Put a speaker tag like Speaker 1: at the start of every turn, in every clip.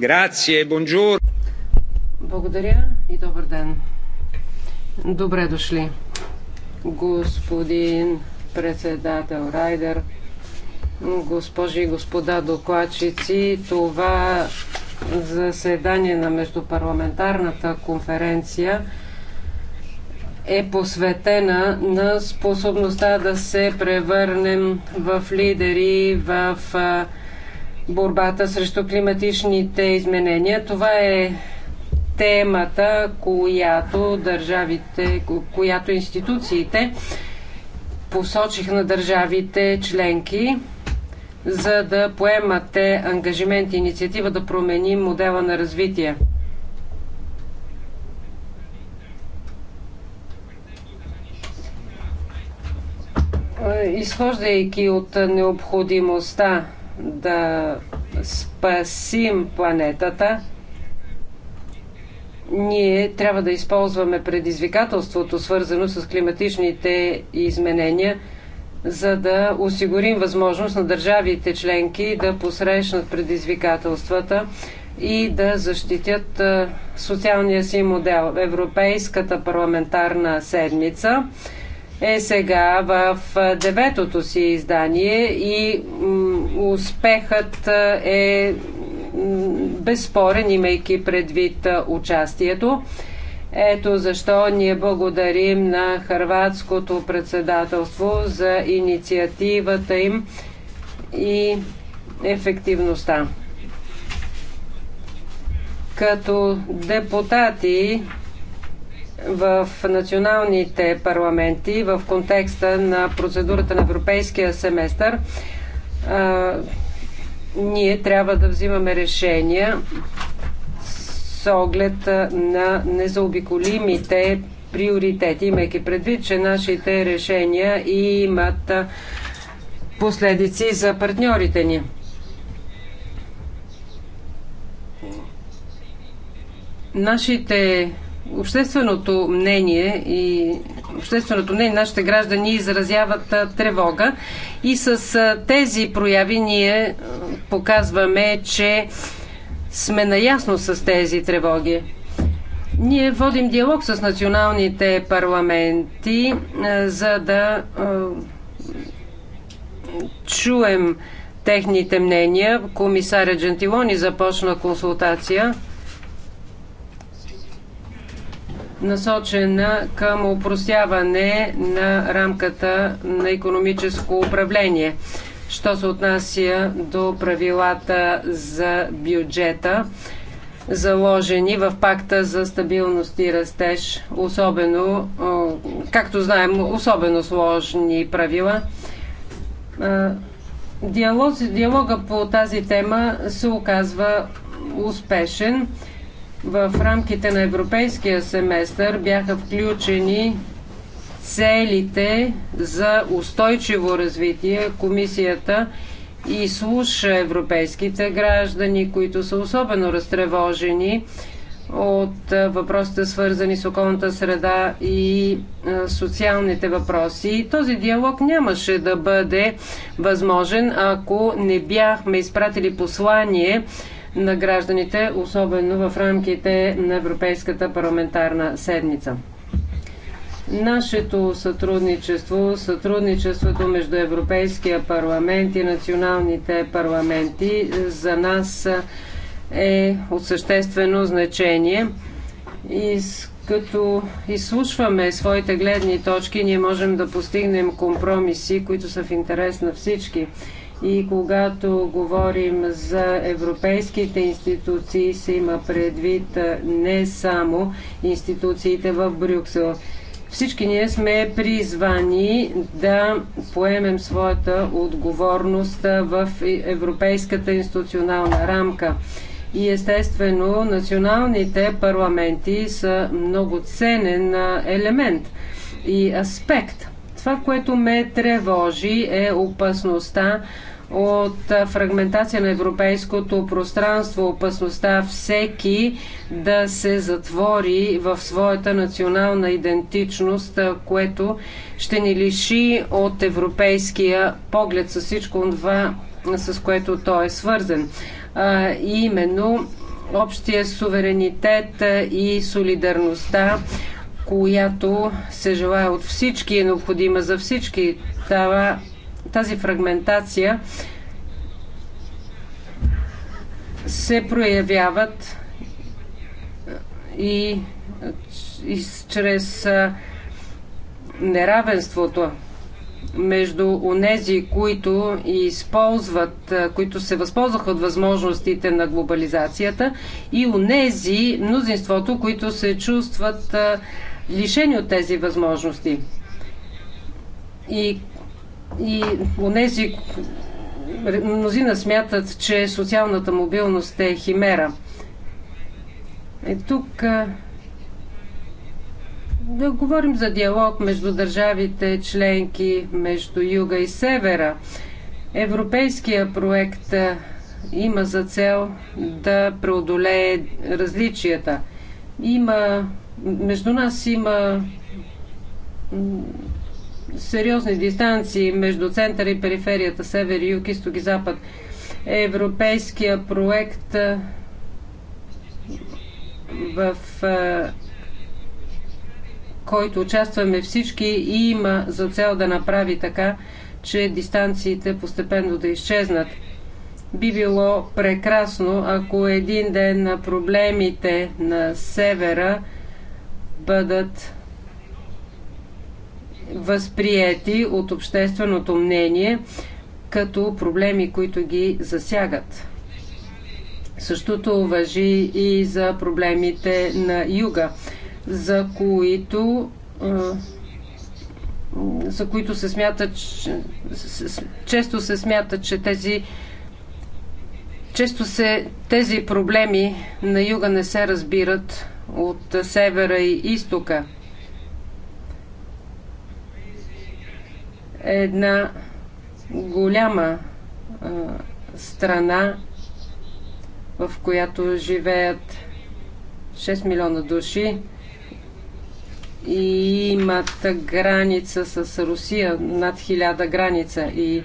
Speaker 1: Грация, бонжур!
Speaker 2: Благодаря и добър ден. Добре дошли, господин председател Райдер, госпожи и господа докладчици. Това заседание на Междупарламентарната конференция е посветена на способността да се превърнем в лидери в борбата срещу климатичните изменения. Това е темата, която държавите, която институциите посочих на държавите членки, за да поемате ангажимент и инициатива да променим модела на развитие. Е, изхождайки от необходимостта да спасим планетата, ние трябва да използваме предизвикателството, свързано с климатичните изменения, за да осигурим възможност на държавите членки да посрещнат предизвикателствата и да защитят социалния си модел. Европейската парламентарна седмица е сега в деветото си издание и успехът е безспорен, имайки предвид участието. Ето защо ние благодарим на Харватското председателство за инициативата им и ефективността. Като депутати в националните парламенти в контекста на процедурата на европейския семестър ние трябва да взимаме решения с оглед на незаобиколимите приоритети, имайки предвид, че нашите решения имат последици за партньорите ни. Нашите общественото мнение и общественото мнение нашите граждани изразяват тревога и с тези прояви ние показваме, че сме наясно с тези тревоги. Ние водим диалог с националните парламенти, за да чуем техните мнения. Комисаря Джентилони започна консултация насочена към упростяване на рамката на економическо управление. Що се отнася до правилата за бюджета, заложени в пакта за стабилност и растеж, особено, както знаем, особено сложни правила. Диалог, диалога по тази тема се оказва успешен. В рамките на европейския семестър бяха включени целите за устойчиво развитие. Комисията и слуша европейските граждани, които са особено разтревожени от въпросите свързани с околната среда и социалните въпроси. И този диалог нямаше да бъде възможен, ако не бяхме изпратили послание на гражданите, особено в рамките на Европейската парламентарна седмица. Нашето сътрудничество, сътрудничеството между Европейския парламент и националните парламенти за нас е от съществено значение и като изслушваме своите гледни точки, ние можем да постигнем компромиси, които са в интерес на всички. И когато говорим за европейските институции, се има предвид не само институциите в Брюксел. Всички ние сме призвани да поемем своята отговорност в европейската институционална рамка. И естествено, националните парламенти са много ценен елемент и аспект. Това, което ме тревожи е опасността от фрагментация на европейското пространство, опасността всеки да се затвори в своята национална идентичност, което ще ни лиши от европейския поглед с всичко това, с което той е свързан. А, именно общия суверенитет и солидарността, която се желая от всички, е необходима за всички. Това тази фрагментация се проявяват и, и чрез неравенството между онези, които използват, които се възползваха от възможностите на глобализацията и онези, мнозинството, които се чувстват лишени от тези възможности. И и онези, мнозина смятат, че социалната мобилност е химера. Е, тук да говорим за диалог между държавите членки, между юга и севера. Европейския проект има за цел да преодолее различията. Има, между нас има сериозни дистанции между центъра и периферията, север, юг, изток и запад. Европейския проект в който участваме всички и има за цел да направи така, че дистанциите постепенно да изчезнат. Би било прекрасно, ако един ден проблемите на севера бъдат възприети от общественото мнение като проблеми, които ги засягат. Същото въжи и за проблемите на юга, за които за които се смята, често се смята, че тези често се тези проблеми на юга не се разбират от севера и изтока. една голяма а, страна, в която живеят 6 милиона души и имат граница с Русия, над 1000 граница. И,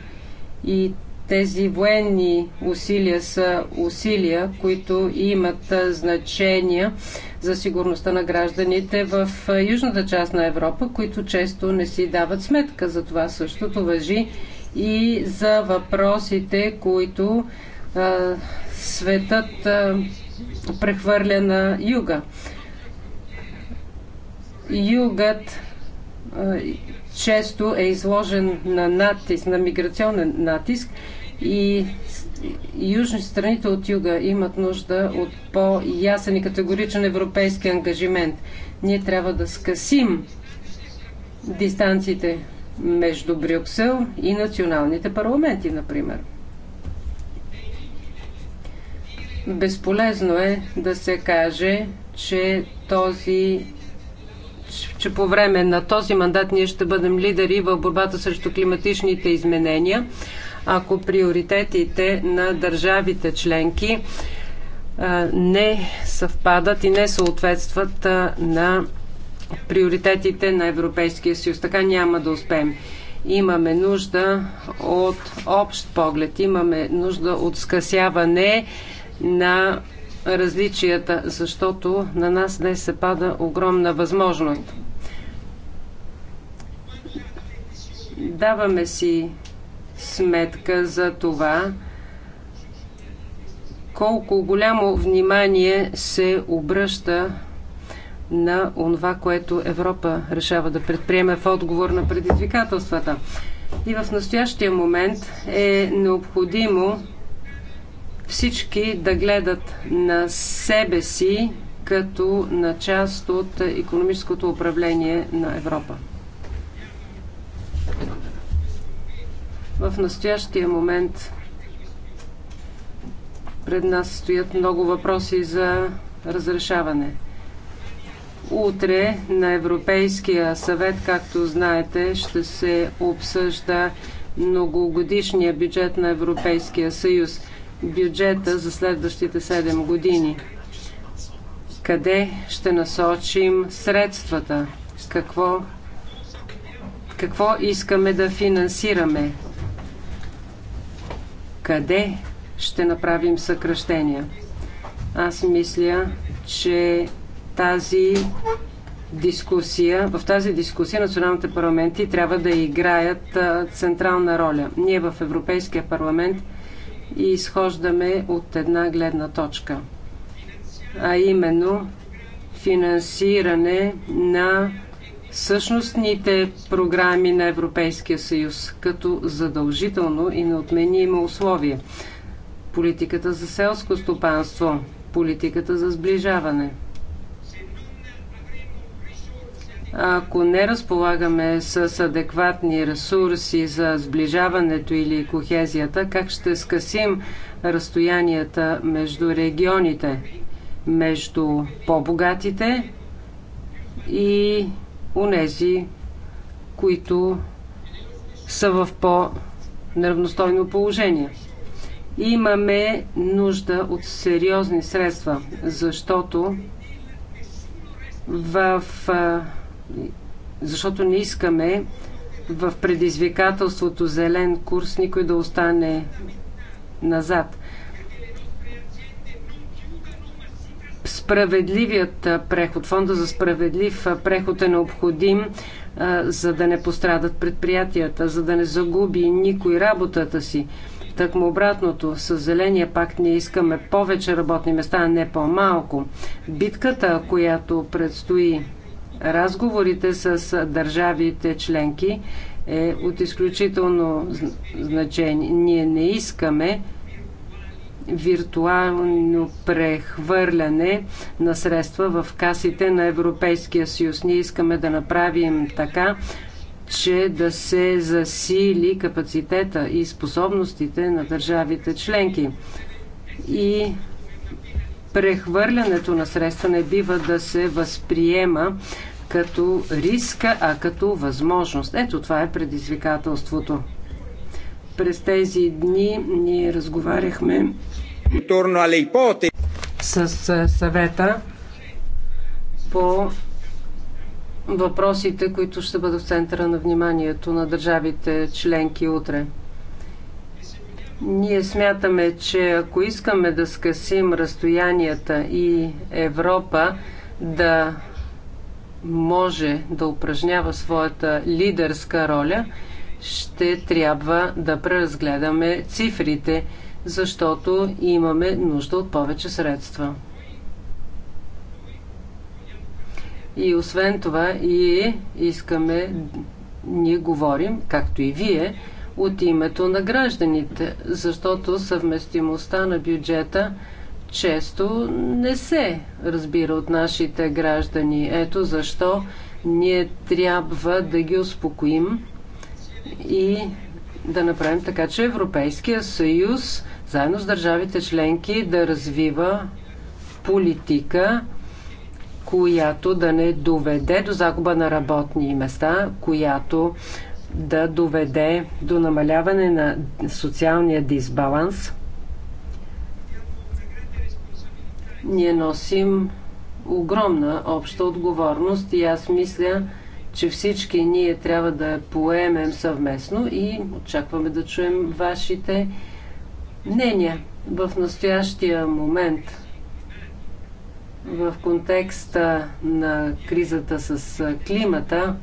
Speaker 2: и тези военни усилия са усилия, които имат значение за сигурността на гражданите в южната част на Европа, които често не си дават сметка. За това същото въжи и за въпросите, които а, светът а, прехвърля на юга. Югът а, често е изложен на натиск, на миграционен натиск и южни страните от юга имат нужда от по-ясен и категоричен европейски ангажимент. Ние трябва да скъсим дистанциите между Брюксел и националните парламенти, например. Безполезно е да се каже, че този че по време на този мандат ние ще бъдем лидери в борбата срещу климатичните изменения, ако приоритетите на държавите членки не съвпадат и не съответстват на приоритетите на Европейския съюз. Така няма да успеем. Имаме нужда от общ поглед, имаме нужда от скъсяване на различията, защото на нас днес се пада огромна възможност. Даваме си сметка за това, колко голямо внимание се обръща на онова, което Европа решава да предприеме в отговор на предизвикателствата. И в настоящия момент е необходимо всички да гледат на себе си като на част от економическото управление на Европа. В настоящия момент пред нас стоят много въпроси за разрешаване. Утре на Европейския съвет, както знаете, ще се обсъжда многогодишния бюджет на Европейския съюз бюджета за следващите 7 години? Къде ще насочим средствата? Какво, какво искаме да финансираме? Къде ще направим съкръщения? Аз мисля, че тази дискусия, в тази дискусия националните парламенти трябва да играят централна роля. Ние в Европейския парламент и изхождаме от една гледна точка, а именно финансиране на същностните програми на Европейския съюз като задължително и неотменимо условие. Политиката за селско стопанство, политиката за сближаване – Ако не разполагаме с адекватни ресурси за сближаването или кохезията, как ще скъсим разстоянията между регионите, между по-богатите и унези, които са в по-неравностойно положение. Имаме нужда от сериозни средства, защото в защото не искаме в предизвикателството зелен курс никой да остане назад. Справедливият преход, фонда за справедлив преход е необходим, за да не пострадат предприятията, за да не загуби никой работата си. Тъкмо обратното, с Зеления пакт ние искаме повече работни места, а не по-малко. Битката, която предстои разговорите с държавите членки е от изключително значение. Ние не искаме виртуално прехвърляне на средства в касите на Европейския съюз. Ние искаме да направим така, че да се засили капацитета и способностите на държавите членки. И прехвърлянето на средства не бива да се възприема като риска, а като възможност. Ето това е предизвикателството. През тези дни ние разговаряхме с е, съвета по въпросите, които ще бъдат в центъра на вниманието на държавите членки утре. Ние смятаме, че ако искаме да скъсим разстоянията и Европа да може да упражнява своята лидерска роля, ще трябва да преразгледаме цифрите, защото имаме нужда от повече средства. И освен това, и искаме, ние говорим, както и вие, от името на гражданите, защото съвместимостта на бюджета често не се разбира от нашите граждани. Ето защо ние трябва да ги успокоим и да направим така, че Европейския съюз заедно с държавите членки да развива политика, която да не доведе до загуба на работни места, която да доведе до намаляване на социалния дисбаланс. Ние носим огромна обща отговорност и аз мисля, че всички ние трябва да поемем съвместно и очакваме да чуем вашите мнения. В настоящия момент, в контекста на кризата с климата,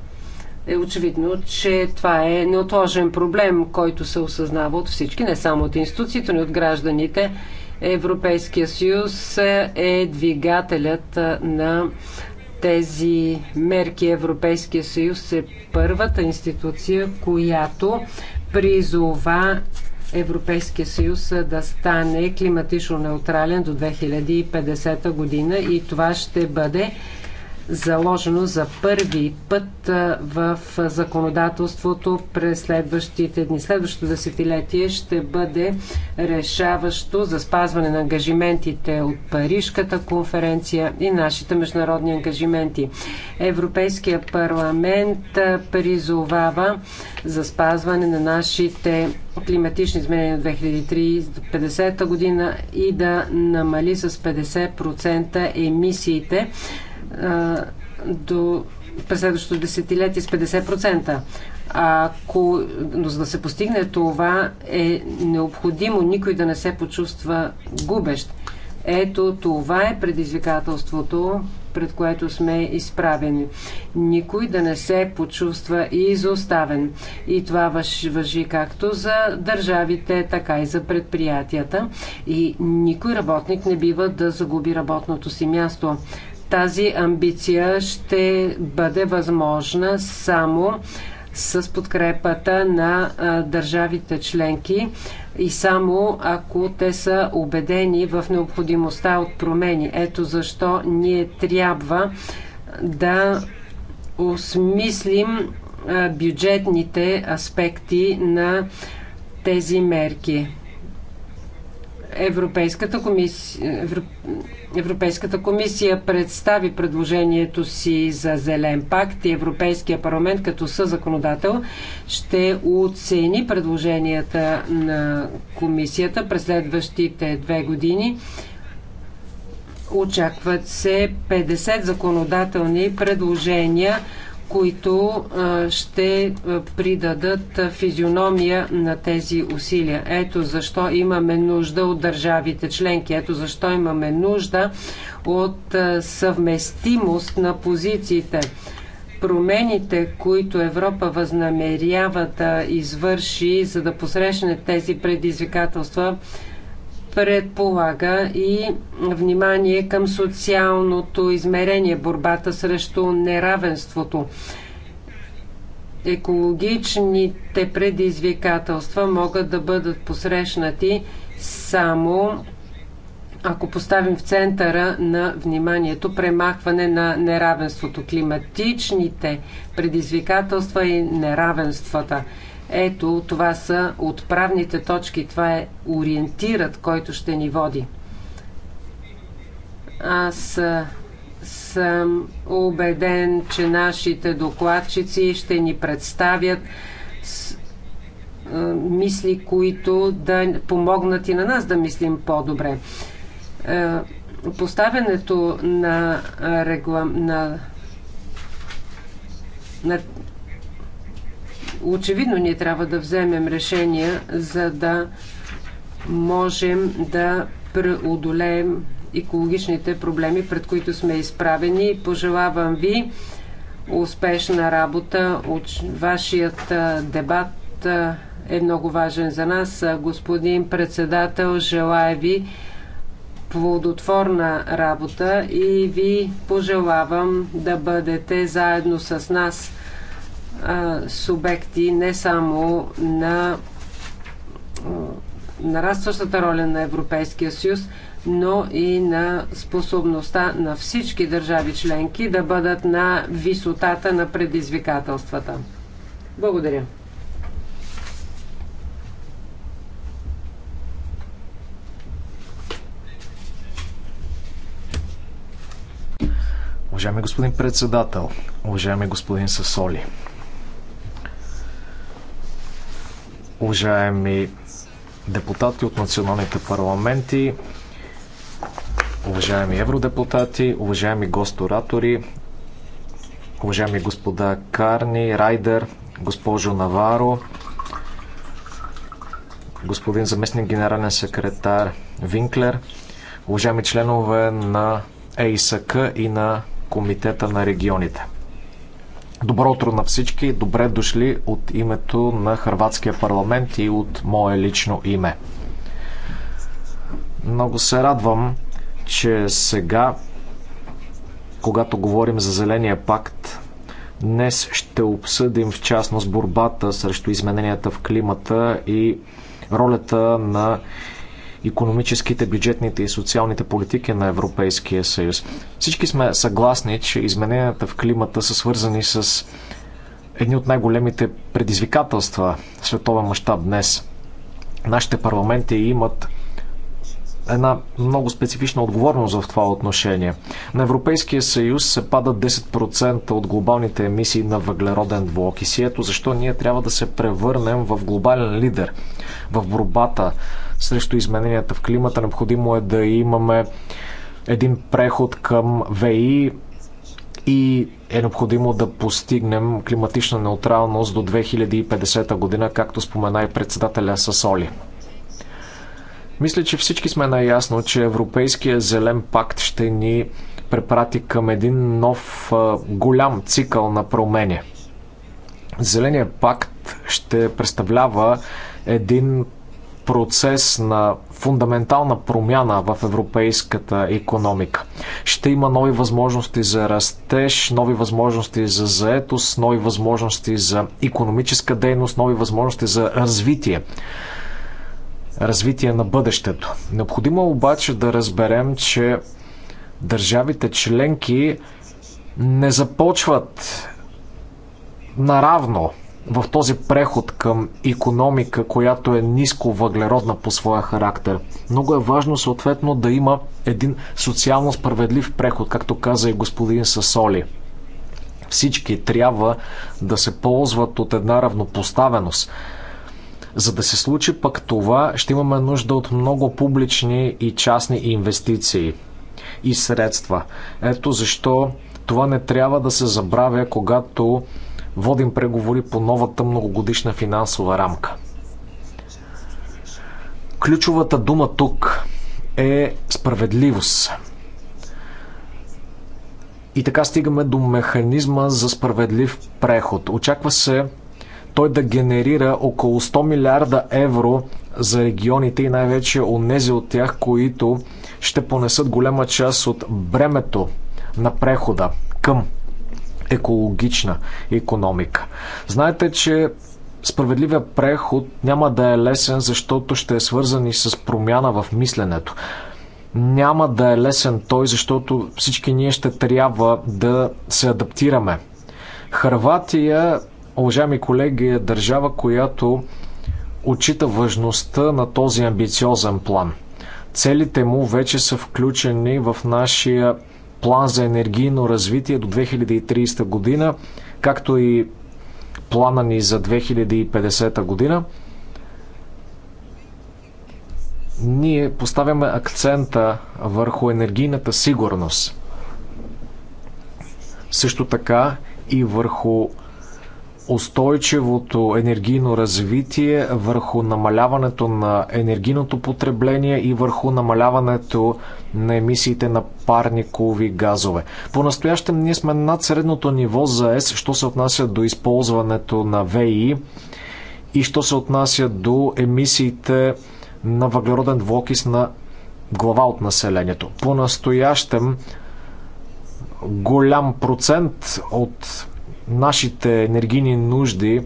Speaker 2: е очевидно, че това е неотложен проблем, който се осъзнава от всички, не само от институциите, но и от гражданите. Европейския съюз е двигателят на тези мерки. Европейския съюз е първата институция, която призова Европейския съюз да стане климатично неутрален до 2050 година и това ще бъде заложено за първи път в законодателството през следващите дни. Следващото десетилетие ще бъде решаващо за спазване на ангажиментите от Парижката конференция и нашите международни ангажименти. Европейския парламент призовава за спазване на нашите климатични изменения от 2050 година и да намали с 50% емисиите до през следващото десетилетие с 50%. Ако, но за да се постигне това, е необходимо никой да не се почувства губещ. Ето това е предизвикателството, пред което сме изправени. Никой да не се почувства изоставен. И това въжи както за държавите, така и за предприятията. И никой работник не бива да загуби работното си място. Тази амбиция ще бъде възможна само с подкрепата на държавите членки и само ако те са убедени в необходимостта от промени. Ето защо ние трябва да осмислим бюджетните аспекти на тези мерки. Европейската комисия, Европейската комисия представи предложението си за Зелен пакт и Европейския парламент като съзаконодател ще оцени предложенията на комисията през следващите две години. Очакват се 50 законодателни предложения които ще придадат физиономия на тези усилия. Ето защо имаме нужда от държавите членки, ето защо имаме нужда от съвместимост на позициите. Промените, които Европа възнамерява да извърши, за да посрещне тези предизвикателства, предполага и внимание към социалното измерение, борбата срещу неравенството. Екологичните предизвикателства могат да бъдат посрещнати само ако поставим в центъра на вниманието премахване на неравенството, климатичните предизвикателства и неравенствата. Ето, това са отправните точки, това е ориентират, който ще ни води. Аз съм убеден, че нашите докладчици ще ни представят мисли, които да помогнат и на нас да мислим по-добре. Поставянето на, реглам... на... на Очевидно ние трябва да вземем решения, за да можем да преодолеем екологичните проблеми, пред които сме изправени. Пожелавам ви успешна работа. Вашият дебат е много важен за нас. Господин председател, желая ви плодотворна работа и ви пожелавам да бъдете заедно с нас субекти, не само на нарастващата роля на Европейския съюз, но и на способността на всички държави членки да бъдат на висотата на предизвикателствата. Благодаря.
Speaker 3: Уважаеми господин председател, уважаеми господин Сасоли, уважаеми депутати от националните парламенти, уважаеми евродепутати, уважаеми госторатори, уважаеми господа Карни, Райдер, госпожо Наваро, господин заместник генерален секретар Винклер, уважаеми членове на ЕИСК и на Комитета на регионите. Добро утро на всички. Добре дошли от името на Харватския парламент и от мое лично име. Много се радвам, че сега, когато говорим за Зеления пакт, днес ще обсъдим в частност борбата срещу измененията в климата и ролята на економическите, бюджетните и социалните политики на Европейския съюз. Всички сме съгласни, че измененията в климата са свързани с едни от най-големите предизвикателства в световен мащаб днес. Нашите парламенти имат една много специфична отговорност в това отношение. На Европейския съюз се пада 10% от глобалните емисии на въглероден блок. И ето защо ние трябва да се превърнем в глобален лидер в борбата срещу измененията в климата. Необходимо е да имаме един преход към ВИ и е необходимо да постигнем климатична неутралност до 2050 година, както спомена и председателя Сасоли. Мисля, че всички сме наясно, че Европейския зелен пакт ще ни препрати към един нов голям цикъл на промени. Зеления пакт ще представлява един процес на фундаментална промяна в европейската економика. Ще има нови възможности за растеж, нови възможности за заетост, нови възможности за економическа дейност, нови възможности за развитие. Развитие на бъдещето. Необходимо е обаче да разберем, че държавите членки не започват наравно в този преход към економика, която е ниско въглеродна по своя характер. Много е важно съответно да има един социално справедлив преход, както каза и господин Сасоли. Всички трябва да се ползват от една равнопоставеност. За да се случи пък това, ще имаме нужда от много публични и частни инвестиции и средства. Ето защо това не трябва да се забравя, когато водим преговори по новата многогодишна финансова рамка. Ключовата дума тук е справедливост. И така стигаме до механизма за справедлив преход. Очаква се той да генерира около 100 милиарда евро за регионите и най-вече онези от тях, които ще понесат голяма част от бремето на прехода към екологична економика. Знаете, че справедливия преход няма да е лесен, защото ще е свързан и с промяна в мисленето. Няма да е лесен той, защото всички ние ще трябва да се адаптираме. Харватия, уважаеми колеги, е държава, която отчита важността на този амбициозен план. Целите му вече са включени в нашия план за енергийно развитие до 2030 година, както и плана ни за 2050 година. Ние поставяме акцента върху енергийната сигурност. Също така и върху устойчивото енергийно развитие, върху намаляването на енергийното потребление и върху намаляването на емисиите на парникови газове. По-настоящем ние сме над средното ниво за ЕС, що се отнася до използването на ВИ и що се отнася до емисиите на въглероден двуокис на глава от населението. По-настоящем голям процент от нашите енергийни нужди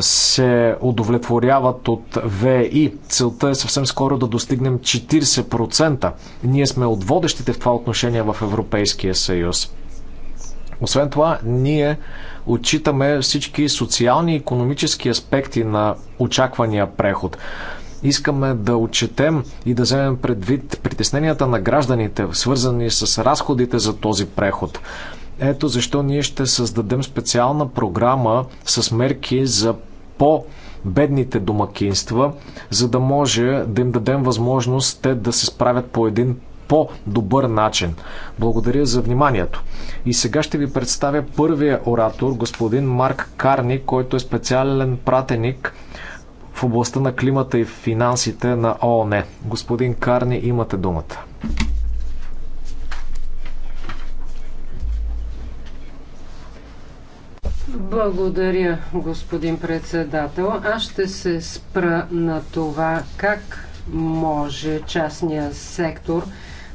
Speaker 3: се удовлетворяват от ВИ. Целта е съвсем скоро да достигнем 40%. Ние сме от водещите в това отношение в Европейския съюз. Освен това, ние отчитаме всички социални и економически аспекти на очаквания преход. Искаме да отчетем и да вземем предвид притесненията на гражданите, свързани с разходите за този преход. Ето защо ние ще създадем специална програма с мерки за по- бедните домакинства, за да може да им дадем възможност те да се справят по един по-добър начин. Благодаря за вниманието. И сега ще ви представя първия оратор, господин Марк Карни, който е специален пратеник в областта на климата и финансите на ООН. Господин Карни, имате думата.
Speaker 2: Благодаря, господин председател. Аз ще се спра на това как може частния сектор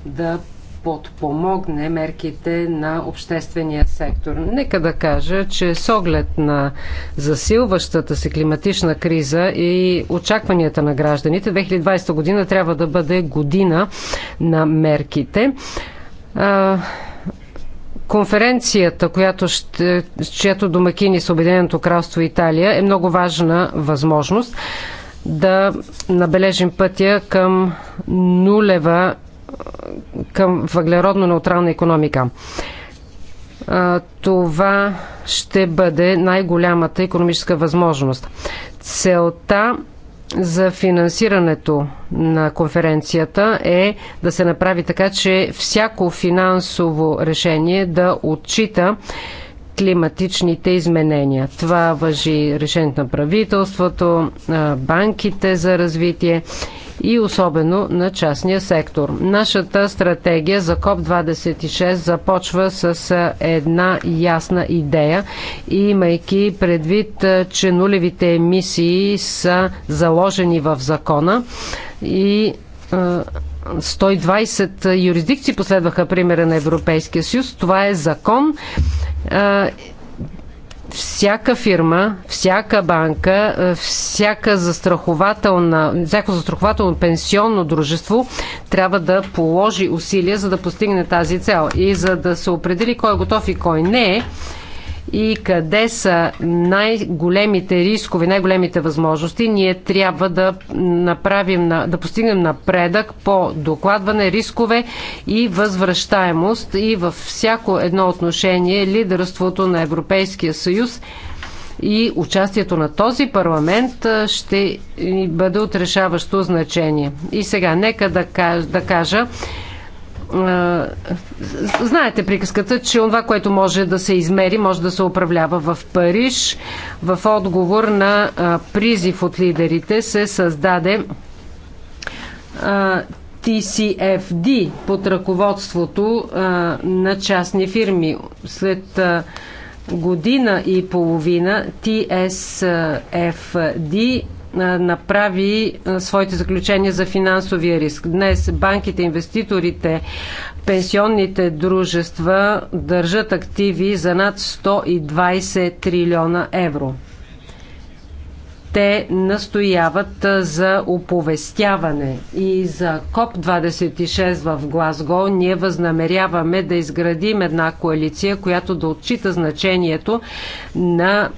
Speaker 2: да подпомогне мерките на обществения сектор. Нека да кажа, че с оглед на засилващата се климатична криза и очакванията на гражданите, 2020 година трябва да бъде година на мерките Конференцията, която ще, чието домакини с Обединеното кралство Италия, е много важна възможност да набележим пътя към нулева, към въглеродно-неутрална економика. Това ще бъде най-голямата економическа възможност. Целта за финансирането на конференцията е да се направи така, че всяко финансово решение да отчита климатичните изменения. Това въжи решението на правителството, банките за развитие и особено на частния сектор. Нашата стратегия за КОП-26 започва с една ясна идея, имайки предвид, че нулевите емисии са заложени в закона и 120 юрисдикции последваха примера на Европейския съюз. Това е закон всяка фирма, всяка банка, е, всяка застрахователна, всяко застрахователно пенсионно дружество трябва да положи усилия, за да постигне тази цел и за да се определи кой е готов и кой не е и къде са най-големите рискове, най-големите възможности, ние трябва да направим, да постигнем напредък по докладване, рискове и възвръщаемост и във всяко едно отношение лидерството на Европейския съюз и участието на този парламент ще бъде отрешаващо значение. И сега, нека да кажа, да кажа е, знаете приказката, че това, което може да се измери, може да се управлява в Париж. В отговор на призив от лидерите се създаде TCFD под ръководството на частни фирми. След година и половина TSFD направи своите заключения за финансовия риск. Днес банките, инвеститорите, пенсионните дружества държат активи за над 120 трилиона евро те настояват за оповестяване. И за КОП-26 в Глазго ние възнамеряваме да изградим една коалиция, която да отчита значението на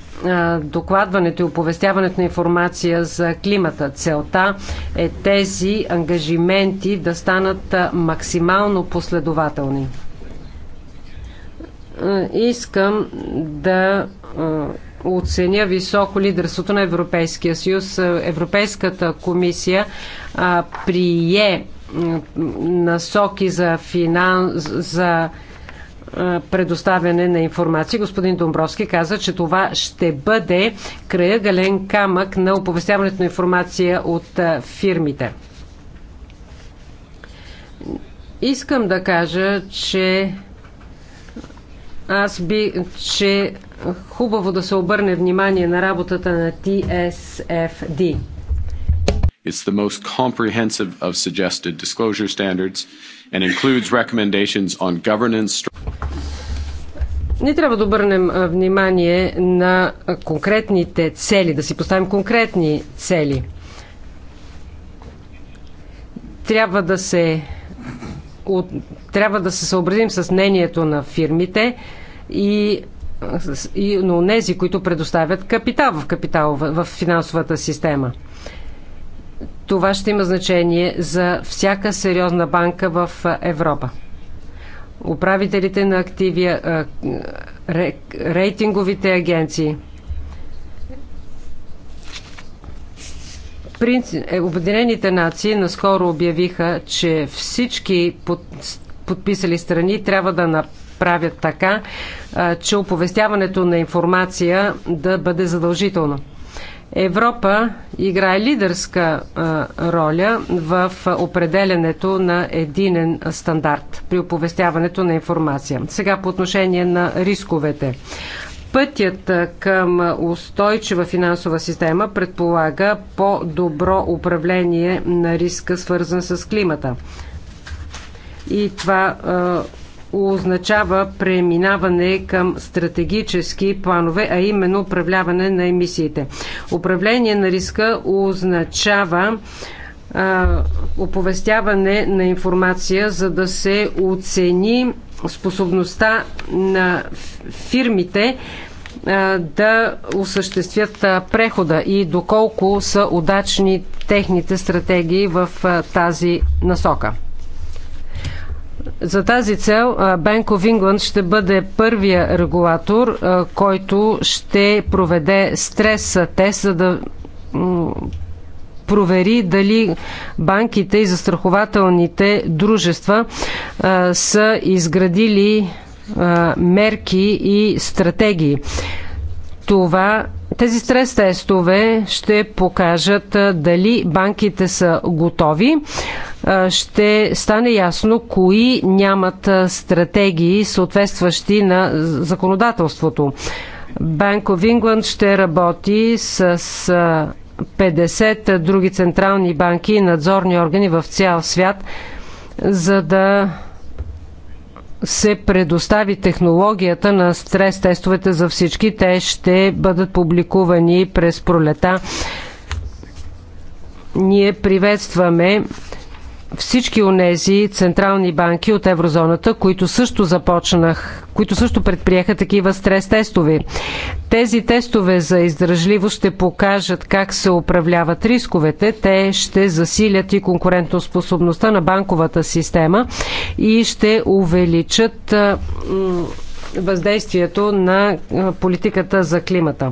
Speaker 2: докладването и оповестяването на информация за климата. Целта е тези ангажименти да станат максимално последователни. Искам да оценя високо лидерството на Европейския съюз. Европейската комисия а, прие насоки за, финан... за предоставяне на информация. Господин Домбровски каза, че това ще бъде края гален камък на оповестяването на информация от фирмите. Искам да кажа, че аз би, че хубаво да се обърне внимание на работата на TSFD. It's the most comprehensive of suggested disclosure standards and includes recommendations on governance. Ние трябва да обърнем внимание на конкретните цели, да си поставим конкретни цели. Трябва да се от, трябва да се съобразим с мнението на фирмите и и на тези, които предоставят капитал в, капитал, в финансовата система. Това ще има значение за всяка сериозна банка в Европа. Управителите на активи, рейтинговите агенции. Е, Обединените нации наскоро обявиха, че всички подписали страни трябва да направят правят така, че оповестяването на информация да бъде задължително. Европа играе лидерска роля в определенето на единен стандарт при оповестяването на информация. Сега по отношение на рисковете. Пътят към устойчива финансова система предполага по-добро управление на риска, свързан с климата. И това означава преминаване към стратегически планове, а именно управляване на емисиите. Управление на риска означава оповестяване на информация, за да се оцени способността на фирмите да осъществят прехода и доколко са удачни техните стратегии в тази насока. За тази цел Bank of England ще бъде първия регулатор, който ще проведе стрес тест, за да провери дали банките и застрахователните дружества са изградили мерки и стратегии. Това тези стрес тестове ще покажат дали банките са готови. Ще стане ясно кои нямат стратегии, съответстващи на законодателството. Bank of England ще работи с 50 други централни банки и надзорни органи в цял свят, за да се предостави технологията на стрес тестовете за всички. Те ще бъдат публикувани през пролета. Ние приветстваме всички онези централни банки от еврозоната, които също започнах, които също предприеха такива стрес тестове. Тези тестове за издръжливост ще покажат как се управляват рисковете. Те ще засилят и конкурентоспособността на банковата система и ще увеличат въздействието на политиката за климата.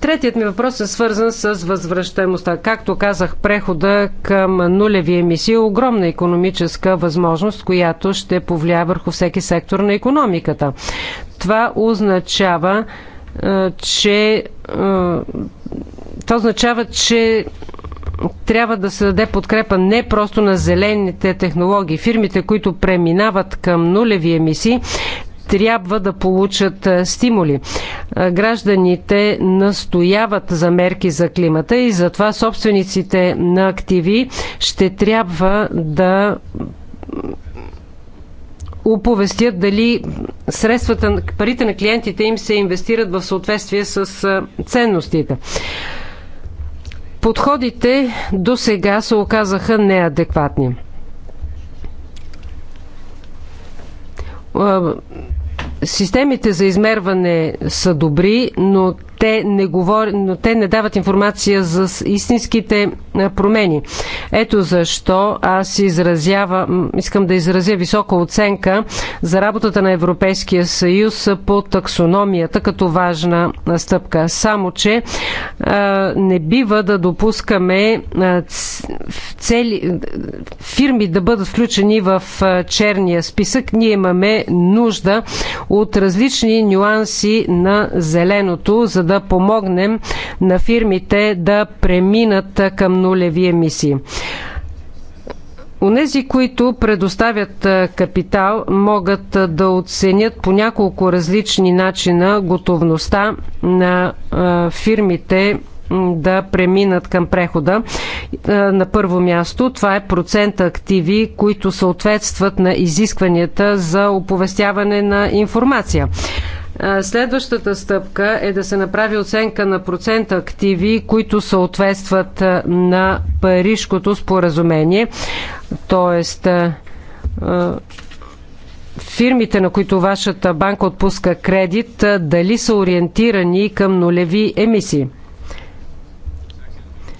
Speaker 2: Третият ми въпрос е свързан с възвръщаемостта. Както казах, прехода към нулеви емисии е огромна економическа възможност, която ще повлия върху всеки сектор на економиката. Това означава, е, че е, това означава, че трябва да се даде подкрепа не просто на зелените технологии. Фирмите, които преминават към нулеви емисии, трябва да получат е, стимули. Е, гражданите настояват за мерки за климата и затова собствениците на активи ще трябва да оповестят дали средствата, парите на клиентите им се инвестират в съответствие с е, ценностите. Подходите до сега се оказаха неадекватни Системите за измерване са добри, но те не, говор... но те не дават информация за истинските промени. Ето защо аз изразявам, искам да изразя висока оценка за работата на Европейския съюз по таксономията като важна стъпка. Само, че не бива да допускаме цели фирми да бъдат включени в черния списък. Ние имаме нужда от различни нюанси на зеленото, за да да помогнем на фирмите да преминат към нулеви емисии. Онези, които предоставят капитал, могат да оценят по няколко различни начина готовността на фирмите да преминат към прехода. На първо място това е процент активи, които съответстват на изискванията за оповестяване на информация. Следващата стъпка е да се направи оценка на процент активи, които съответстват на Парижкото споразумение. Тоест, фирмите, на които вашата банка отпуска кредит, дали са ориентирани към нулеви емисии.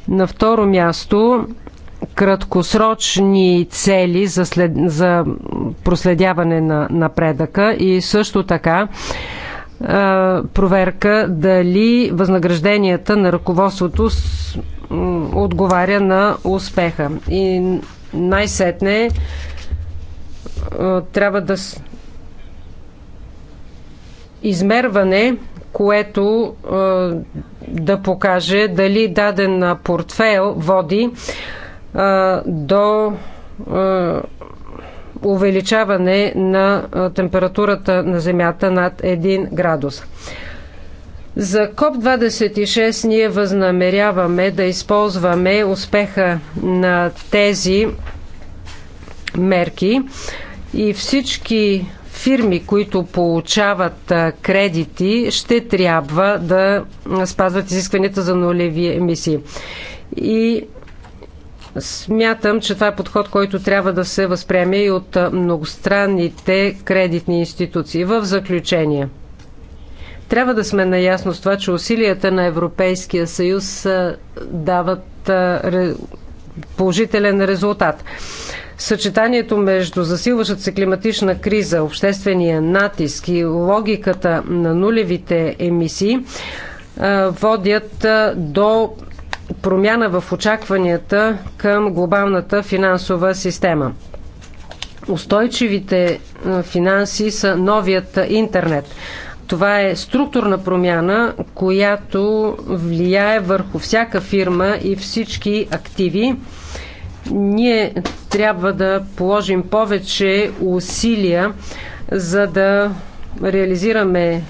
Speaker 2: На второ място, краткосрочни цели за, след, за проследяване на напредъка и също така проверка дали възнагражденията на ръководството отговаря на успеха. И най-сетне трябва да измерване, което да покаже дали даден портфел води до увеличаване на температурата на Земята над 1 градус. За КОП-26 ние възнамеряваме да използваме успеха на тези мерки и всички фирми, които получават кредити, ще трябва да спазват изискванията за нулеви емисии. И Смятам, че това е подход, който трябва да се възприеме и от многостранните кредитни институции. В заключение, трябва да сме наясно с това, че усилията на Европейския съюз дават положителен резултат. Съчетанието между засилващата се климатична криза, обществения натиск и логиката на нулевите емисии водят до промяна в очакванията към глобалната финансова система. Устойчивите финанси са новият интернет. Това е структурна промяна, която влияе върху всяка фирма и всички активи. Ние трябва да положим повече усилия, за да реализираме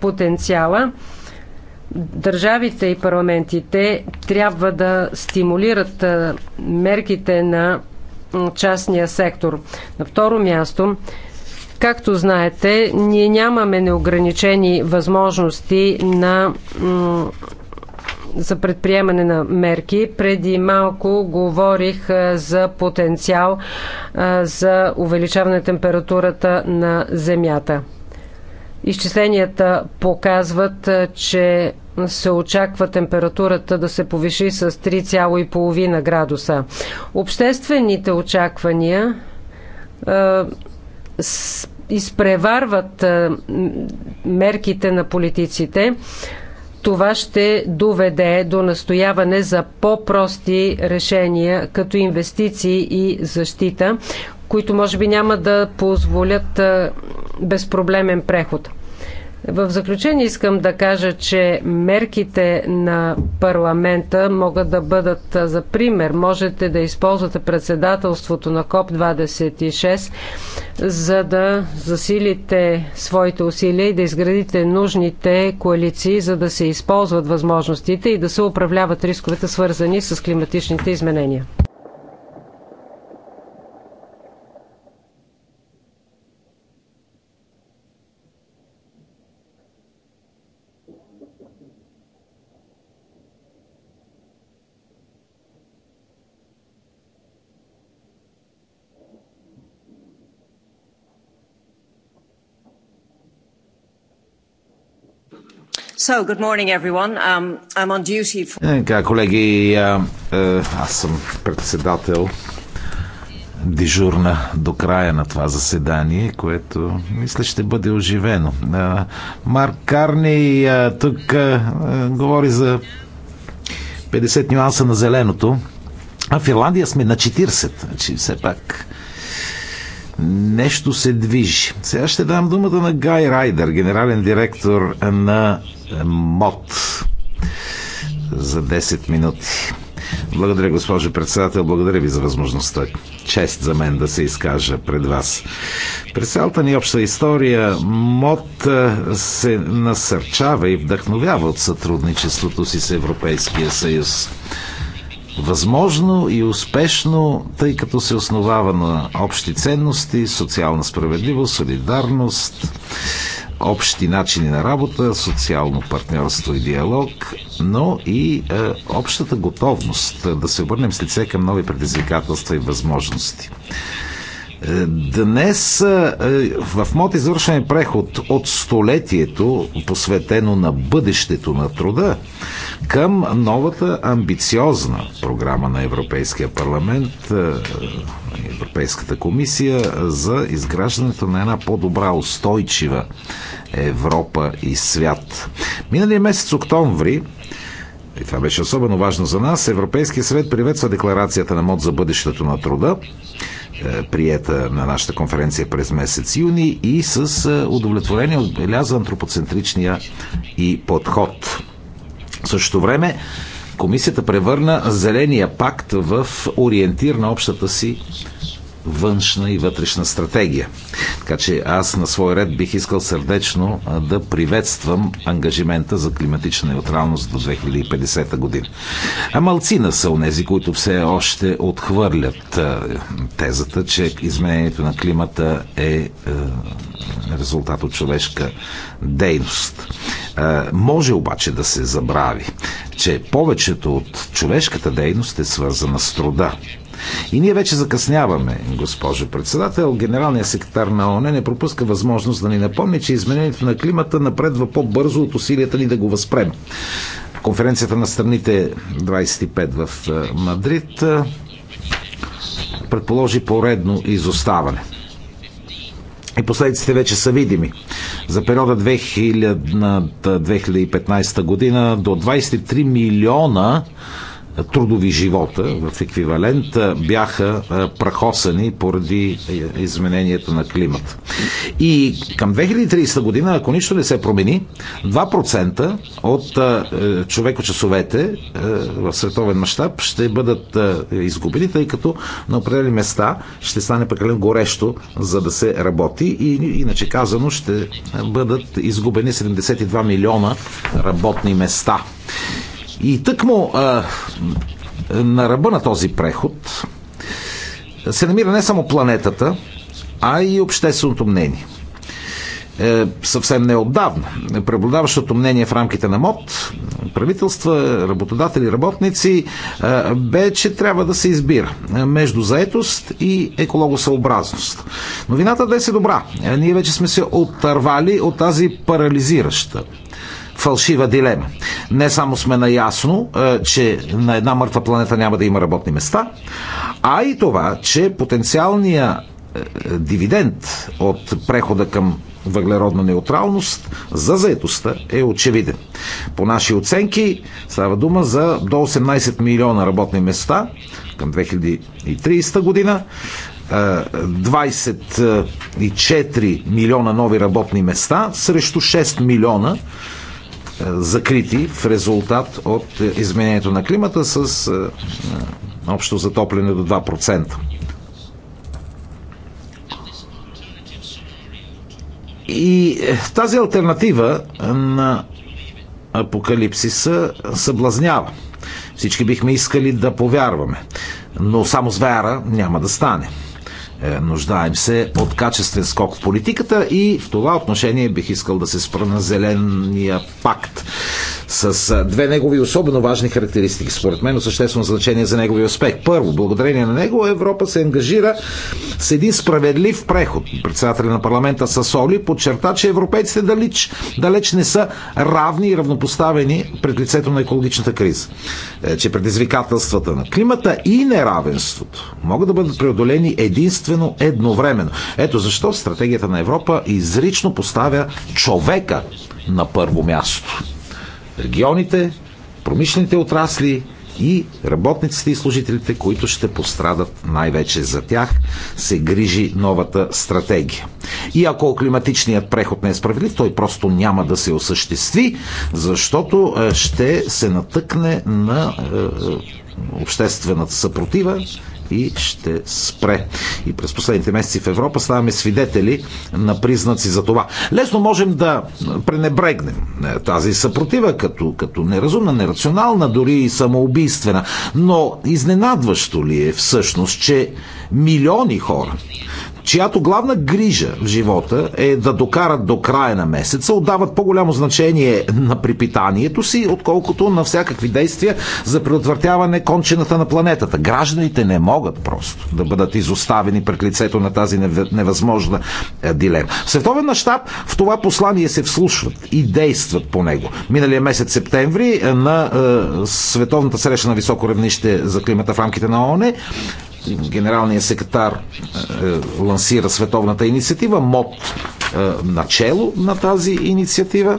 Speaker 2: потенциала държавите и парламентите трябва да стимулират мерките на частния сектор. На второ място, както знаете, ние нямаме неограничени възможности на, за предприемане на мерки. Преди малко говорих за потенциал за увеличаване на температурата на Земята. Изчисленията показват, че се очаква температурата да се повиши с 3,5 градуса. Обществените очаквания изпреварват мерките на политиците. Това ще доведе до настояване за по-прости решения, като инвестиции и защита, които може би няма да позволят безпроблемен преход. В заключение искам да кажа, че мерките на парламента могат да бъдат за пример. Можете да използвате председателството на КОП-26, за да засилите своите усилия и да изградите нужните коалиции, за да се използват възможностите и да се управляват рисковете, свързани с климатичните изменения.
Speaker 4: good morning everyone. Um, I'm on duty
Speaker 5: for...
Speaker 1: Е, колеги, а, а, е, аз съм председател дежурна до края на това заседание, което мисля ще бъде оживено. А, Марк Карни а, тук а, говори за 50 нюанса на зеленото, а в Ирландия сме на 40. Значи все пак нещо се движи. Сега ще дам думата на Гай Райдер, генерален директор на МОД за 10 минути. Благодаря, госпожо председател. Благодаря ви за възможността. Чест за мен да се изкажа пред вас. През цялата ни обща история МОД се насърчава и вдъхновява от сътрудничеството си с Европейския съюз. Възможно и успешно, тъй като се основава на общи ценности, социална справедливост, солидарност, общи начини на работа, социално партньорство и диалог, но и е, общата готовност да се обърнем с лице към нови предизвикателства и възможности. Днес е, в МОД извършен е преход от столетието, посветено на бъдещето на труда, към новата амбициозна програма на Европейския парламент, е, Европейската комисия за изграждането на една по-добра, устойчива Европа и свят. Миналия месец октомври и това беше особено важно за нас. Европейския съвет приветства декларацията на МОД за бъдещето на труда, е, приета на нашата конференция през месец юни и с е, удовлетворение отбеляза антропоцентричния и подход. В същото време комисията превърна Зеления пакт в ориентир на общата си външна и вътрешна стратегия. Така че аз на свой ред бих искал сърдечно да приветствам ангажимента за климатична неутралност до 2050 година. А малцина са нези, които все още отхвърлят тезата, че изменението на климата е, е резултат от човешка дейност. Може обаче да се забрави, че повечето от човешката дейност е свързана с труда и ние вече закъсняваме, госпожо председател. Генералният секретар на ОНЕ не пропуска възможност да ни напомни, че изменението на климата напредва по-бързо от усилията ни да го възпрем. Конференцията на страните 25 в е, Мадрид е, предположи поредно изоставане. И последиците вече са видими. За периода 2000-2015 година до 23 милиона трудови живота в еквивалент бяха прахосани поради е, изменението на климата. И към 2030 година, ако нищо не се промени, 2% от е, човекочасовете е, в световен мащаб ще бъдат изгубени, тъй като на определени места ще стане прекалено горещо, за да се работи и иначе казано ще бъдат изгубени 72 милиона работни места. И тъкмо а, на ръба на този преход се намира не само планетата, а и общественото мнение. Е, съвсем неотдавна. Преобладаващото мнение в рамките на МОД, правителства, работодатели, работници, е, бе, че трябва да се избира между заетост и екологосъобразност. Новината днес е добра. Е, ние вече сме се отървали от тази парализираща фалшива дилема. Не само сме наясно, е, че на една мъртва планета няма да има работни места, а и това, че потенциалния е, дивиденд от прехода към въглеродна неутралност за заетостта е очевиден. По наши оценки става дума за до 18 милиона работни места към 2030 година, 24 е, милиона нови работни места срещу 6 милиона е, закрити в резултат от е, изменението на климата с е, общо затопляне до 2%. И тази альтернатива на апокалипсиса съблазнява. Всички бихме искали да повярваме, но само с вяра няма да стане. Е, нуждаем се от качествен скок в политиката и в това отношение бих искал да се спра на зеления пакт с две негови особено важни характеристики, според мен, съществено значение за неговия успех. Първо, благодарение на него Европа се ангажира с един справедлив преход. Председателя на парламента Сасоли подчерта, че европейците далеч, далеч не са равни и равнопоставени пред лицето на екологичната криза. Е, че предизвикателствата на климата и неравенството могат да бъдат преодолени единствено едновременно. Ето защо стратегията на Европа изрично поставя човека на първо място регионите, промишлените отрасли и работниците и служителите, които ще пострадат най-вече за тях, се грижи новата стратегия. И ако климатичният преход не е справедлив, той просто няма да се осъществи, защото е, ще се натъкне на е, е, обществената съпротива и ще спре. И през последните месеци в Европа ставаме свидетели на признаци за това. Лесно можем да пренебрегнем е, тази съпротива като, като неразумна, нерационална, дори и самоубийствена. Но изненадващо ли е всъщност, че милиони хора чиято главна грижа в живота е да докарат до края на месеца, отдават по-голямо значение на припитанието си, отколкото на всякакви действия за предотвратяване кончената на планетата. Гражданите не могат просто да бъдат изоставени пред лицето на тази невъзможна е, дилема. световен мащаб в това послание се вслушват и действат по него. Миналия месец септември е, на е, Световната среща на високо равнище за климата в рамките на ООН генералният секретар е, лансира световната инициатива, МОД е, начало на тази инициатива.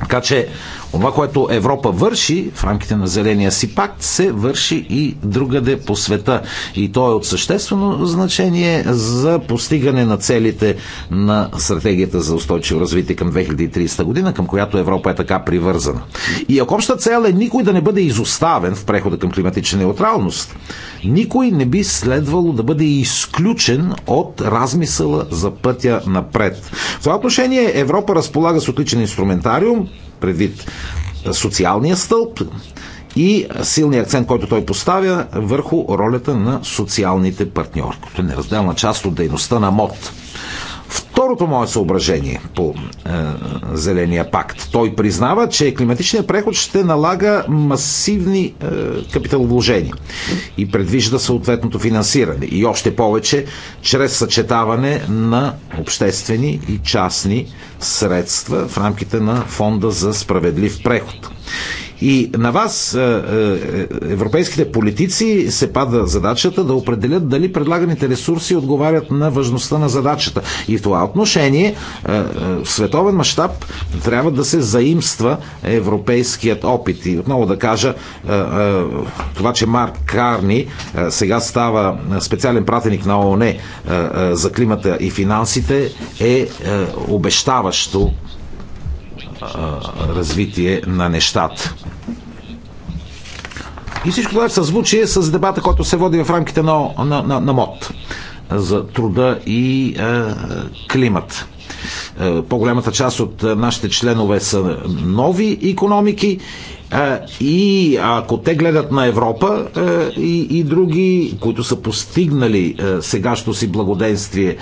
Speaker 1: Така че това, което Европа върши в рамките на Зеления си пакт, се върши и другаде по света. И то е от съществено значение за постигане на целите на стратегията за устойчиво развитие към 2030 година, към която Европа е така привързана. И ако обща цел е никой да не бъде изоставен в прехода към климатична неутралност, никой не би следвало да бъде изключен от размисъла за пътя напред. В това отношение Европа разполага с отличен инструментариум, предвид социалния стълб и силният акцент, който той поставя върху ролята на социалните партньори, като е неразделна част от дейността на МОД. Второто мое съображение по е, Зеления пакт. Той признава, че климатичният преход ще налага масивни е, капиталовложения и предвижда съответното финансиране. И още повече, чрез съчетаване на обществени и частни средства в рамките на Фонда за справедлив преход. И на вас, е, е, европейските политици, се пада задачата да определят дали предлаганите ресурси отговарят на важността на задачата. И в това отношение, е, в световен мащаб, трябва да се заимства европейският опит. И отново да кажа, това, че Марк Карни сега става специален пратеник на ООН за климата и финансите, е обещаващо развитие на нещата. И всичко това е в съзвучие с дебата, който се води в рамките на, на, на, на МОД за труда и е, климат. Е, по-голямата част от е, нашите членове са нови економики е, и ако те гледат на Европа и, и други, които са постигнали сегащо си благоденствие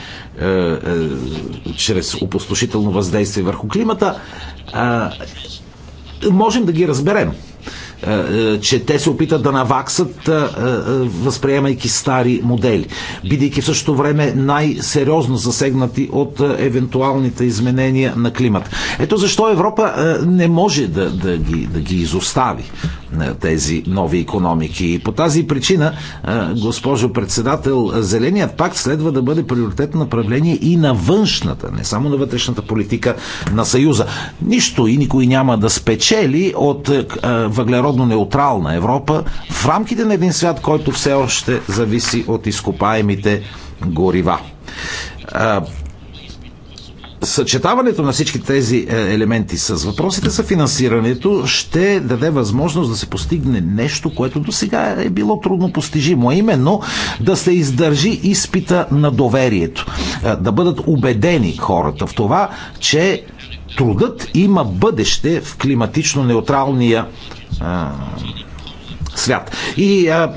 Speaker 1: чрез опустошително въздействие върху климата, можем да ги разберем. Е, е, че те се опитат да наваксат, е, възприемайки стари модели, бидейки в същото време най-сериозно засегнати от евентуалните изменения на климата. Ето защо Европа не може да, да, ги, да ги изостави тези нови економики. И по тази причина, госпожо председател, Зеленият пакт следва да бъде приоритетно направление и на външната, не само на вътрешната политика на Съюза. Нищо и никой няма да спечели от въглерод международно неутрална Европа в рамките на един свят, който все още зависи от изкопаемите горива. Съчетаването на всички тези е, елементи с въпросите за финансирането ще даде възможност да се постигне нещо, което до сега е било трудно постижимо, а именно да се издържи изпита на доверието. Да бъдат убедени хората в това, че трудът има бъдеще в климатично неутралния свят. И а,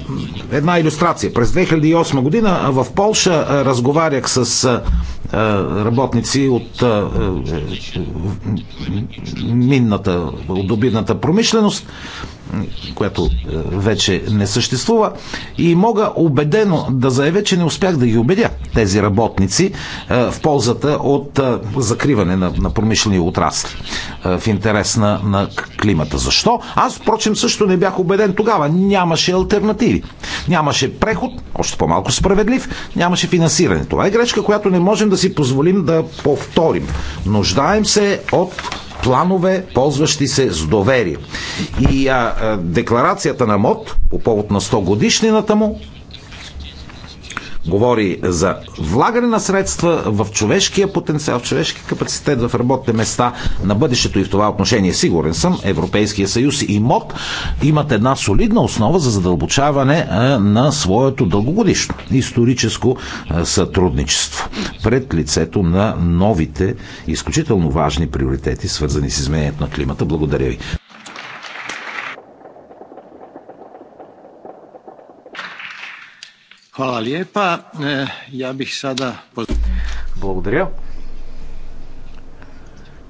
Speaker 1: една иллюстрация. През 2008 година в Полша разговарях с а, работници от а, минната, от добивната промишленост която е, вече не съществува. И мога убедено да заявя, че не успях да ги убедя тези работници е, в ползата от е, закриване на, на промишлени отрасли в интерес на, на климата. Защо? Аз, впрочем, също не бях убеден тогава. Нямаше альтернативи. Нямаше преход, още по-малко справедлив, нямаше финансиране. Това е грешка, която не можем да си позволим да повторим. Нуждаем се от планове, ползващи се с доверие. И а, а, декларацията на МОД по повод на 100 годишнината му говори за влагане на средства в човешкия потенциал, в човешкия капацитет, в работните места на бъдещето и в това отношение. Сигурен съм, Европейския съюз и МОД имат една солидна основа за задълбочаване на своето дългогодишно историческо сътрудничество пред лицето на новите изключително важни приоритети, свързани с изменението на климата. Благодаря ви.
Speaker 3: E, благодаря.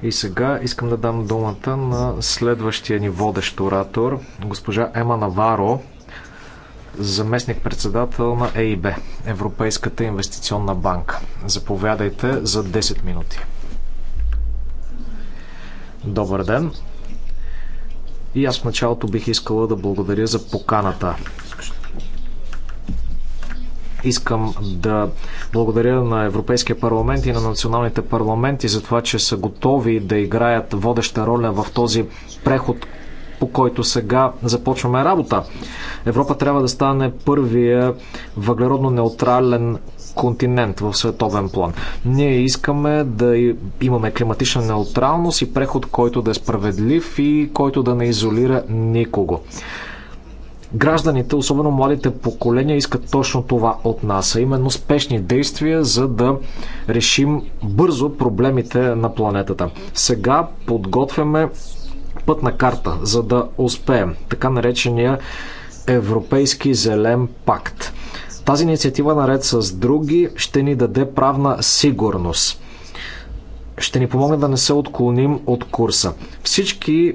Speaker 3: И сега искам да дам думата на следващия ни водещ оратор, госпожа Ема Наваро, заместник-председател на ЕИБ, Европейската инвестиционна банка. Заповядайте за 10 минути. Добър ден. И аз в началото бих искала да благодаря за поканата Искам да благодаря на Европейския парламент и на националните парламенти за това, че са готови да играят водеща роля в този преход, по който сега започваме работа. Европа трябва да стане първия въглеродно неутрален континент в световен план. Ние искаме да имаме климатична неутралност и преход, който да е справедлив и който да не изолира никого. Гражданите, особено младите поколения, искат точно това от нас, а именно спешни действия, за да решим бързо проблемите на планетата. Сега подготвяме пътна карта, за да успеем така наречения Европейски зелен пакт. Тази инициатива, наред с други, ще ни даде правна сигурност. Ще ни помогне да не се отклоним от курса. Всички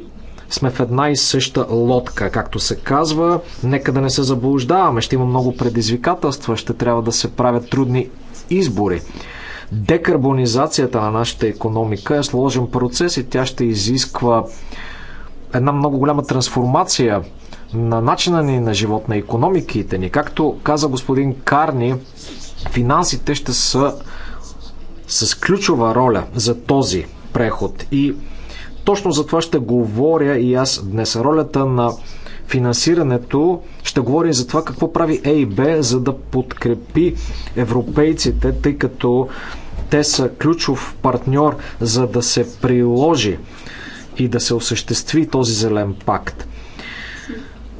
Speaker 3: сме в една и съща лодка, както се казва. Нека да не се заблуждаваме. Ще има много предизвикателства, ще трябва да се правят трудни избори. Декарбонизацията на нашата економика е сложен процес и тя ще изисква една много голяма трансформация на начина ни на живот, на економиките ни. Както каза господин Карни, финансите ще са с ключова роля за този преход и точно за това ще говоря и аз днес. Ролята на финансирането, ще говорим за това какво прави ЕИБ, за да подкрепи европейците, тъй като те са ключов партньор, за да се приложи и да се осъществи този зелен пакт.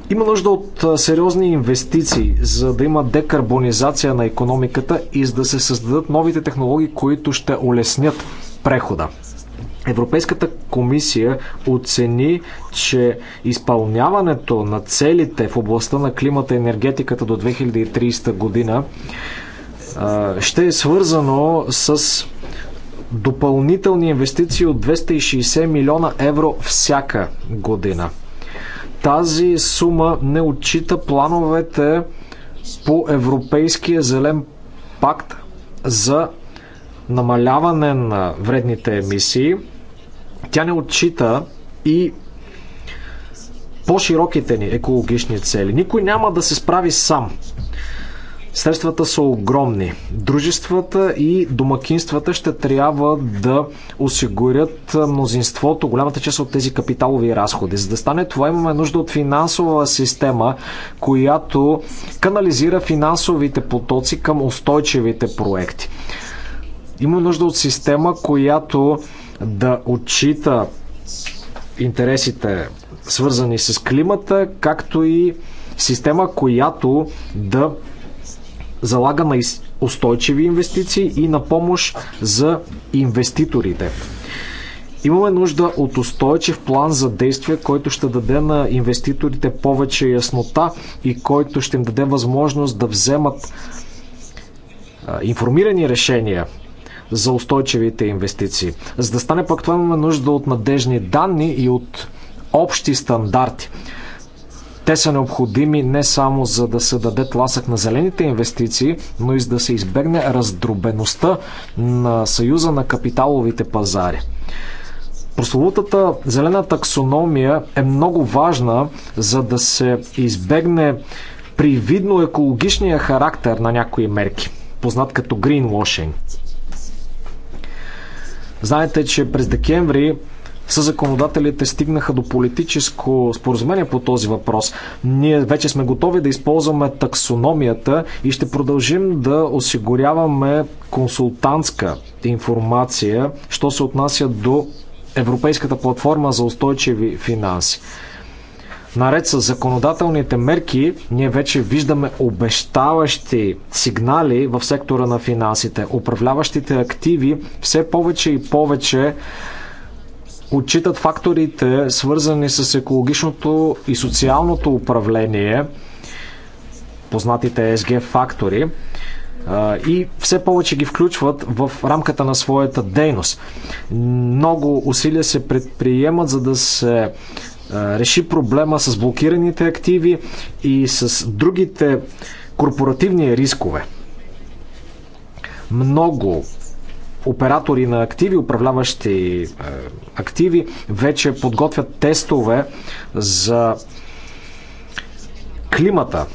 Speaker 3: Има нужда от сериозни инвестиции, за да има декарбонизация на економиката и за да се създадат новите технологии, които ще улеснят прехода. Европейската комисия оцени, че изпълняването на целите в областта на климата и енергетиката до 2030 година ще е свързано с допълнителни инвестиции от 260 милиона евро всяка година. Тази сума не отчита плановете по Европейския зелен пакт за намаляване на вредните емисии – тя не отчита и по-широките ни екологични цели. Никой няма да се справи сам. Средствата са огромни. Дружествата и домакинствата ще трябва да осигурят мнозинството, голямата част от тези капиталови разходи. За да стане това, имаме нужда от финансова система, която канализира финансовите потоци към устойчивите проекти. Има нужда от система, която да отчита интересите, свързани с климата, както и система, която да залага на устойчиви инвестиции и на помощ за инвеститорите. Имаме нужда от устойчив план за действие, който ще даде на инвеститорите повече яснота и който ще им даде възможност да вземат информирани решения за устойчивите инвестиции. За да стане пак това имаме нужда от надежни данни и от общи стандарти. Те са необходими не само за да се даде тласък на зелените инвестиции, но и за да се избегне раздробеността на съюза на капиталовите пазари. Прословутата зелена таксономия е много важна, за да се избегне привидно екологичния характер на някои мерки, познат като greenwashing. Знаете, че през декември със законодателите стигнаха до политическо споразумение по този въпрос. Ние вече сме готови да използваме таксономията и ще продължим да осигуряваме консултантска информация, що се отнася до Европейската платформа за устойчиви финанси. Наред с законодателните мерки, ние вече виждаме обещаващи сигнали в сектора на финансите. Управляващите активи все повече и повече отчитат факторите, свързани с екологичното и социалното управление, познатите СГ фактори, и все повече ги включват в рамката на своята дейност. Много усилия се предприемат, за да се реши проблема с блокираните активи и с другите корпоративни рискове. Много оператори на активи, управляващи активи, вече подготвят тестове за климата,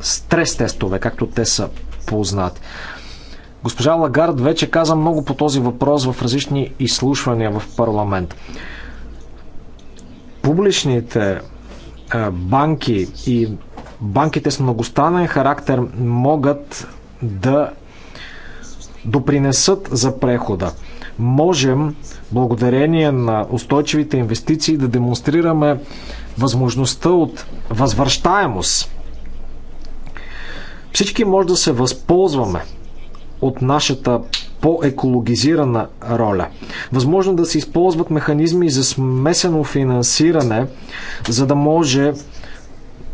Speaker 3: стрес тестове, както те са познати. Госпожа Лагард вече каза много по този въпрос в различни изслушвания в парламент публичните банки и банките с многостранен характер могат да допринесат за прехода. Можем, благодарение на устойчивите инвестиции, да демонстрираме възможността от възвръщаемост. Всички може да се възползваме от нашата по-екологизирана роля. Възможно да се използват механизми за смесено финансиране, за да може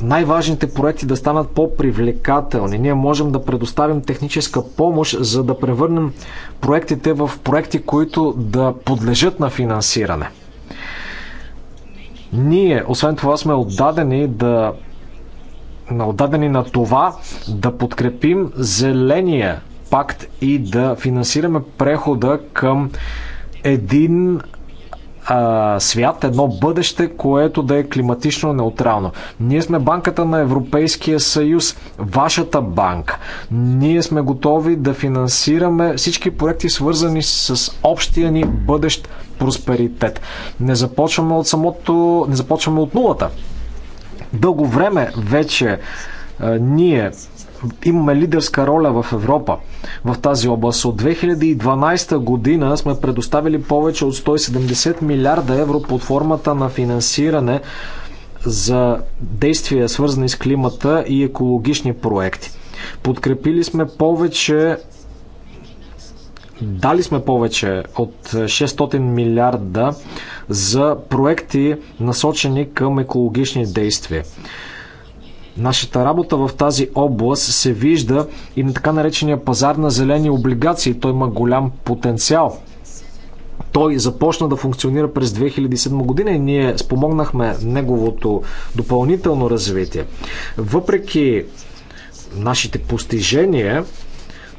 Speaker 3: най-важните проекти да станат по-привлекателни. Ние можем да предоставим техническа помощ, за да превърнем проектите в проекти, които да подлежат на финансиране. Ние, освен това, сме отдадени да отдадени на това да подкрепим зеления пакт и да финансираме прехода към един а, свят, едно бъдеще, което да е климатично неутрално. Ние сме банката на Европейския съюз, вашата банка. Ние сме готови да финансираме всички проекти, свързани с общия ни бъдещ просперитет. Не започваме от самото, не започваме от нулата. Дълго време вече ние имаме лидерска роля в Европа в тази област. От 2012 година сме предоставили повече от 170 милиарда евро под формата на финансиране за действия свързани с климата и екологични проекти. Подкрепили сме повече дали сме повече от 600 милиарда за проекти насочени към екологични действия. Нашата работа в тази област се вижда и на така наречения пазар на зелени облигации. Той има голям потенциал. Той започна да функционира през 2007 година и ние спомогнахме неговото допълнително развитие. Въпреки нашите постижения,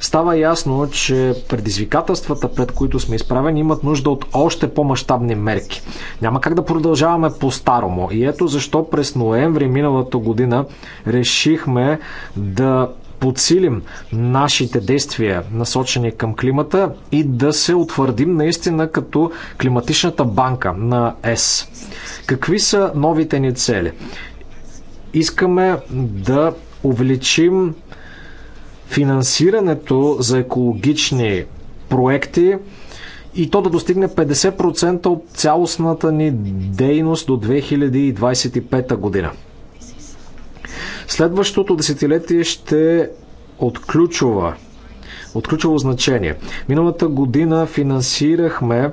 Speaker 3: става ясно, че предизвикателствата, пред които сме изправени, имат нужда от още по-масштабни мерки. Няма как да продължаваме по-старому. И ето защо през ноември миналата година решихме да подсилим нашите действия, насочени към климата и да се утвърдим наистина като климатичната банка на ЕС. Какви са новите ни цели? Искаме да увеличим финансирането за екологични проекти и то да достигне 50% от цялостната ни дейност до 2025 година. Следващото десетилетие ще отключва отключва значение. Миналата година финансирахме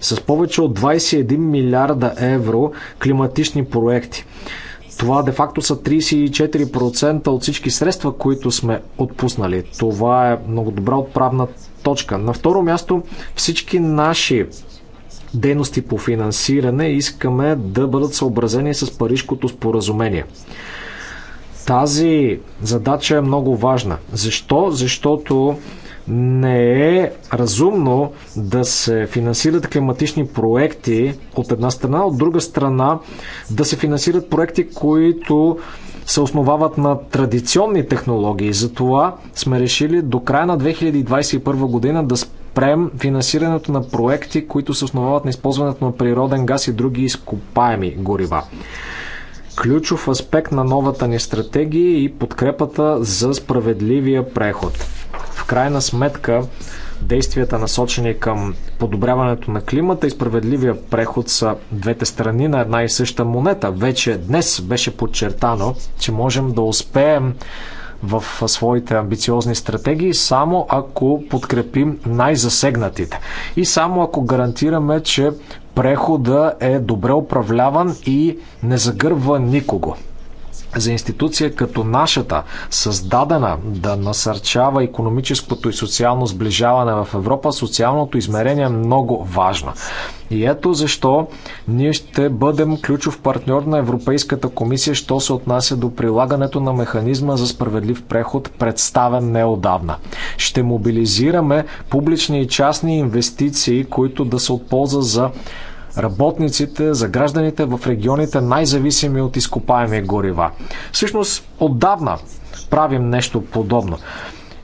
Speaker 3: с повече от 21 милиарда евро климатични проекти. Това де-факто са 34% от всички средства, които сме отпуснали. Това е много добра отправна точка. На второ място, всички наши дейности по финансиране искаме да бъдат съобразени с Парижкото споразумение. Тази задача е много важна. Защо? Защото не е разумно да се финансират климатични проекти от една страна, от друга страна да се финансират проекти, които се основават на традиционни технологии. Затова сме решили до края на 2021 година да спрем финансирането на проекти, които се основават на използването на природен газ и други изкопаеми горива ключов аспект на новата ни стратегия е и подкрепата за справедливия преход крайна сметка действията насочени към подобряването на климата и справедливия преход са двете страни на една и съща монета. Вече днес беше подчертано, че можем да успеем в своите амбициозни стратегии, само ако подкрепим най-засегнатите и само ако гарантираме, че прехода е добре управляван и не загърва никого за институция като нашата, създадена да насърчава економическото и социално сближаване в Европа, социалното измерение е много важно. И ето защо ние ще бъдем ключов партньор на Европейската комисия, що се отнася до прилагането на механизма за справедлив преход, представен неодавна. Ще мобилизираме публични и частни инвестиции, които да се отполза за работниците, за гражданите в регионите най-зависими от изкопаеми горива. Всъщност, отдавна правим нещо подобно.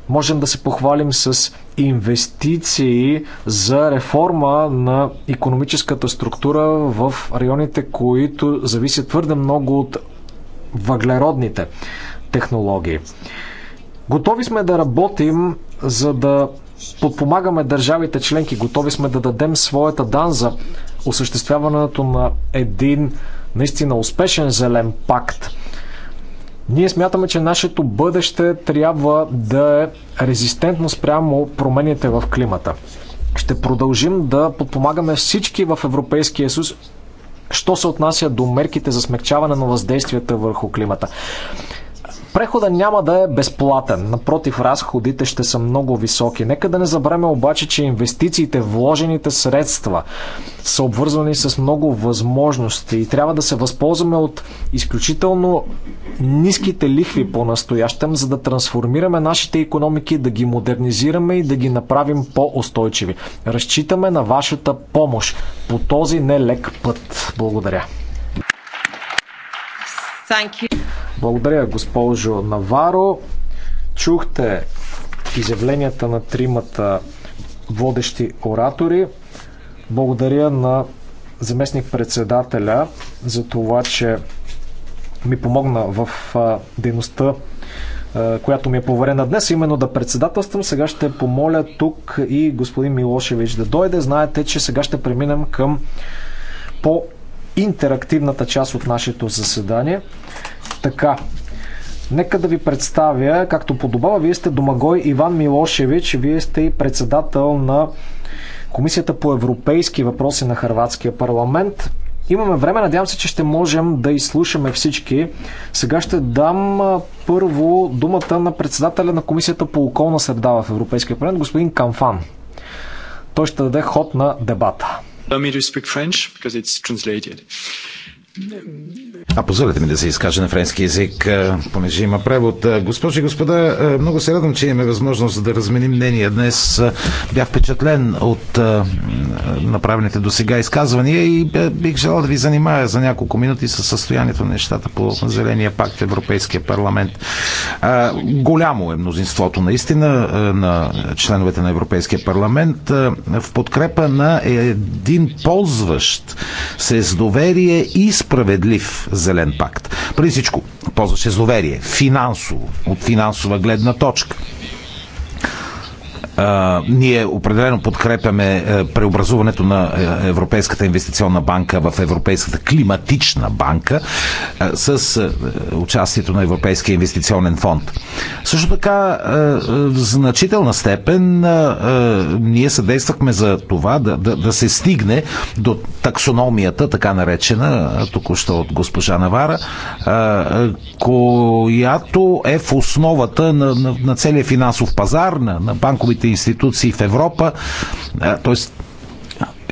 Speaker 3: Можем да се похвалим с инвестиции за реформа на економическата структура в районите, които зависят твърде много от въглеродните технологии. Готови сме да работим, за да подпомагаме държавите членки. Готови сме да дадем своята дан за осъществяването на един наистина успешен зелен пакт. Ние смятаме, че нашето бъдеще трябва да е резистентно спрямо промените в климата. Ще продължим да подпомагаме всички в Европейския съюз, що се отнася до мерките за смягчаване на въздействията върху климата. Прехода няма да е безплатен. Напротив, разходите ще са много високи. Нека да не забравяме обаче, че инвестициите, вложените средства са обвързани с много възможности и трябва да се възползваме от изключително ниските лихви по-настоящем, за да трансформираме нашите економики, да ги модернизираме и да ги направим по-устойчиви. Разчитаме на вашата помощ по този нелек път. Благодаря. Благодаря, госпожо Наваро. Чухте изявленията на тримата водещи оратори. Благодаря на заместник-председателя за това, че ми помогна в дейността, която ми е поверена днес, именно да председателствам. Сега ще помоля тук и господин Милошевич да дойде. Знаете, че сега ще преминем към по интерактивната част от нашето заседание. Така, Нека да ви представя, както подобава, вие сте Домагой Иван Милошевич, вие сте и председател на Комисията по европейски въпроси на Харватския парламент. Имаме време, надявам се, че ще можем да изслушаме всички. Сега ще дам първо думата на председателя на Комисията по околна среда в Европейския парламент, господин Камфан. Той ще даде ход на дебата allow me to speak french because it's translated.
Speaker 1: А позволете ми да се изкажа на френски язик, понеже има превод. Госпожи и господа, много се радвам, че имаме възможност да разменим мнения днес. Бях впечатлен от направените до сега изказвания и бих желал да ви занимая за няколко минути с състоянието на нещата по Зеления пакт в Европейския парламент. Голямо е мнозинството наистина на членовете на Европейския парламент в подкрепа на един ползващ се с доверие и с справедлив зелен пакт. Преди всичко, ползва се зловерие, финансово, от финансова гледна точка. А, ние определено подкрепяме е, преобразуването на е, Европейската инвестиционна банка в Европейската климатична банка а, е, с а, участието на Европейския инвестиционен фонд. Също така, а, в значителна степен а, а, ние съдействахме за това да, да, да се стигне до таксономията, така наречена, току-що от госпожа Навара, а, която е в основата на, на, на целия финансов пазар, на, на банковите европейските институции в Европа. Т.е.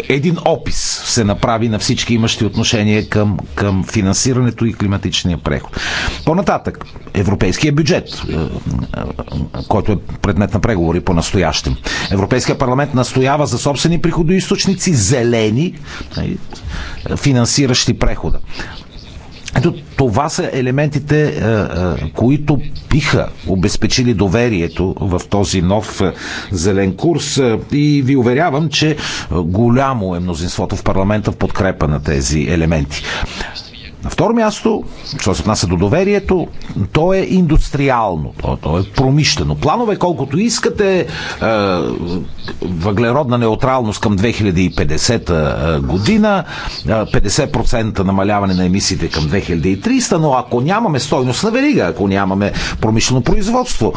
Speaker 1: един опис се направи на всички имащи отношение към, към финансирането и климатичния преход. По-нататък, европейския бюджет, е, е, който е предмет на преговори по настоящем. Европейския парламент настоява за собствени приходоисточници, зелени, е, финансиращи прехода. Ето това са елементите, е, е, които биха обезпечили доверието в този нов е, зелен курс и ви уверявам, че голямо е мнозинството в парламента в подкрепа на тези елементи. На второ място, що се отнася до доверието, то е индустриално, то, то е промишлено. Планове колкото искате, е, въглеродна неутралност към 2050 е, година, 50% е, намаляване на емисиите към 2300, но ако нямаме стойност на верига, ако нямаме промишлено производство,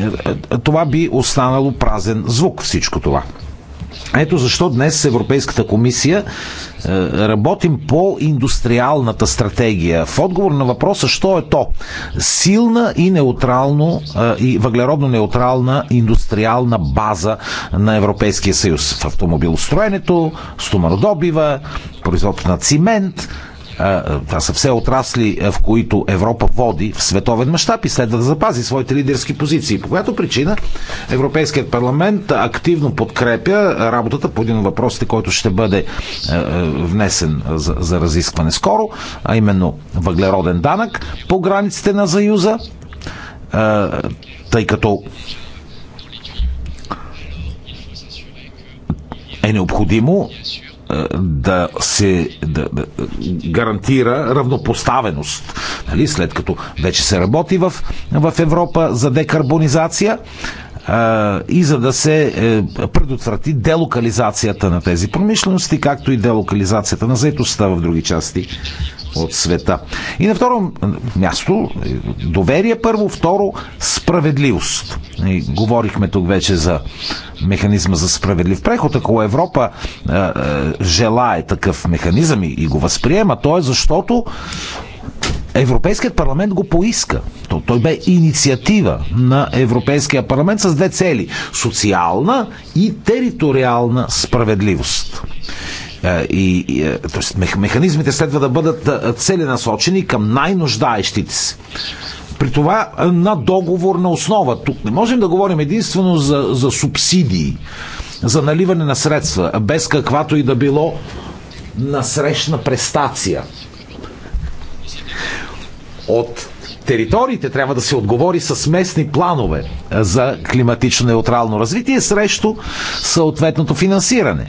Speaker 1: е, това би останало празен звук всичко това. Ето защо днес Европейската комисия е, работим по индустриалната стратегия. В отговор на въпроса, що е то? Силна и неутрално, е, и въглеродно неутрална индустриална база на Европейския съюз. В автомобилостроенето, стоманодобива, производство на цимент, това са все отрасли, в които Европа води в световен мащаб и следва да запази своите лидерски позиции. По която причина Европейският парламент активно подкрепя работата по един от въпросите, който ще бъде внесен за, за разискване скоро, а именно въглероден данък по границите на Съюза, тъй като е необходимо е, да се да, да, гарантира равнопоставеност, нали? след като вече се работи в, в Европа за декарбонизация е, и за да се е, предотврати делокализацията на тези промишлености, както и делокализацията на заетостта в други части от света. И на второ място, доверие първо, второ, справедливост. И говорихме тук вече за механизма за справедлив преход. Ако Европа е, е, желае такъв механизъм и, и го възприема, то е защото Европейският парламент го поиска. То, той бе инициатива на Европейския парламент с две цели социална и териториална справедливост. Е, и, и, е, тоест, механизмите следва да бъдат е, целенасочени към най-нуждаещите се. При това на договорна основа. Тук не можем да говорим единствено за, за субсидии, за наливане на средства, без каквато и да било насрещна престация. От териториите трябва да се отговори с местни планове за климатично неутрално развитие срещу съответното финансиране.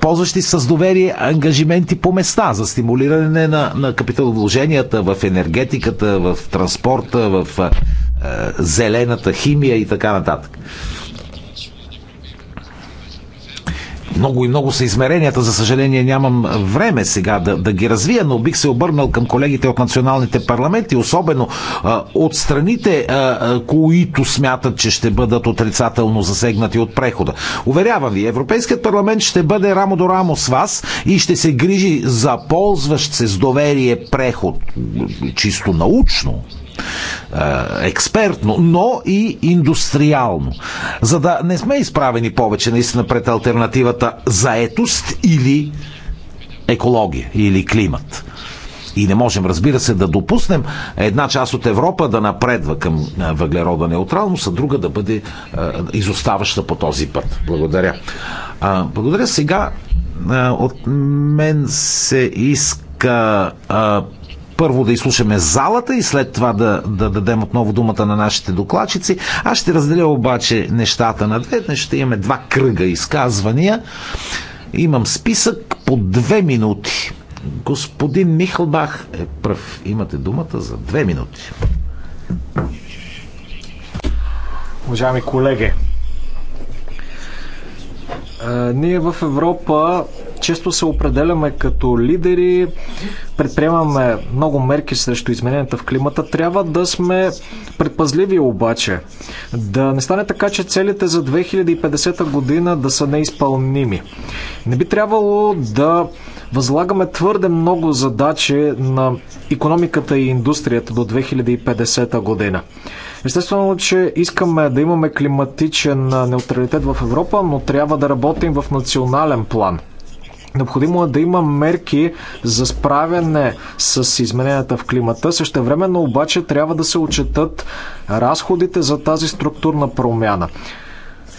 Speaker 1: Ползващи с доверие ангажименти по места за стимулиране на, на капиталовложенията в енергетиката, в транспорта, в е, зелената химия и така нататък. Много и много са измеренията. За съжаление нямам време сега да, да ги развия, но бих се обърнал към колегите от националните парламенти, особено а, от страните, а, които смятат, че ще бъдат отрицателно засегнати от прехода. Уверявам ви, Европейският парламент ще бъде рамо до рамо с вас и ще се грижи за ползващ се с доверие преход. Чисто научно, е, експертно, но и индустриално. За да не сме изправени повече наистина пред альтернативата заетост или екология или климат. И не можем, разбира се, да допуснем една част от Европа да напредва към е, въглерода неутралност, а друга да бъде а, е, изоставаща по този път. Благодаря. А, благодаря. Сега а, от мен се иска а, първо да изслушаме залата и след това да, да дадем отново думата на нашите докладчици. Аз ще разделя обаче нещата на две. Днес ще имаме два кръга изказвания. Имам списък по две минути. Господин Михълбах, е пръв. Имате думата за две минути.
Speaker 3: Уважаеми колеги, ние в Европа често се определяме като лидери, предприемаме много мерки срещу измененията в климата. Трябва да сме предпазливи обаче. Да не стане така, че целите за 2050 година да са неизпълними. Не би трябвало да възлагаме твърде много задачи на економиката и индустрията до 2050 година. Естествено, че искаме да имаме климатичен неутралитет в Европа, но трябва да работим в национален план – Необходимо е да има мерки за справяне с измененията в климата. Същевременно обаче трябва да се отчетат разходите за тази структурна промяна.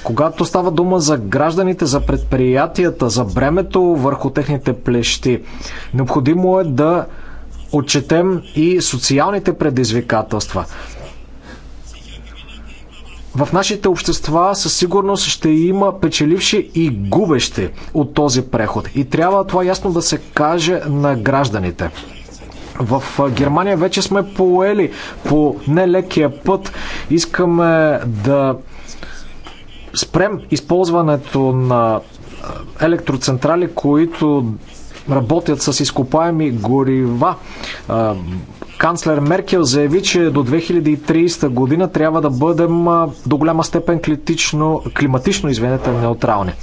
Speaker 3: Когато става дума за гражданите, за предприятията, за бремето върху техните плещи, необходимо е да отчетем и социалните предизвикателства в нашите общества със сигурност ще има печеливши и губещи от този преход. И трябва това ясно да се каже на гражданите. В Германия вече сме поели по нелекия път. Искаме да спрем използването на електроцентрали, които работят с изкопаеми горива. Канцлер Меркел заяви, че до 2030 година трябва да бъдем до голяма степен клитично, климатично извинете, неутрални.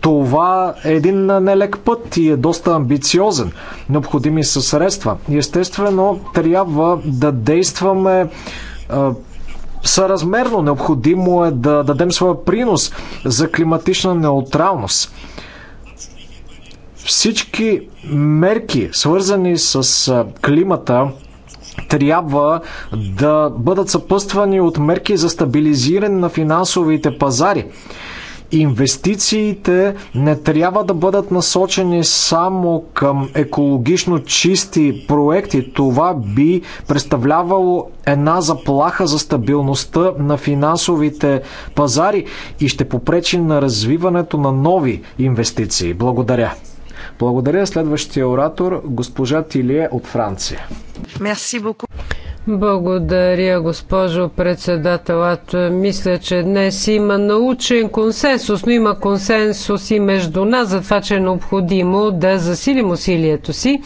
Speaker 3: Това е един нелек път и е доста амбициозен. Необходими са средства. Естествено, трябва да действаме съразмерно. Необходимо е да дадем своя принос за климатична неутралност. Всички мерки, свързани с климата, трябва да бъдат съпъствани от мерки за стабилизиране на финансовите пазари. Инвестициите не трябва да бъдат насочени само към екологично чисти проекти. Това би представлявало една заплаха за стабилността на финансовите пазари и ще попречи на развиването на нови инвестиции. Благодаря. Благодаря. Следващия оратор, госпожа Тилие от Франция.
Speaker 2: Мерси боку. Благодаря, госпожо председател. Аз е, мисля, че днес има научен консенсус, но има консенсус и между нас за това, че е необходимо да засилим усилието си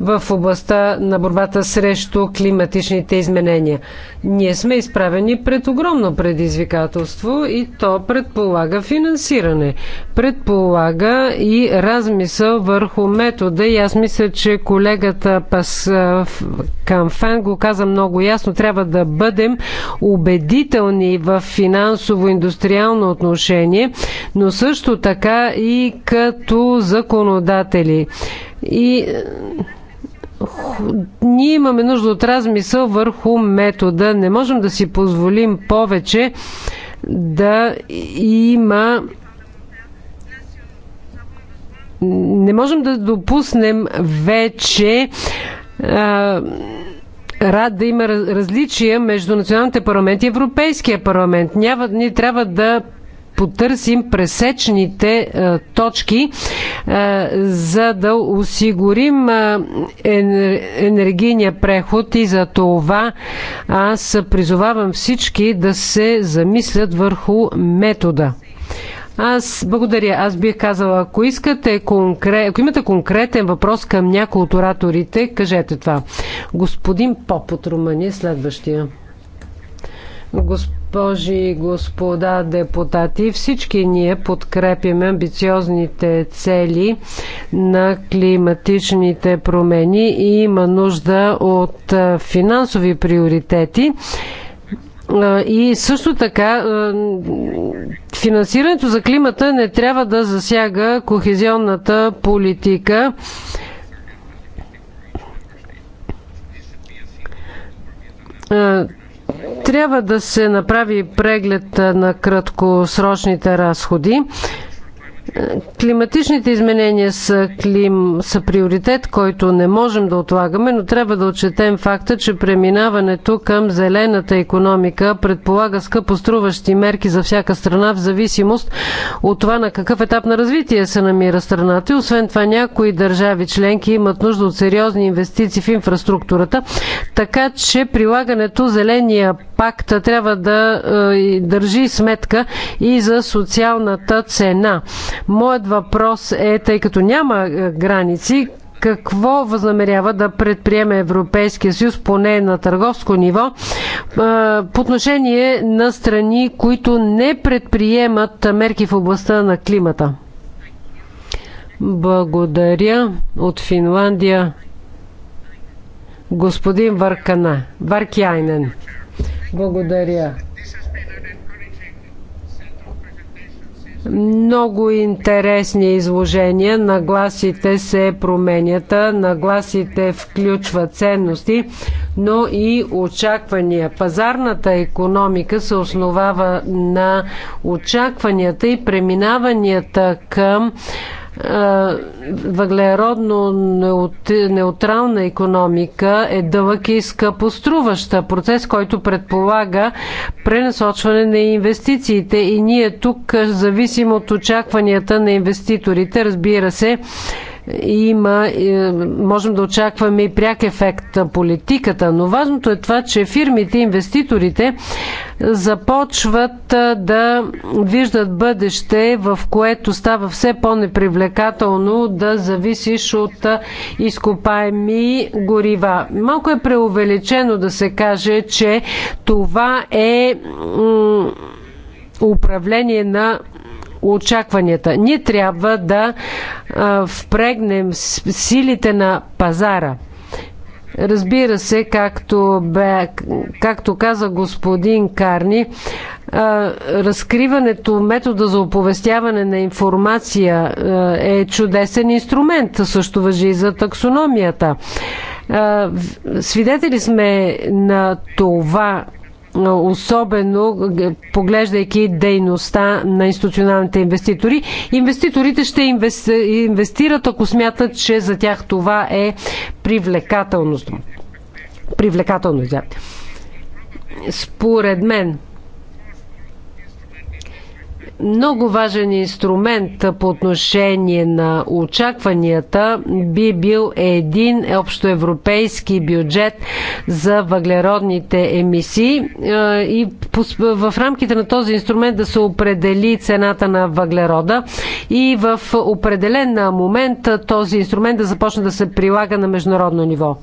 Speaker 2: в областта на борбата срещу климатичните изменения. Ние сме изправени пред огромно предизвикателство и то предполага финансиране. Предполага и размисъл върху метода и аз мисля, че колегата Пас Камфан го каза много ясно. Трябва да бъдем убедителни в финансово-индустриално отношение, но също така и като законодатели. И ние имаме нужда от размисъл върху метода. Не можем да си позволим повече да има. Не можем да допуснем вече а, рад да има различия между националните парламенти и Европейския парламент. Няма, ние трябва да потърсим пресечните е, точки, е, за да осигурим е, енергийния преход и за това аз призовавам всички да се замислят върху метода. Аз благодаря. Аз бих казала, ако искате конкрет... ако имате конкретен въпрос към някои от ораторите, кажете това. Господин Поп от Румъния, следващия. Господин госпожи и господа депутати, всички ние подкрепяме амбициозните цели на климатичните промени и има нужда от финансови приоритети. И също така финансирането за климата не трябва да засяга кохезионната политика. Uh, трябва да се направи преглед на краткосрочните разходи Климатичните изменения са, клим, са приоритет, който не можем да отлагаме, но трябва да отчетем факта, че преминаването към зелената економика предполага скъпоструващи мерки за всяка страна в зависимост от това на какъв етап на развитие се намира страната. И освен това някои държави членки имат нужда от сериозни инвестиции в инфраструктурата, така че прилагането зеления пакта трябва да е, държи сметка и за социалната цена. Моят въпрос е, тъй като няма е, граници, какво възнамерява да предприеме Европейския съюз, поне на търговско ниво, е, по отношение на страни, които не предприемат мерки в областта на климата? Благодаря от Финландия господин Варкана, Варкяйнен. Благодаря. Много интересни изложения. Нагласите се променят. Нагласите включват ценности, но и очаквания. Пазарната економика се основава на очакванията и преминаванията към въглеродно неутрална економика е дълъг и скъпоструваща процес, който предполага пренасочване на инвестициите и ние тук зависим от очакванията на инвеститорите. Разбира се, има, е, можем да очакваме и пряк ефект на политиката, но важното е това, че фирмите, инвеститорите започват е, да виждат бъдеще, в което става все по-непривлекателно да зависиш от е, изкопаеми горива. Малко е преувеличено да се каже, че това е управление на очакванията. Ние трябва да впрегнем силите на пазара. Разбира се, както, бе, както каза господин Карни, разкриването, метода за оповестяване на информация е чудесен инструмент. Също въжи и за таксономията. Свидетели сме на това, особено поглеждайки дейността на институционалните инвеститори. Инвеститорите ще инвестират, ако смятат, че за тях това е привлекателност. Привлекателно, извинявайте. Според мен, много важен инструмент по отношение на очакванията би бил един общоевропейски бюджет за въглеродните емисии е, и в рамките на този инструмент да се определи цената на въглерода и в определен момент този инструмент да започне да се прилага на международно ниво.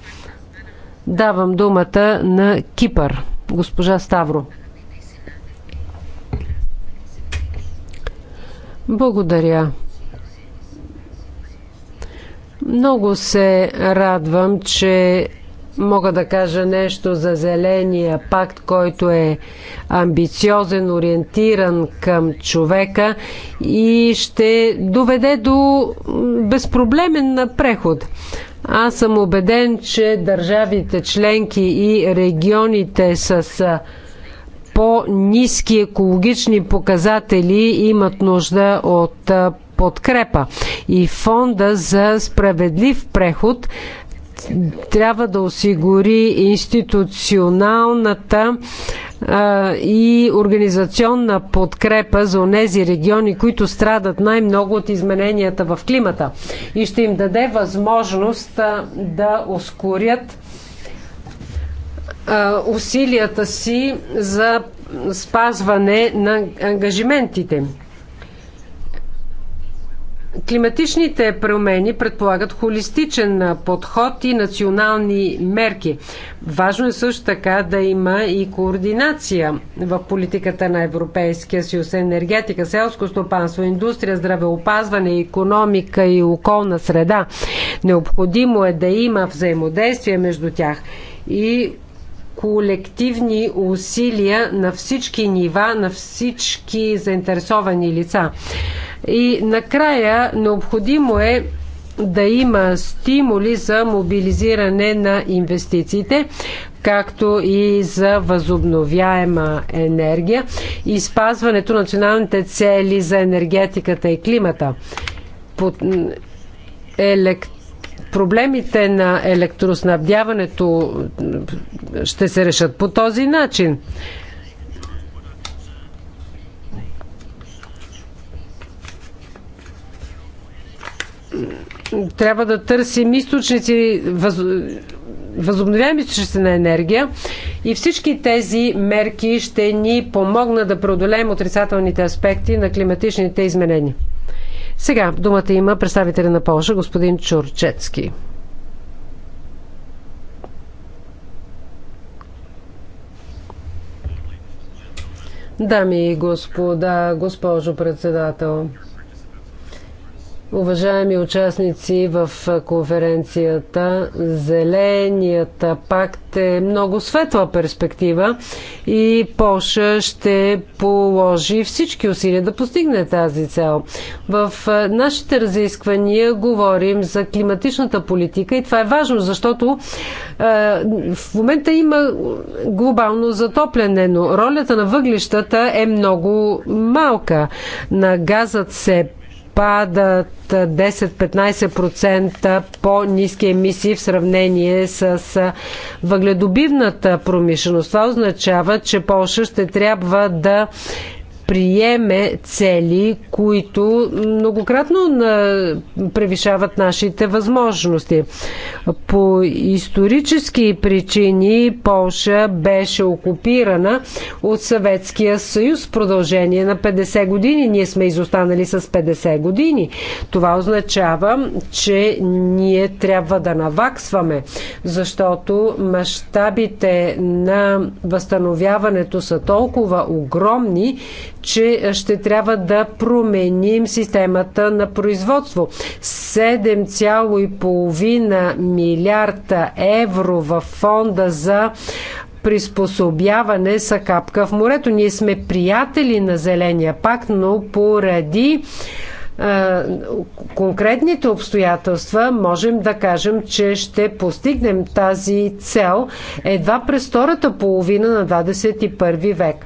Speaker 2: Давам думата на Кипър. Госпожа Ставро. Благодаря. Много се радвам, че мога да кажа нещо за Зеления пакт, който е амбициозен, ориентиран към човека и ще доведе до безпроблемен преход. Аз съм убеден, че държавите членки и регионите с по-низки екологични показатели имат нужда от подкрепа. И фонда за справедлив преход трябва да осигури институционалната а, и организационна подкрепа за тези региони, които страдат най-много от измененията в климата и ще им даде възможност а, да ускорят усилията си за спазване на ангажиментите. Климатичните промени предполагат холистичен подход и национални мерки. Важно е също така да има и координация в политиката на Европейския съюз. Енергетика, селско стопанство, индустрия, здравеопазване, економика и околна среда. Необходимо е да има взаимодействие между тях и колективни усилия на всички нива, на всички заинтересовани лица. И накрая необходимо е да има стимули за мобилизиране на инвестициите, както и за възобновяема енергия и спазването на националните цели за енергетиката и климата. Под проблемите на електроснабдяването ще се решат по този начин. Трябва да търсим източници, въз... възобновяем източници на енергия и всички тези мерки ще ни помогнат да преодолеем отрицателните аспекти на климатичните изменения. Сега думата има представителя на Полша, господин Чурчецки. Дами и господа, госпожо председател, Уважаеми участници в конференцията, Зеленият пакт е много светла перспектива и Польша ще положи всички усилия да постигне тази цел. В нашите разисквания говорим за климатичната политика и това е важно, защото в момента има глобално затопляне, но ролята на въглищата е много малка. На газът се падат 10-15% по-низки емисии в сравнение с въгледобивната промишленост. Това означава, че Польша ще трябва да приеме цели, които многократно превишават нашите възможности. По исторически причини Полша беше окупирана от Съветския съюз в продължение на 50 години. Ние сме изостанали с 50 години. Това означава, че ние трябва да наваксваме, защото мащабите на възстановяването са толкова огромни, че е, ще трябва да променим системата на производство. 7,5 милиарда евро в фонда за приспособяване са капка в морето. Ние сме приятели на Зеления пакт, но поради е, конкретните обстоятелства можем да кажем, че ще постигнем тази цел едва през втората половина на 21 век.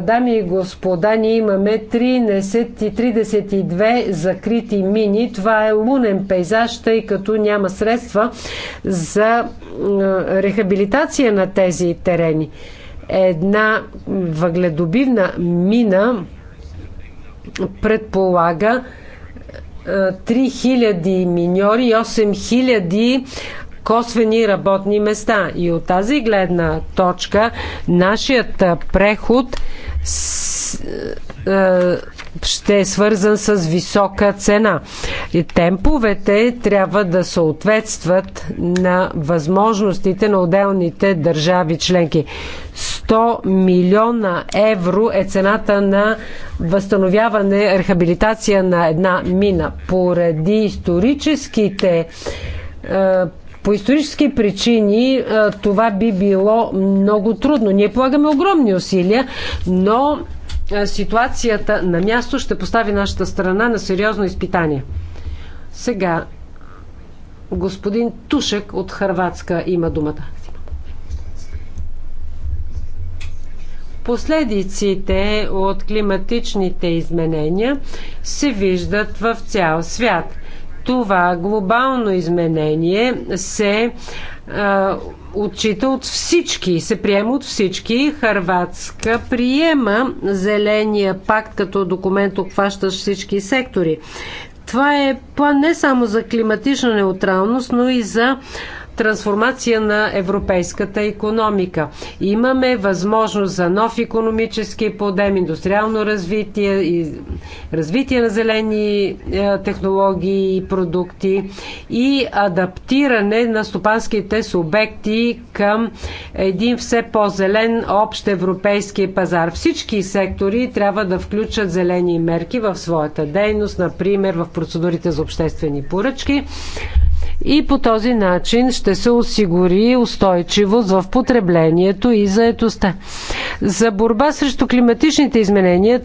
Speaker 2: Дами и господа, ние имаме 32 закрити мини. Това е лунен пейзаж, тъй като няма средства за рехабилитация на тези терени. Една въгледобивна мина предполага 3000 миньори и 8000 косвени работни места. И от тази гледна точка нашият преход ще е свързан с висока цена. И темповете трябва да съответстват на възможностите на отделните държави членки. 100 милиона евро е цената на възстановяване, рехабилитация на една мина. Поради историческите по исторически причини това би било много трудно. Ние полагаме огромни усилия, но ситуацията на място ще постави нашата страна на сериозно изпитание. Сега господин Тушек от Харватска има думата. Последиците от климатичните изменения се виждат в цял свят. Това глобално изменение се а, отчита от всички, се приема от всички. Харватска приема зеления пакт като документ, обхващащ всички сектори. Това е план не само за климатична неутралност, но и за трансформация на европейската економика. Имаме възможност за нов економически подем, индустриално развитие и развитие на зелени е, технологии и продукти и адаптиране на стопанските субекти към един все по-зелен общ европейски пазар. Всички сектори трябва да включат зелени мерки в своята дейност, например в процедурите за обществени поръчки. И по този начин ще се осигури устойчивост в потреблението и заетостта. За борба срещу климатичните изменения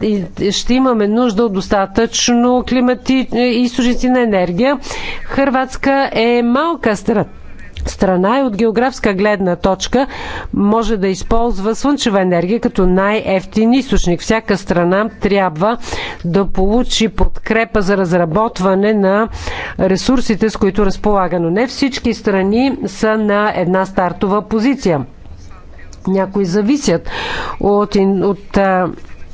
Speaker 2: ще имаме нужда от достатъчно климати... източници на енергия. Хрватска е малка страна страна и от географска гледна точка може да използва слънчева енергия като най-ефтин източник. Всяка страна трябва да получи подкрепа за разработване на ресурсите, с които разполага. Но не всички страни са на една стартова позиция. Някои зависят от, от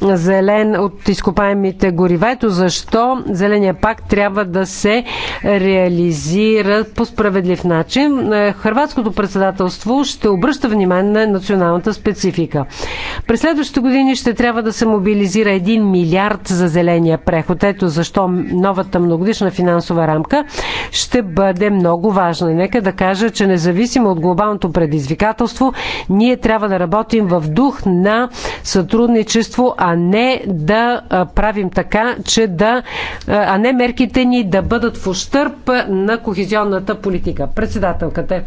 Speaker 2: зелен от изкопаемите горива. Ето защо Зеления пакт трябва да се реализира по справедлив начин. Е, Хрватското председателство ще обръща внимание на националната специфика. През следващите години ще трябва да се мобилизира 1 милиард за зеления преход. Ето защо новата многодишна финансова рамка ще бъде много важна. Нека да кажа, че независимо от глобалното предизвикателство, ние трябва да работим в дух на сътрудничество, а не да правим така, че да, а не мерките ни да бъдат в ущърп на кохезионната политика. Председателката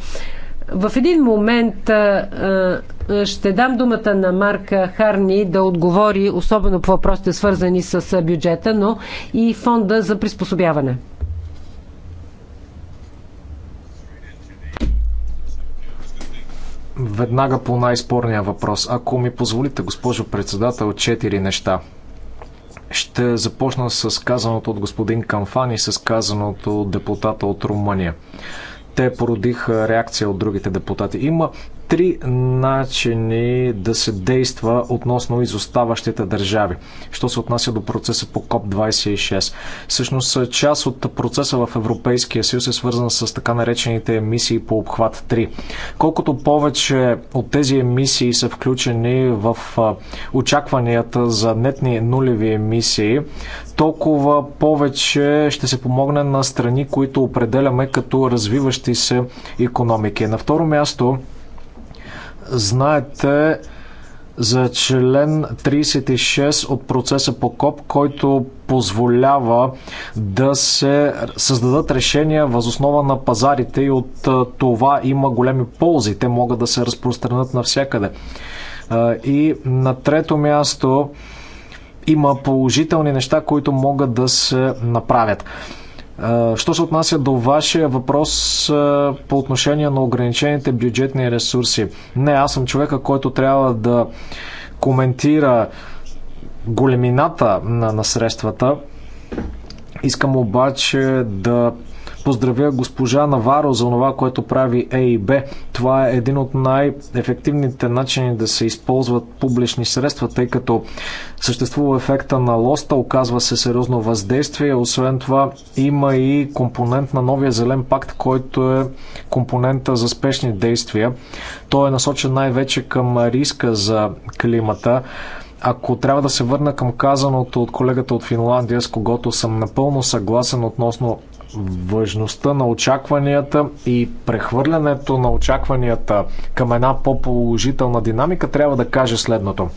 Speaker 2: в един момент ще дам думата на Марка Харни да отговори особено по въпросите свързани с бюджета, но и фонда за приспособяване.
Speaker 3: Веднага по най-спорния въпрос. Ако ми позволите, госпожо председател, четири неща. Ще започна с казаното от господин Камфан и с казаното от депутата от Румъния. Те породиха реакция от другите депутати. Има три начини да се действа относно изоставащите държави, що се отнася до процеса по КОП-26. Всъщност, част от процеса в Европейския съюз е свързан с така наречените емисии по обхват 3. Колкото повече от тези емисии са включени в очакванията за нетни нулеви емисии, толкова повече ще се помогне на страни, които определяме като развиващи се економики. На второ място, Знаете за член 36 от процеса по КОП, който позволява да се създадат решения възоснова на пазарите и от това има големи ползи. Те могат да се разпространят навсякъде. И на трето място има положителни неща, които могат да се направят. Що се отнася до вашия въпрос по отношение на ограничените бюджетни ресурси? Не, аз съм човека, който трябва да коментира големината на, на средствата. Искам обаче да поздравя госпожа Наваро за това, което прави Е и Б. Това е един от най-ефективните начини да се използват публични средства, тъй като съществува ефекта на лоста, оказва се сериозно въздействие. Освен това има и компонент на новия зелен пакт, който е компонента за спешни действия. Той е насочен най-вече към риска за климата. Ако трябва да се върна към казаното от колегата от Финландия, с когото съм напълно съгласен относно важността на очакванията и прехвърлянето на очакванията към една по-положителна динамика, трябва да кажа следното.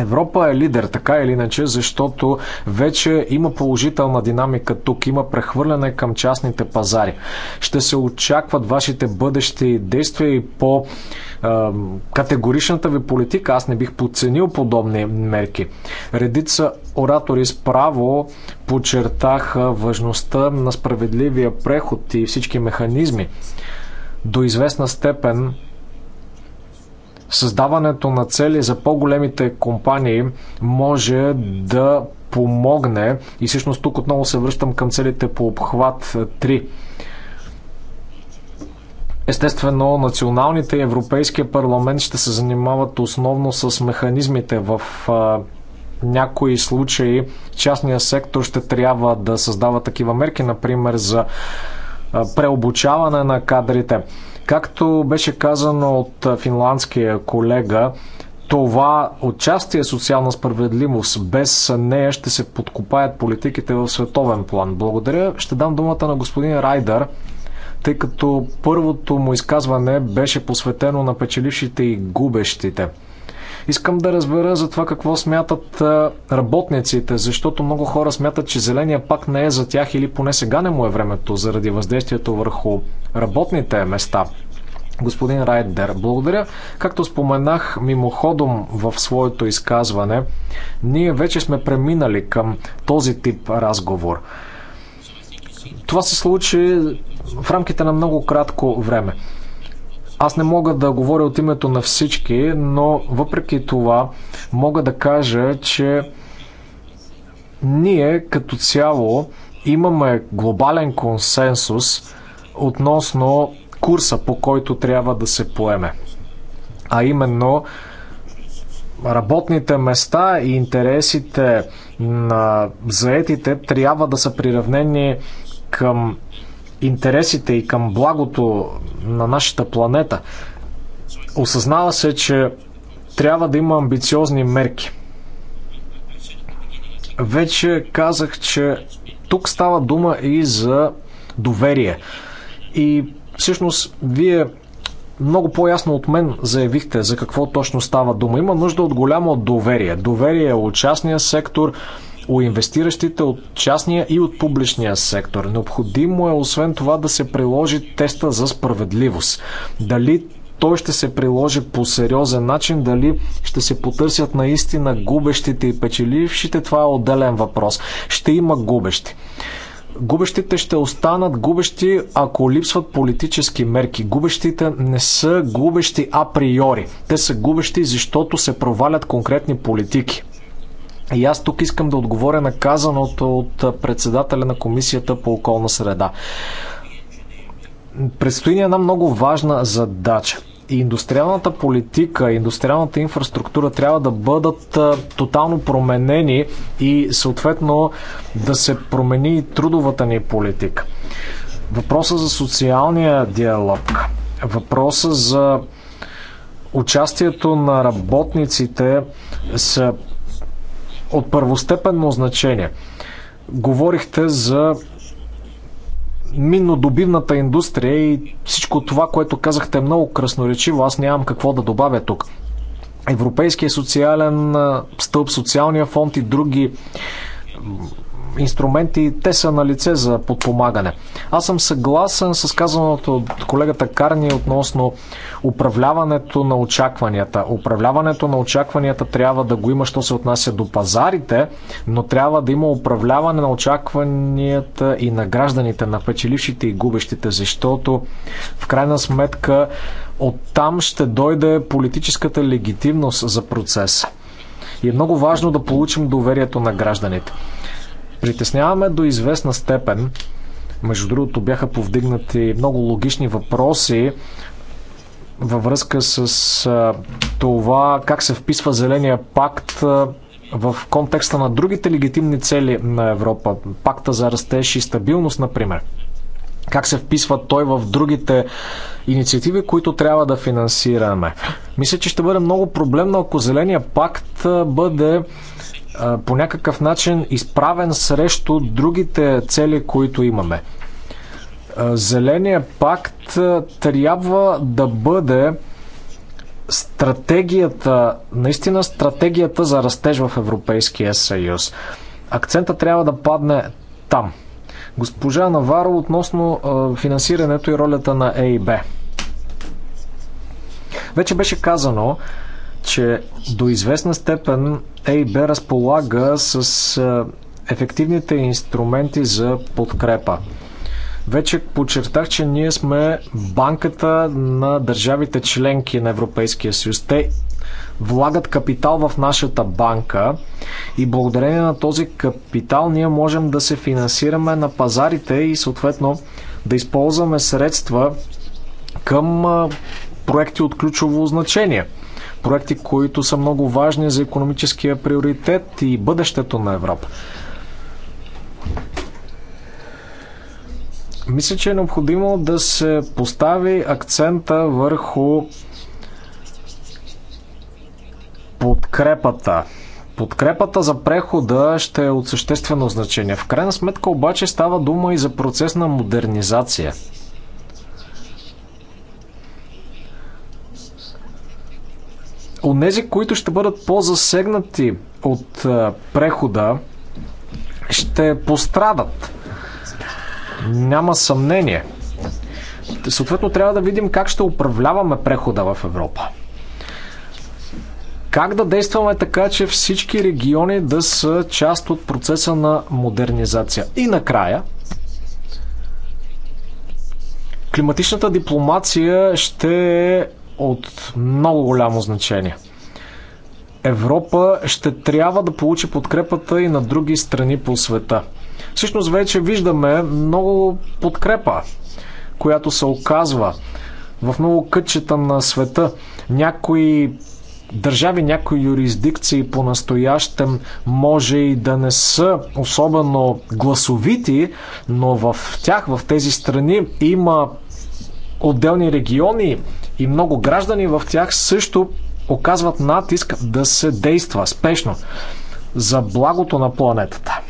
Speaker 3: Европа е лидер, така или иначе, защото вече има положителна динамика тук, има прехвърляне към частните пазари. Ще се очакват вашите бъдещи действия и по е, категоричната ви политика. Аз не бих подценил подобни мерки. Редица оратори справо подчертаха важността на справедливия преход и всички механизми. До известна степен Създаването на цели за по-големите компании може да помогне и всъщност тук отново се връщам към целите по обхват 3. Естествено, националните и Европейския парламент ще се занимават основно с механизмите в някои случаи частния сектор ще трябва да създава такива мерки, например за преобучаване на кадрите. Както беше казано от финландския колега, това отчасти е социална справедливост. Без нея ще се подкопаят политиките в световен план. Благодаря. Ще дам думата на господин Райдър, тъй като първото му изказване беше посветено на печелившите и губещите. Искам да разбера за това какво смятат работниците, защото много хора смятат, че зеления пак не е за тях или поне сега не му е времето заради въздействието върху работните места. Господин Райдер, благодаря. Както споменах мимоходом в своето изказване, ние вече сме преминали към този тип разговор. Това се случи в рамките на много кратко време. Аз не мога да говоря от името на всички, но въпреки това мога да кажа, че ние като цяло имаме глобален консенсус относно курса, по който трябва да се поеме. А именно работните места и интересите на заетите трябва да са приравнени към интересите и към благото на нашата планета, осъзнава се, че трябва да има амбициозни мерки. Вече казах, че тук става дума и за доверие. И всъщност вие много по-ясно от мен заявихте за какво точно става дума. Има нужда от голямо доверие. Доверие от е частния сектор, у инвестиращите от частния и от публичния сектор. Необходимо е освен това да се приложи теста за справедливост. Дали той ще се приложи по сериозен начин, дали ще се потърсят наистина губещите и печелившите, това е отделен въпрос. Ще има губещи. Губещите ще останат губещи, ако липсват политически мерки. Губещите не са губещи априори. Те са губещи, защото се провалят конкретни политики. И аз тук искам да отговоря на казаното от председателя на Комисията по околна среда. Предстои ни една много важна задача. И индустриалната политика, индустриалната инфраструктура трябва да бъдат тотално променени и съответно да се промени и трудовата ни политика. Въпроса за социалния диалог, въпроса за участието на работниците са от първостепенно значение. Говорихте за миннодобивната индустрия и всичко това, което казахте е много красноречиво. Аз нямам какво да добавя тук. Европейския социален стълб, социалния фонд и други инструменти, те са на лице за подпомагане. Аз съм съгласен с казаното от колегата Карни относно управляването на очакванията. Управляването на очакванията трябва да го има, що се отнася до пазарите, но трябва да има управляване на очакванията и на гражданите, на печелившите и губещите, защото в крайна сметка оттам ще дойде политическата легитимност за процеса. И е много важно да получим доверието на гражданите притесняваме до известна степен. Между другото бяха повдигнати много логични въпроси във връзка с това как се вписва Зеления пакт в контекста на другите легитимни цели на Европа, пакта за растеж и стабилност, например. Как се вписва той в другите инициативи, които трябва да финансираме. Мисля, че ще бъде много проблемно, ако Зеления пакт бъде по някакъв начин изправен срещу другите цели, които имаме. Зеления пакт трябва да бъде стратегията, наистина стратегията за растеж в Европейския съюз. Акцента трябва да падне там. Госпожа Наваро относно финансирането и ролята на ЕИБ. Вече беше казано, че до известна степен ЕИБ разполага с ефективните инструменти за подкрепа. Вече подчертах, че ние сме банката на държавите членки на Европейския съюз. Те влагат капитал в нашата банка и благодарение на този капитал ние можем да се финансираме на пазарите и съответно да използваме средства към проекти от ключово значение – проекти, които са много важни за економическия приоритет и бъдещето на Европа. Мисля, че е необходимо да се постави акцента върху подкрепата. Подкрепата за прехода ще е от съществено значение. В крайна сметка обаче става дума и за процес на модернизация – Онези, които ще бъдат по-засегнати от е, прехода, ще пострадат. Няма съмнение. Съответно, трябва да видим как ще управляваме прехода в Европа. Как да действаме така, че всички региони да са част от процеса на модернизация? И накрая, климатичната дипломация ще е от много голямо значение. Европа ще трябва да получи подкрепата и на други страни по света. Всъщност вече виждаме много подкрепа, която се оказва в много кътчета на света. Някои държави, някои юрисдикции по-настоящем може и да не са особено гласовити, но в тях, в тези страни има отделни региони и много граждани в тях също оказват натиск да се действа спешно за благото на планетата.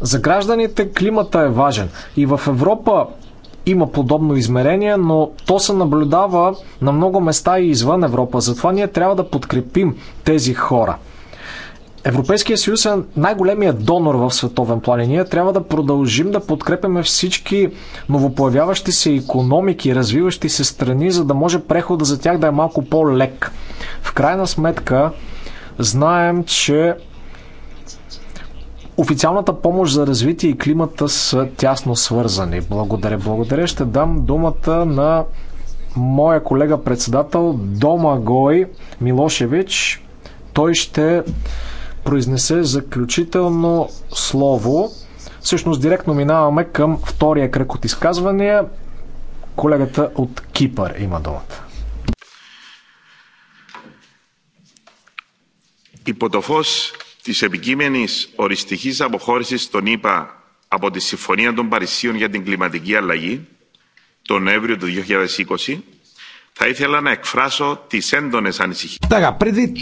Speaker 3: За гражданите климата е важен и в Европа има подобно измерение, но то се наблюдава на много места и извън Европа. Затова ние трябва да подкрепим тези хора – Европейския съюз е най-големият донор в световен план и ние трябва да продължим да подкрепяме всички новопоявяващи се економики, развиващи се страни, за да може прехода за тях да е малко по-лек. В крайна сметка, знаем, че официалната помощ за развитие и климата са тясно свързани. Благодаря, благодаря. Ще дам думата на моя колега председател Дома Гой Милошевич. Той ще произнесе заключително слово. Всъщност директно минаваме към втория кръг от изказвания. Колегата от Кипър има думата.
Speaker 4: Υπό το φως της επικείμενης οριστικής αποχώρησης των ΗΠΑ από τη Συμφωνία των Παρισίων για την κλιματική αλλαγή τον Νοέμβριο του 2020, θα ήθελα να εκφράσω τις έντονες ανησυχίες.
Speaker 1: Така, предвид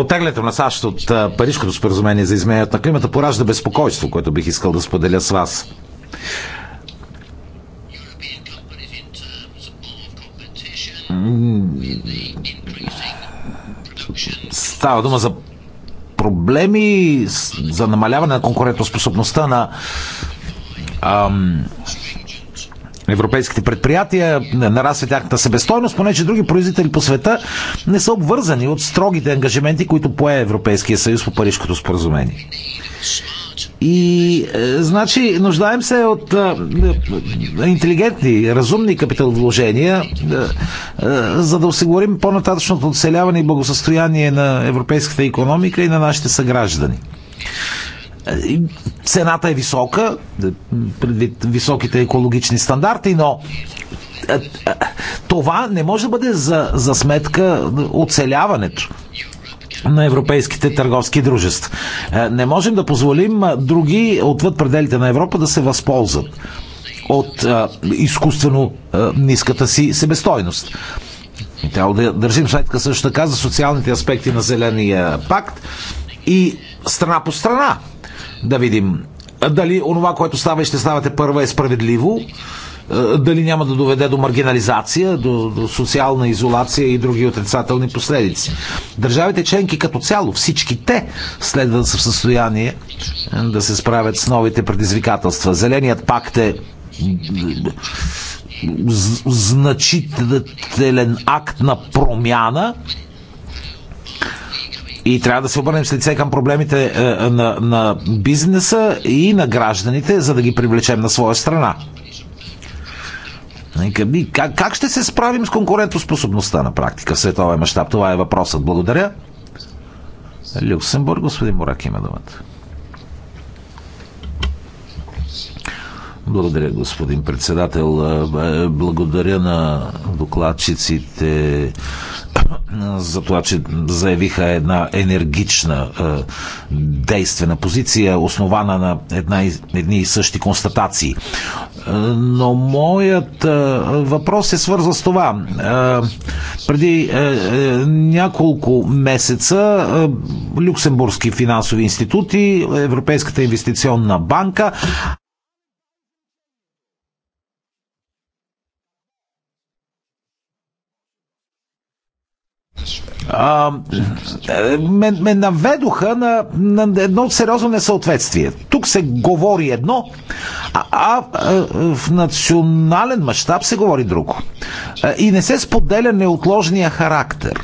Speaker 1: Отеглянето на САЩ от Парижското споразумение за изменението на климата поражда безпокойство, което бих искал да споделя с вас. Става дума за проблеми за намаляване на конкурентоспособността на ам, европейските предприятия, нарасне тяхната себестойност, понеже други производители по света не са обвързани от строгите ангажименти, които пое Европейския съюз по Парижското споразумение. И е, значи нуждаем се от е, е, интелигентни, разумни капиталовложения, е, е, за да осигурим по-нататъчното оцеляване и благосъстояние на европейската економика и на нашите съграждани. Е, цената е висока, е, предвид високите екологични стандарти, но е, това не може да бъде за, за сметка оцеляването на европейските търговски дружества. Не можем да позволим други отвъд пределите на Европа да се възползват от изкуствено ниската си себестойност. Трябва да държим сметка също така за социалните аспекти на Зеления пакт и страна по страна да видим дали онова, което става и ще ставате първа е справедливо, е, дали няма да доведе до маргинализация, до, до социална изолация и други отрицателни последици. Държавите членки като цяло, всички те следва да са в състояние е, да се справят с новите предизвикателства. Зеленият пакт е значителен акт на промяна, и трябва да се обърнем с лице към проблемите е, на, на бизнеса и на гражданите, за да ги привлечем на своя страна. Как, как ще се справим с конкурентоспособността на практика в световен мащаб? Това е въпросът. Благодаря. Люксембург, господин Морак има думата. Благодаря, господин председател. Е, е, благодаря на докладчиците за това, че заявиха една енергична, е, действена позиция, основана на една, едни и същи констатации. Е, но моят е, въпрос е свързан с това. Преди няколко месеца Люксембургски финансови институти, Европейската инвестиционна банка а, ме, ме наведоха на, на едно сериозно несъответствие. Тук се говори едно, а, а, а в национален мащаб се говори друго. Е, и не се споделя неотложния характер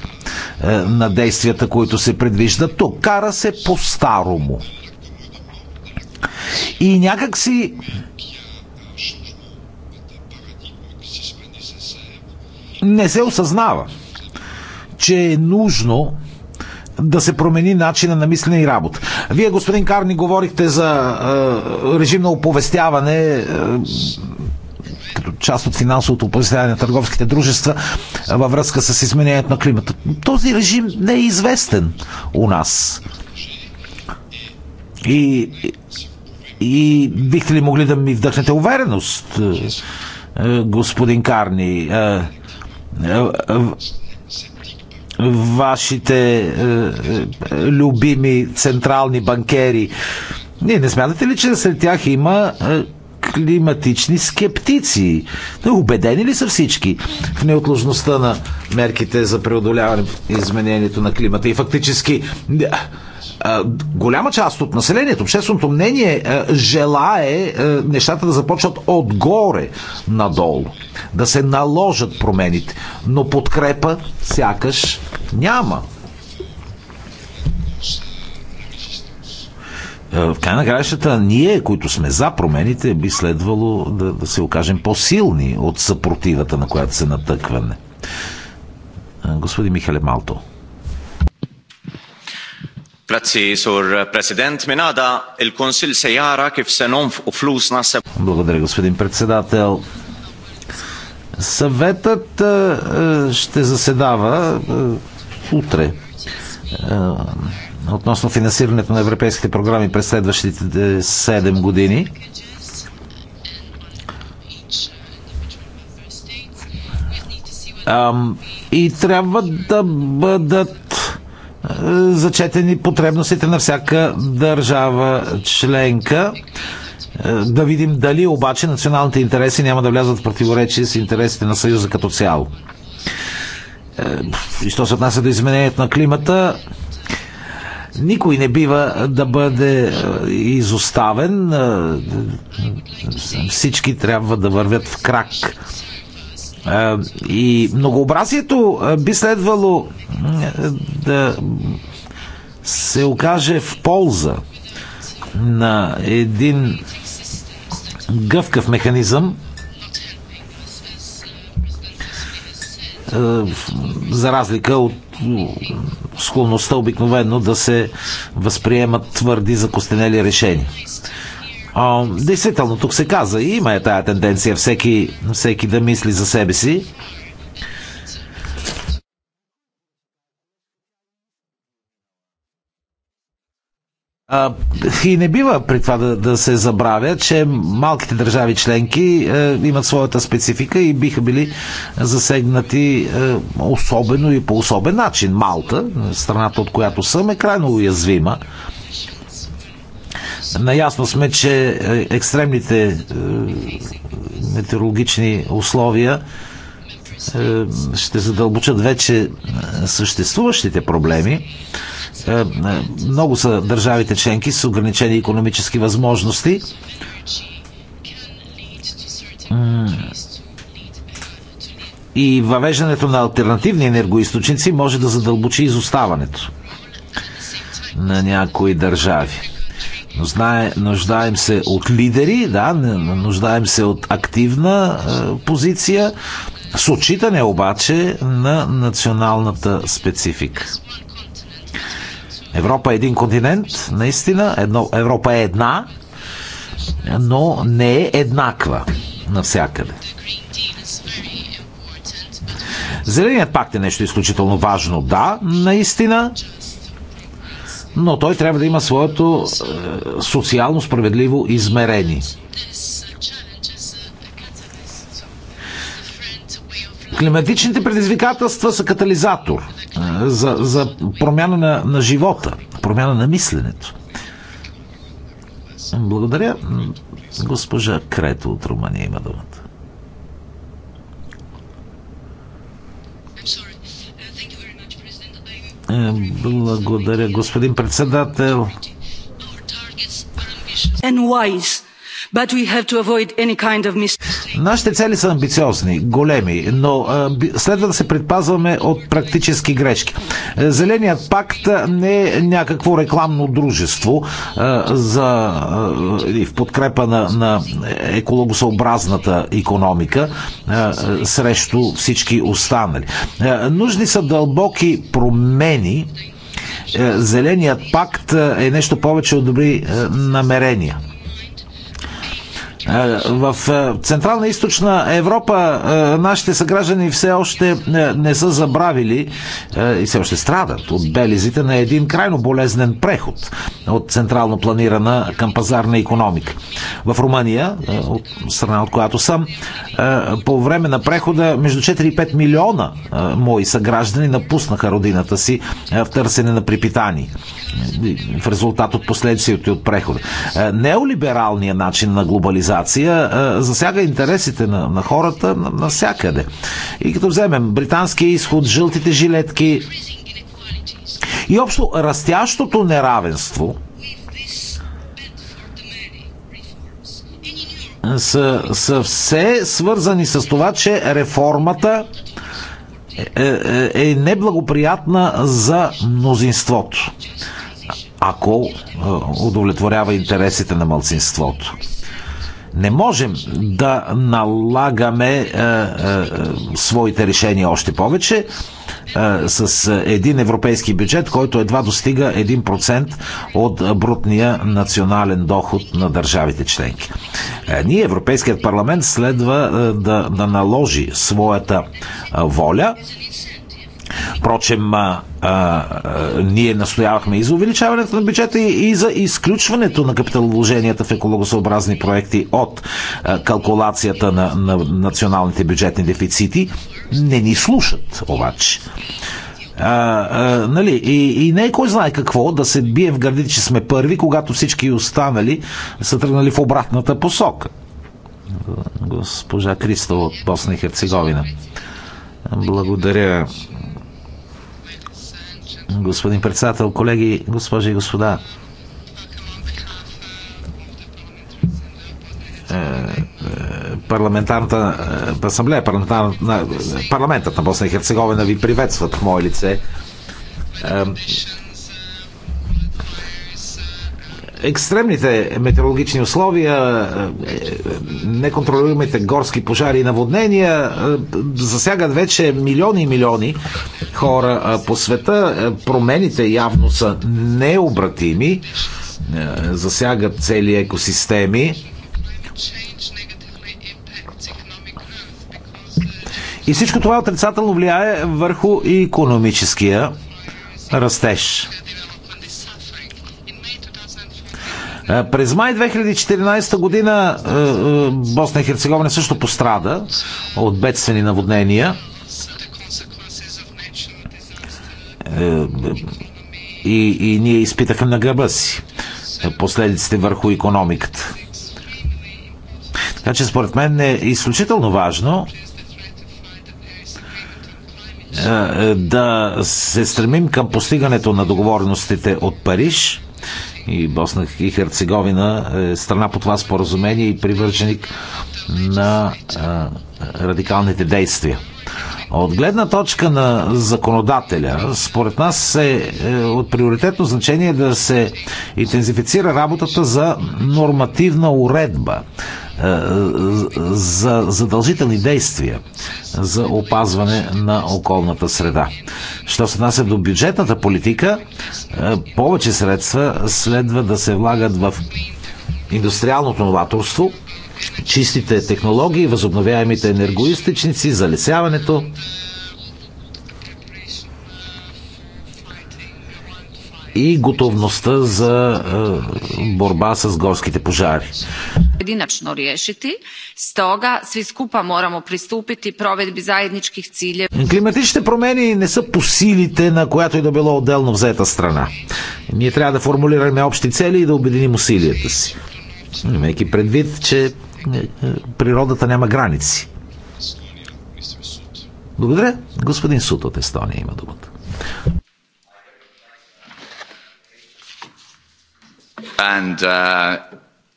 Speaker 1: е, на действията, които се предвиждат тук. Кара се по-старому. И някакси не се осъзнава че е нужно да се промени начина на мислене и работа. Вие, господин Карни, говорихте за е, режим на оповестяване е, като част от финансовото оповестяване на търговските дружества във връзка с изменението на климата. Този режим не е известен у нас. И, и бихте ли могли да ми вдъхнете увереност, господин Карни? вашите е, е, любими централни банкери. Ние не смятате ли, че сред тях има е, климатични скептици? Убедени ли са всички в неотложността на мерките за преодоляване изменението на климата? И фактически е, голяма част от населението, общественото мнение е, желае е, нещата да започват отгоре надолу, да се наложат промените, но подкрепа сякаш няма. Е, в край на краищата ние, които сме за промените, би следвало да, да се окажем по-силни от съпротивата, на която се натъкваме. Господин Михале Малто. Eh, Благодаря, господин председател. Съветът е, е, ще заседава е, утре относно финансирането на европейските програми през следващите 7 години. И трябва да бъдат зачетени потребностите на всяка държава членка. Е, да видим дали обаче националните интереси няма да влязат в противоречие с интересите на Съюза като цяло. Е, и що се отнася до изменението на климата, никой не бива да бъде е, изоставен. Всички трябва да вървят в крак и многообразието би следвало да се окаже в полза на един гъвкав механизъм, за разлика от склонността обикновено да се възприемат твърди закостенели решения. А, действително, тук се каза и има е тая тенденция всеки, всеки да мисли за себе си. А, и не бива при това да, да се забравя, че малките държави членки е, имат своята специфика и биха били засегнати е, особено и по особен начин. Малта, страната от която съм, е крайно уязвима Наясно сме, че е, екстремните е, метеорологични условия е, ще задълбочат вече съществуващите проблеми. Много са държавите членки с ограничени економически възможности. И въвеждането на альтернативни енергоисточници може да задълбочи изоставането на някои държави. Знае, нуждаем се от лидери, да, нуждаем се от активна е, позиция, с отчитане обаче на националната специфика. Европа е един континент, наистина, едно, Европа е една, но не е еднаква навсякъде. Зеленият пакт е нещо изключително важно, да, наистина, но той трябва да има своето е, социално справедливо измерение. Климатичните предизвикателства са катализатор е, за, за промяна на, на живота, промяна на мисленето. Благодаря. Госпожа Крето от Румъния има думата. Е, благодаря, господин председател.
Speaker 2: And wise But we have to avoid any kind of
Speaker 1: Нашите цели са амбициозни, големи, но следва да се предпазваме от практически грешки. Е, Зеленият пакт не е някакво рекламно дружество за, в подкрепа на, на екологосъобразната економика срещу всички останали. Е, нужни са дълбоки промени. Е, Зеленият пакт е нещо повече от добри намерения. Е, в е, Централна и Източна Европа е, нашите съграждани все още не са забравили и все още страдат от белезите на един крайно болезнен преход от централно планирана към пазарна економика. В Румъния, от страна от която съм, по време на прехода между 4 и 5 милиона мои съграждани напуснаха родината си в търсене на припитание в резултат от последствието от прехода. Неолибералният начин на глобализация хармонизация засяга интересите на, на хората навсякъде. И като вземем британския изход, жълтите жилетки и общо растящото неравенство, са, са все свързани с това, че реформата е, е, е неблагоприятна за мнозинството, ако е, удовлетворява интересите на мълцинството. Не можем да налагаме е, е, е, своите решения още повече е, с един европейски бюджет, който едва достига 1% от брутния национален доход на държавите членки. Е, ние, Европейският парламент, следва е, да, да наложи своята е, воля Впрочем, а, а, ние настоявахме и за увеличаването на бюджета и, и за изключването на капиталовложенията в екологосъобразни проекти от а, калкулацията на, на националните бюджетни дефицити. Не ни слушат, обаче. А, а, нали, и, и не е кой знае какво да се бие в гърдите, че сме първи, когато всички останали са тръгнали в обратната посока. Госпожа Кристо от Босна и Херцеговина. Благодаря, господин председател, колеги, госпожи и господа. Е, е, парламентарната е, асамблея, парламентът на Босна и Херцеговина ви приветстват в мое лице екстремните метеорологични условия, е, е, неконтролируемите горски пожари и наводнения е, засягат вече милиони и милиони хора по света. Промените явно са необратими, засягат цели екосистеми. И всичко това отрицателно влияе върху и економическия растеж. Е, през май 2014 година е, е, Босна и Херцеговина също пострада от бедствени наводнения. И, и ние изпитахме на гъба си последиците върху економиката. Така че според мен е изключително важно да се стремим към постигането на договорностите от Париж и Босна и Херцеговина е страна по това споразумение и привърженик на а, радикалните действия. От гледна точка на законодателя, според нас е, е от приоритетно значение да се интензифицира работата за нормативна уредба е, за задължителни действия за опазване на околната среда. Що се нася до бюджетната политика, е, повече средства следва да се влагат в индустриалното новаторство, чистите технологии, възобновяемите енергоистичници, залесяването, и готовността за е, борба с горските пожари.
Speaker 2: Единачно решити, стога сви скупа морамо приступити проведби заедничких ciljeva.
Speaker 1: Климатичните промени не са по силите на която и да било отделно взета страна. Ние трябва да формулираме общи цели и да обединим усилията си. Имайки предвид, че е, е, природата няма граници. Благодаря. Господин Суд от Естония има думата. and
Speaker 4: uh,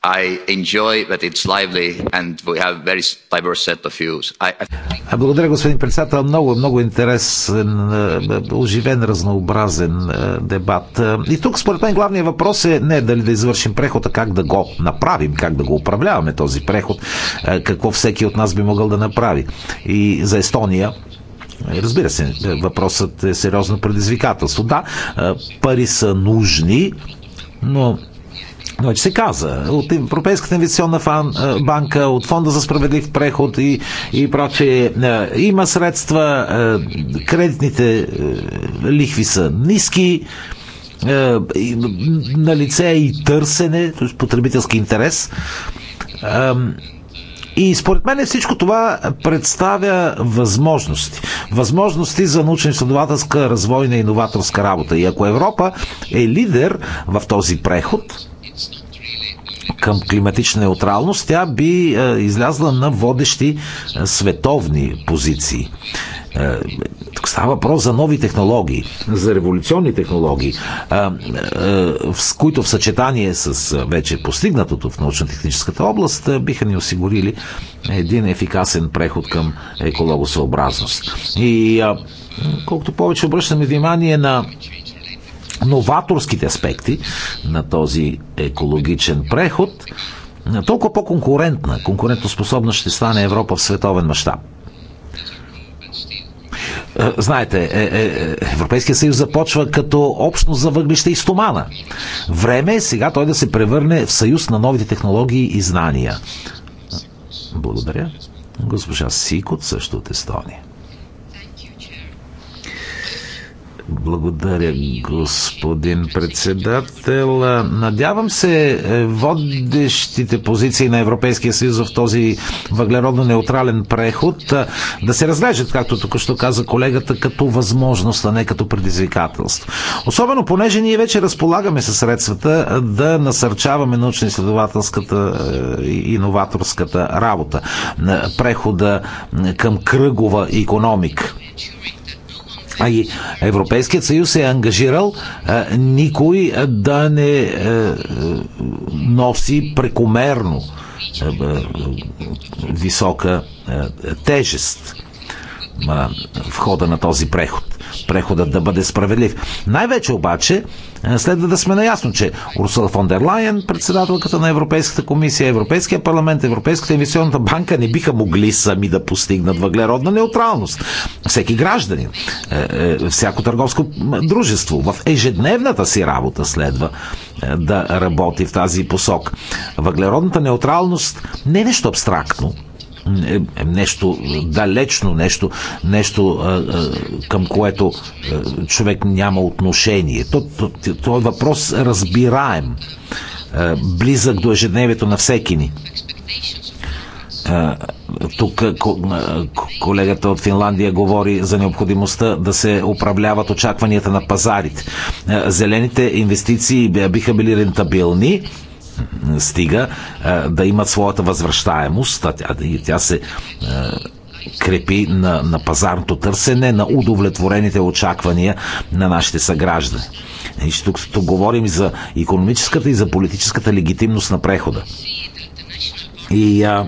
Speaker 4: I enjoy that it's lively and we have very diverse set of
Speaker 1: views. I... Благодаря, господин председател. Много, много интересен, оживен, разнообразен дебат. И тук, според мен, главният въпрос е не дали да извършим прехода, как да го направим, как да го управляваме този преход, какво всеки от нас би могъл да направи. И за Естония Разбира се, въпросът е сериозно предизвикателство. Да, пари са нужни, но вече се каза от Европейската инвестиционна банка, от Фонда за справедлив преход и, и прочее. Има средства, кредитните лихви са ниски, на лице е и търсене, т.е. потребителски интерес. И според мен всичко това представя възможности. Възможности за научно-изследователска, развойна и иноваторска работа. И ако Европа е лидер в този преход, към климатична неутралност, тя би е, излязла на водещи е, световни позиции. Е, тук става въпрос за нови технологии, за революционни технологии, с които в съчетание с вече постигнатото в научно-техническата област биха ни осигурили един ефикасен преход към екологосъобразност. И колкото повече обръщаме внимание на новаторските аспекти на този екологичен преход, толкова по-конкурентна, конкурентоспособна ще стане Европа в световен мащаб. Е, знаете, е, е, Европейския съюз започва като общност за въглища и стомана. Време е сега той да се превърне в съюз на новите технологии и знания. Благодаря. Госпожа Сикот също от Естония. Благодаря, господин председател. Надявам се е, водещите позиции на Европейския съюз в този въглеродно-неутрален преход е, да се разглеждат, както току-що каза колегата, като възможност, а не като предизвикателство. Особено понеже ние вече разполагаме със средствата е, да насърчаваме научно-изследователската и иноваторската работа. Прехода към кръгова економика а и Европейският съюз е ангажирал а, никой да не а, е, е, носи прекомерно а, е, висока а, тежест в хода на този преход. Преходът да бъде справедлив. Най-вече обаче следва да сме наясно, че Урсула фон дер Лайен, председателката на Европейската комисия, Европейския парламент, Европейската инвестиционната банка не биха могли сами да постигнат въглеродна неутралност. Всеки гражданин, е, е, всяко търговско дружество в ежедневната си работа следва е, да работи в тази посок. Въглеродната неутралност не е нещо абстрактно е, е нещо далечно, нещо, нещо е, към което човек няма отношение. То, е въпрос разбираем, близък до ежедневието на всеки ни. Тук колегата от Финландия говори за необходимостта да се управляват очакванията на пазарите. Зелените инвестиции биха били рентабилни, стига е, да имат своята възвръщаемост, а тя, тя се е, крепи на, на пазарното търсене, на удовлетворените очаквания на нашите съграждани. И тук, тук говорим за економическата и за политическата легитимност на прехода. И а,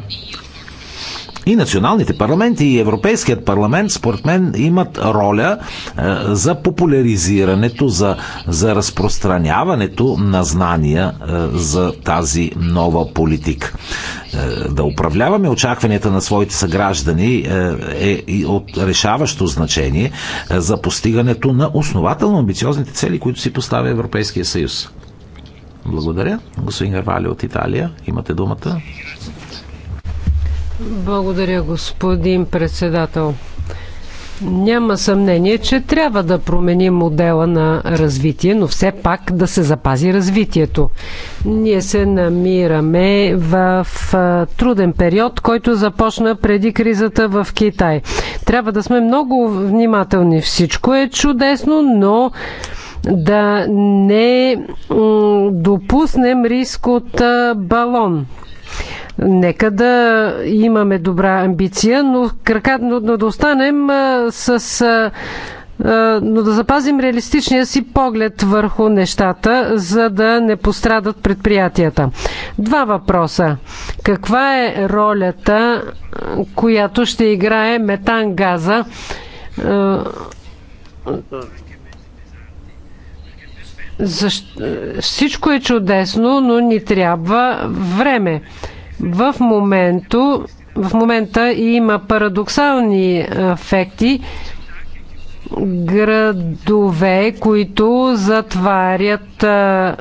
Speaker 1: и националните парламенти, и Европейският парламент, според мен, имат роля е, за популяризирането, за, за разпространяването на знания е, за тази нова политика. Е, да управляваме очакванията на своите съграждани е от решаващо значение за постигането на основателно амбициозните цели, които си поставя Европейския съюз. Благодаря. Господин Гарвали от Италия, имате думата.
Speaker 2: Благодаря, господин председател. Няма съмнение, че трябва да променим модела на развитие, но все пак да се запази развитието. Ние се намираме в труден период, който започна преди кризата в Китай. Трябва да сме много внимателни. Всичко е чудесно, но да не допуснем риск от балон. Нека да имаме добра амбиция, но, крака, но, но да останем с но да запазим реалистичния си поглед върху нещата, за да не пострадат предприятията. Два въпроса. Каква е ролята, която ще играе метан газа? Защо... Всичко е чудесно, но ни трябва време. В, моменту, в момента има парадоксални ефекти. Градове, които затварят а,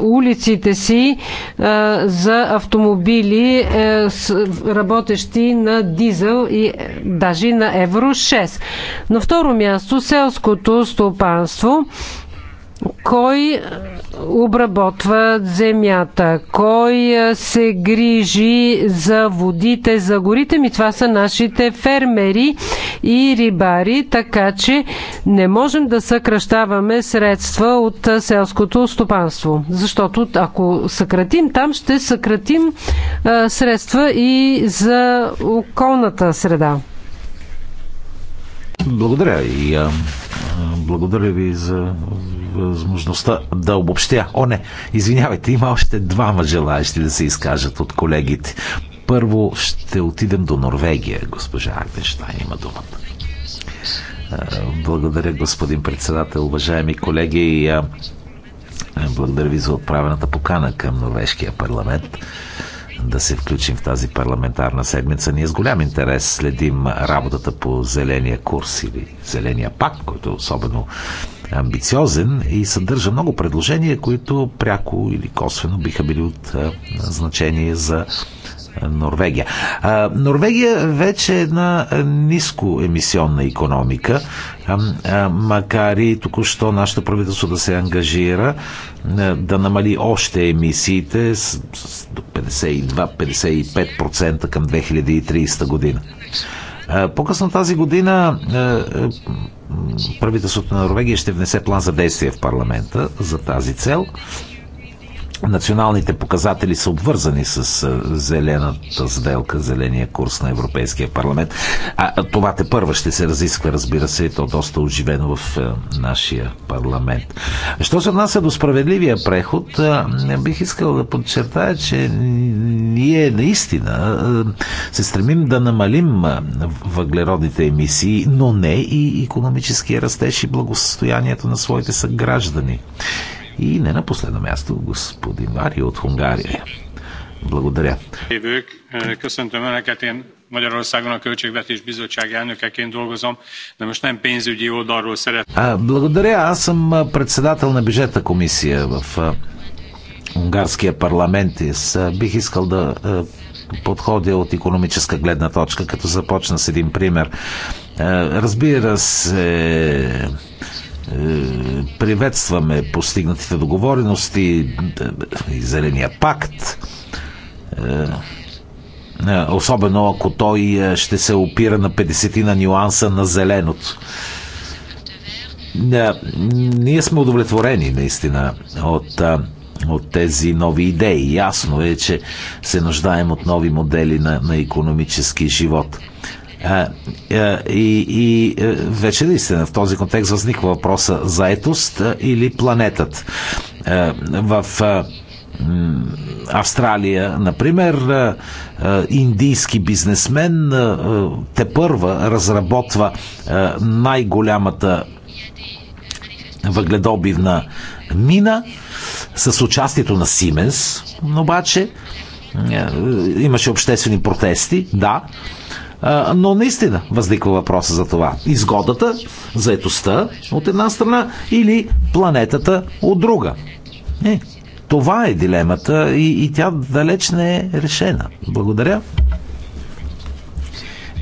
Speaker 2: улиците си а, за автомобили, а, е, с, работещи на дизел и е, даже на Евро 6. На второ място селското стопанство. Кой е, обработва земята? Кой е, се грижи за водите, за горите ми? Това са нашите фермери и рибари, така че не можем да съкръщаваме средства от е, селското стопанство. Защото ако съкратим там, ще съкратим средства и за околната среда.
Speaker 1: Благодаря и а, благодаря ви за възможността да обобщя. О, не, извинявайте, има още двама желаящи да се изкажат от колегите. Първо ще отидем до Норвегия. Госпожа Агненштайн има думата. Благодаря, господин председател, уважаеми колеги. и Благодаря ви за отправената покана към Норвежкия парламент да се включим в тази парламентарна седмица. Ние с голям интерес следим работата по зеления курс или зеления пакт, който е особено амбициозен и съдържа много предложения, които пряко или косвено биха били от значение за Норвегия. А, Норвегия вече е една ниско емисионна економика, а, а, макар и току-що нашето правителство да се ангажира а, да намали още емисиите с, с 52-55% към 2030 година. По-късно тази година правителството на Норвегия ще внесе план за действие в парламента за тази цел националните показатели са обвързани с зелената сделка, зеления курс на Европейския парламент. А това те първа ще се разисква, разбира се, и то доста оживено в нашия парламент. Що се отнася до справедливия преход, бих искал да подчертая, че ние наистина се стремим да намалим въглеродните емисии, но не и економическия растеж и благосостоянието на своите съграждани. И не на последно място, господин Вари от Унгария. Благодаря.
Speaker 3: köszöntöm Önöket, én Magyarországon a Költségvetés Bizottság elnökeként dolgozom, de most nem pénzügyi oldalról szeretném.
Speaker 1: Благодаря, аз съм председател на бюджетна комисия в унгарския парламент и бих искал да подходя от економическа гледна точка, като започна с един пример. Разбира се, е, приветстваме постигнатите договорености е, и Зеления пакт, е, особено ако той ще се опира на 50 на нюанса на зеленото. Ние сме удовлетворени наистина от, от тези нови идеи. Ясно е, че се нуждаем от нови модели на, на економически живот. И, и е, вече наистина в този контекст възниква въпроса заетост или планетът. В Австралия, например, индийски бизнесмен те първа разработва най-голямата въгледобивна мина с участието на Сименс, обаче имаше обществени протести, да, но наистина възниква въпроса за това. Изгодата, заетостта от една страна или планетата от друга. Е, това е дилемата и, и тя далеч не е решена. Благодаря.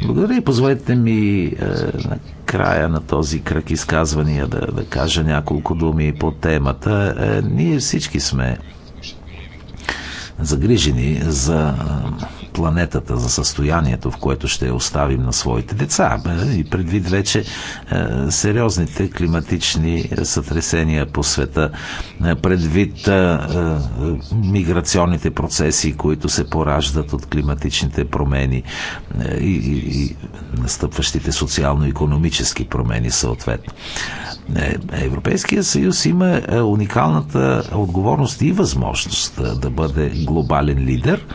Speaker 1: Благодаря и позволете ми е, на края на този кръг изказвания да, да кажа няколко думи по темата. Е, ние всички сме загрижени за планетата, за състоянието, в което ще я оставим на своите деца. И предвид вече е, сериозните климатични сътресения по света, е, предвид е, миграционните процеси, които се пораждат от климатичните промени и, и, и настъпващите социално-економически промени съответно. Европейския съюз има уникалната отговорност и възможност да бъде глобален лидер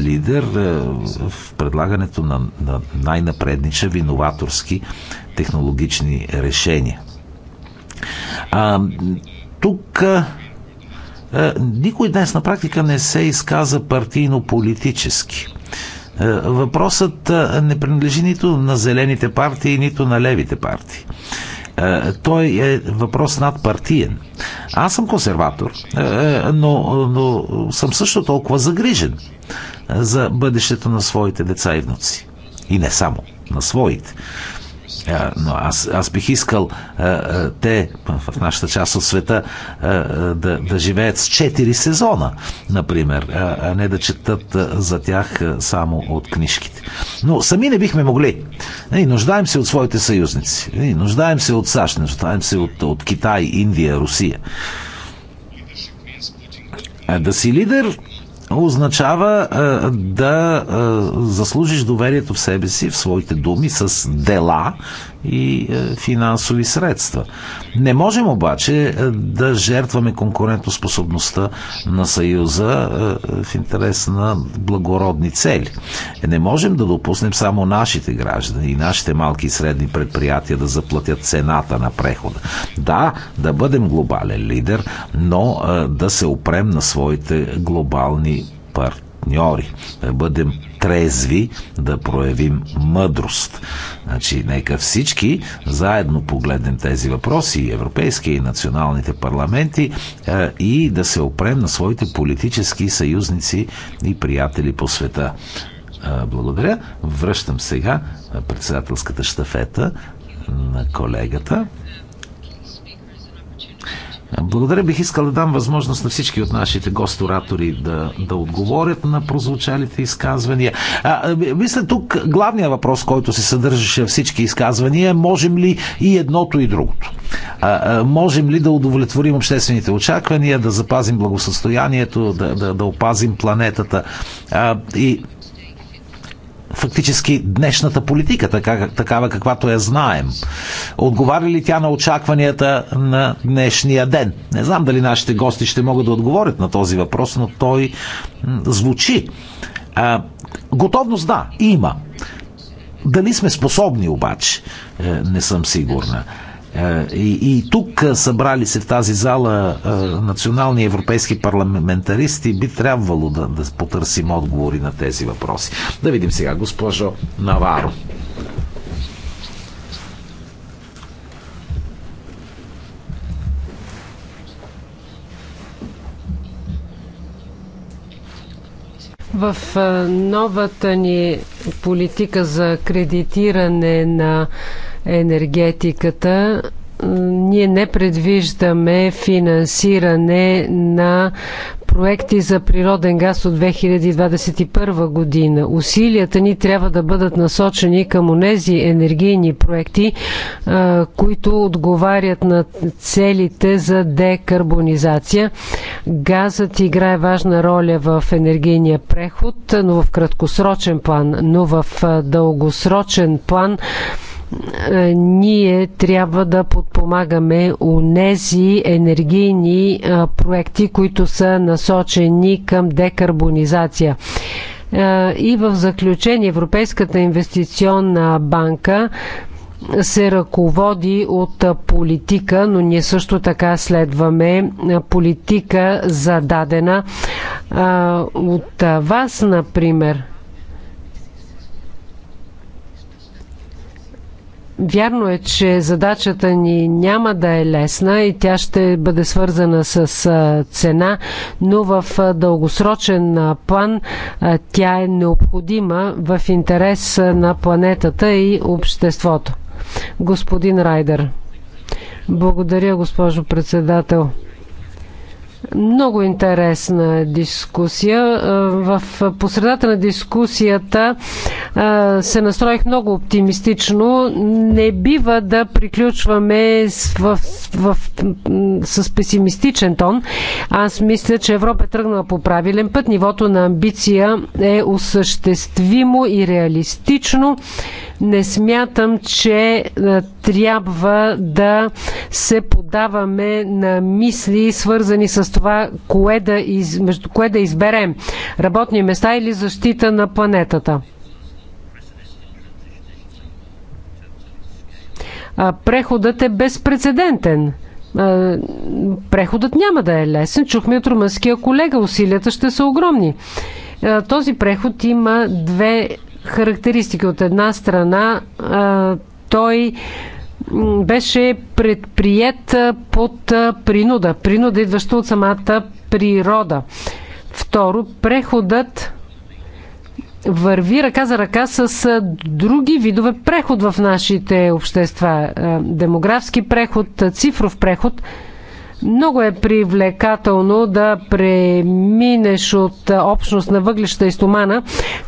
Speaker 1: лидер е, в предлагането на, на най-напредничави новаторски технологични решения. А, тук а, е, е, никой днес на практика не се изказа партийно-политически. Въпросът не принадлежи нито на зелените партии, нито на левите партии. Е, той е въпрос надпартиен. Аз съм консерватор, е, но, но съм също толкова загрижен за бъдещето на своите деца и внуци. И не само на своите. Но аз, аз бих искал те в нашата част от света да, да живеят с 4 сезона, например, а не да четат за тях само от книжките. Но сами не бихме могли. И нуждаем се от своите съюзници. И нуждаем се от САЩ, нуждаем се от, от Китай, Индия, Русия. А да си лидер означава а, е, да а, е, заслужиш доверието в себе си, в своите думи, с дела и е, финансови средства. Не можем обаче е, да жертваме конкурентоспособността на Съюза е, в интерес на благородни цели. Не можем да допуснем само нашите граждани и нашите малки и средни предприятия да заплатят цената на прехода. Да, да бъдем глобален лидер, но да се опрем на своите глобални партньори, да бъдем трезви, да проявим мъдрост. Значи, нека всички заедно погледнем тези въпроси, европейски и националните парламенти, и да се опрем на своите политически съюзници и приятели по света. Благодаря. Връщам сега председателската штафета на колегата. Благодаря. Бих искал да дам възможност на всички от нашите госторатори да, да отговорят на прозвучалите изказвания. А, мисля тук главният въпрос, който се съдържаше във всички изказвания е можем ли и едното и другото? А, а, можем ли да удовлетворим обществените очаквания, да запазим благосъстоянието, да, да, да опазим планетата? А, и фактически днешната политика, така, такава каквато я знаем? Отговаря ли тя на очакванията на днешния ден? Не знам дали нашите гости ще могат да отговорят на този въпрос, но той звучи. А, готовност да, има. Дали сме способни обаче, е, не съм сигурна. Е, и, и тук е, събрали се в тази зала е, национални европейски парламентаристи, би трябвало да, да потърсим отговори на тези въпроси. Да видим сега, госпожо Наваро.
Speaker 2: В новата ни политика за кредитиране на енергетиката, ние не предвиждаме финансиране на проекти за природен газ от 2021 година. Усилията ни трябва да бъдат насочени към онези енергийни проекти, които отговарят на целите за декарбонизация. Газът играе важна роля в енергийния преход, но в краткосрочен план, но в дългосрочен план е, ние трябва да подпомагаме унези енергийни проекти, които са насочени към декарбонизация. Е, и в заключение Европейската инвестиционна банка се ръководи от политика, но ние също така следваме политика зададена от вас, например. Вярно е, че задачата ни няма да е лесна и тя ще бъде свързана с цена, но в дългосрочен план тя е необходима в интерес на планетата и обществото. Господин Райдер. Благодаря, госпожо председател. Много интересна дискусия. Е, в посредата на дискусията е, се настроих много оптимистично. Не бива да приключваме с, в, в, с песимистичен тон. Аз мисля, че Европа е тръгнала по правилен път. Нивото на амбиция е осъществимо и реалистично. Не смятам, че е, трябва да се подаваме на мисли, свързани с това кое да, из, между кое да изберем работни места или защита на планетата. Преходът е безпредседентен преходът няма да е лесен. Чухме от румънския колега, усилията ще са огромни. Този преход има две характеристики. От една страна, той беше предприят под принуда, принуда идваща от самата природа. Второ, преходът върви ръка за ръка с други видове преход в нашите общества. Демографски преход, цифров преход. Много е привлекателно да преминеш от общност на въглища и стомана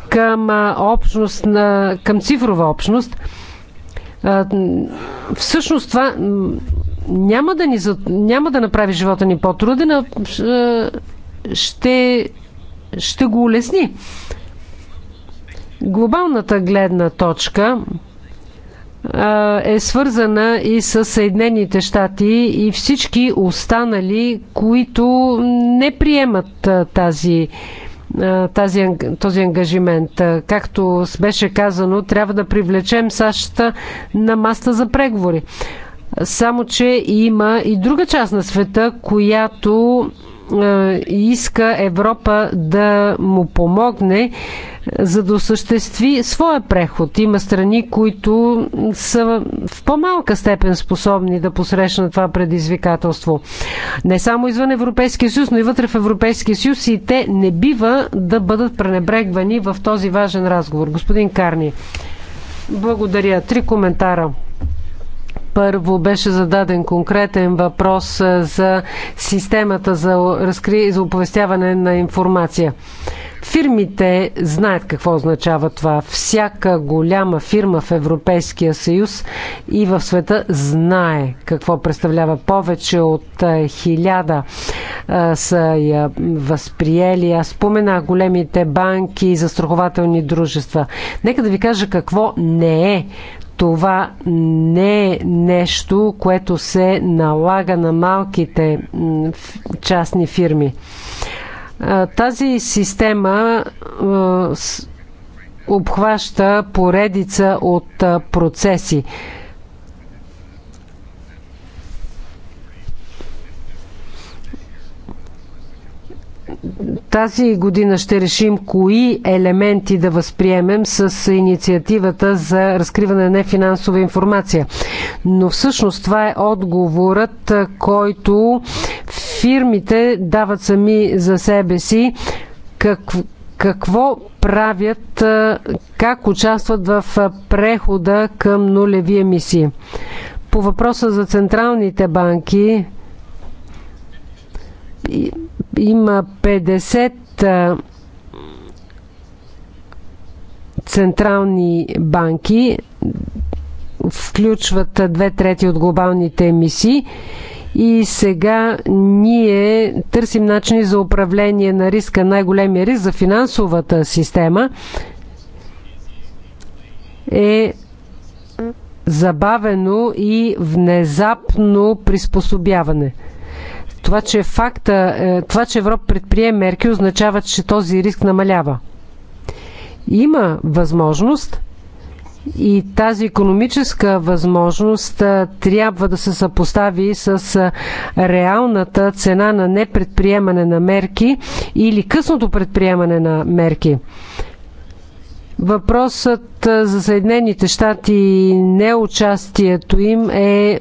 Speaker 2: към, общност на, към цифрова общност – всъщност това няма да, ни, няма да направи живота ни по-труден, а ще, ще го улесни. Глобалната гледна точка е свързана и с Съединените щати и всички останали, които не приемат тази тази, този ангажимент. Както беше казано, трябва да привлечем САЩ на маста за преговори. Само, че има и друга част на света, която иска Европа да му помогне за да осъществи своя преход. Има страни, които са в по-малка степен способни да посрещнат това предизвикателство. Не само извън Европейския съюз, но и вътре в Европейския съюз и те не бива да бъдат пренебрегвани в този важен разговор. Господин Карни, благодаря. Три коментара. Първо беше зададен конкретен въпрос за системата за, разкри... за оповестяване на информация. Фирмите знаят какво означава това. Всяка голяма фирма в Европейския съюз и в света знае какво представлява. Повече от хиляда са я възприели. Аз спомена големите банки и застрахователни дружества. Нека да ви кажа какво не е това не е нещо, което се налага на малките частни фирми. Тази система обхваща поредица от процеси. тази година ще решим кои елементи да възприемем с инициативата за разкриване на нефинансова информация. Но всъщност това е отговорът, който фирмите дават сами за себе си. Как, какво правят, как участват в прехода към нулеви емисии. По въпроса за централните банки има 50 централни банки, включват две трети от глобалните емисии и сега ние търсим начини за управление на риска, най-големия риск за финансовата система е забавено и внезапно приспособяване. Това, че е факта, е, това, че Европа предприе мерки, означава, че този риск намалява. Има възможност и тази економическа възможност е, трябва да се съпостави с реалната цена на непредприемане на мерки или късното предприемане на мерки. Въпросът за Съединените щати и неучастието им е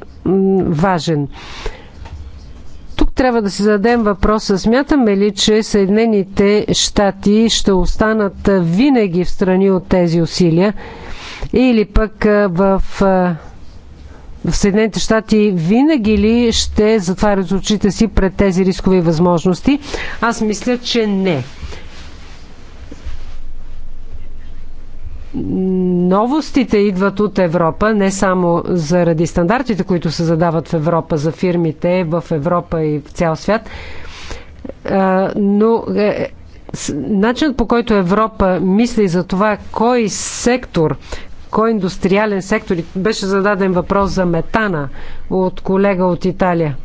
Speaker 2: важен. Трябва да си зададем въпроса, смятаме ли, че Съединените щати ще останат винаги в страни от тези усилия или пък в в Съединените щати винаги ли ще затварят очите си пред тези рискови възможности? Аз мисля, че не. новостите идват от Европа, не само заради стандартите, които се задават в Европа за фирмите в Европа и в цял свят, но е, начинът по който Европа мисли за това кой сектор, кой индустриален сектор, беше зададен въпрос за метана от колега от Италия.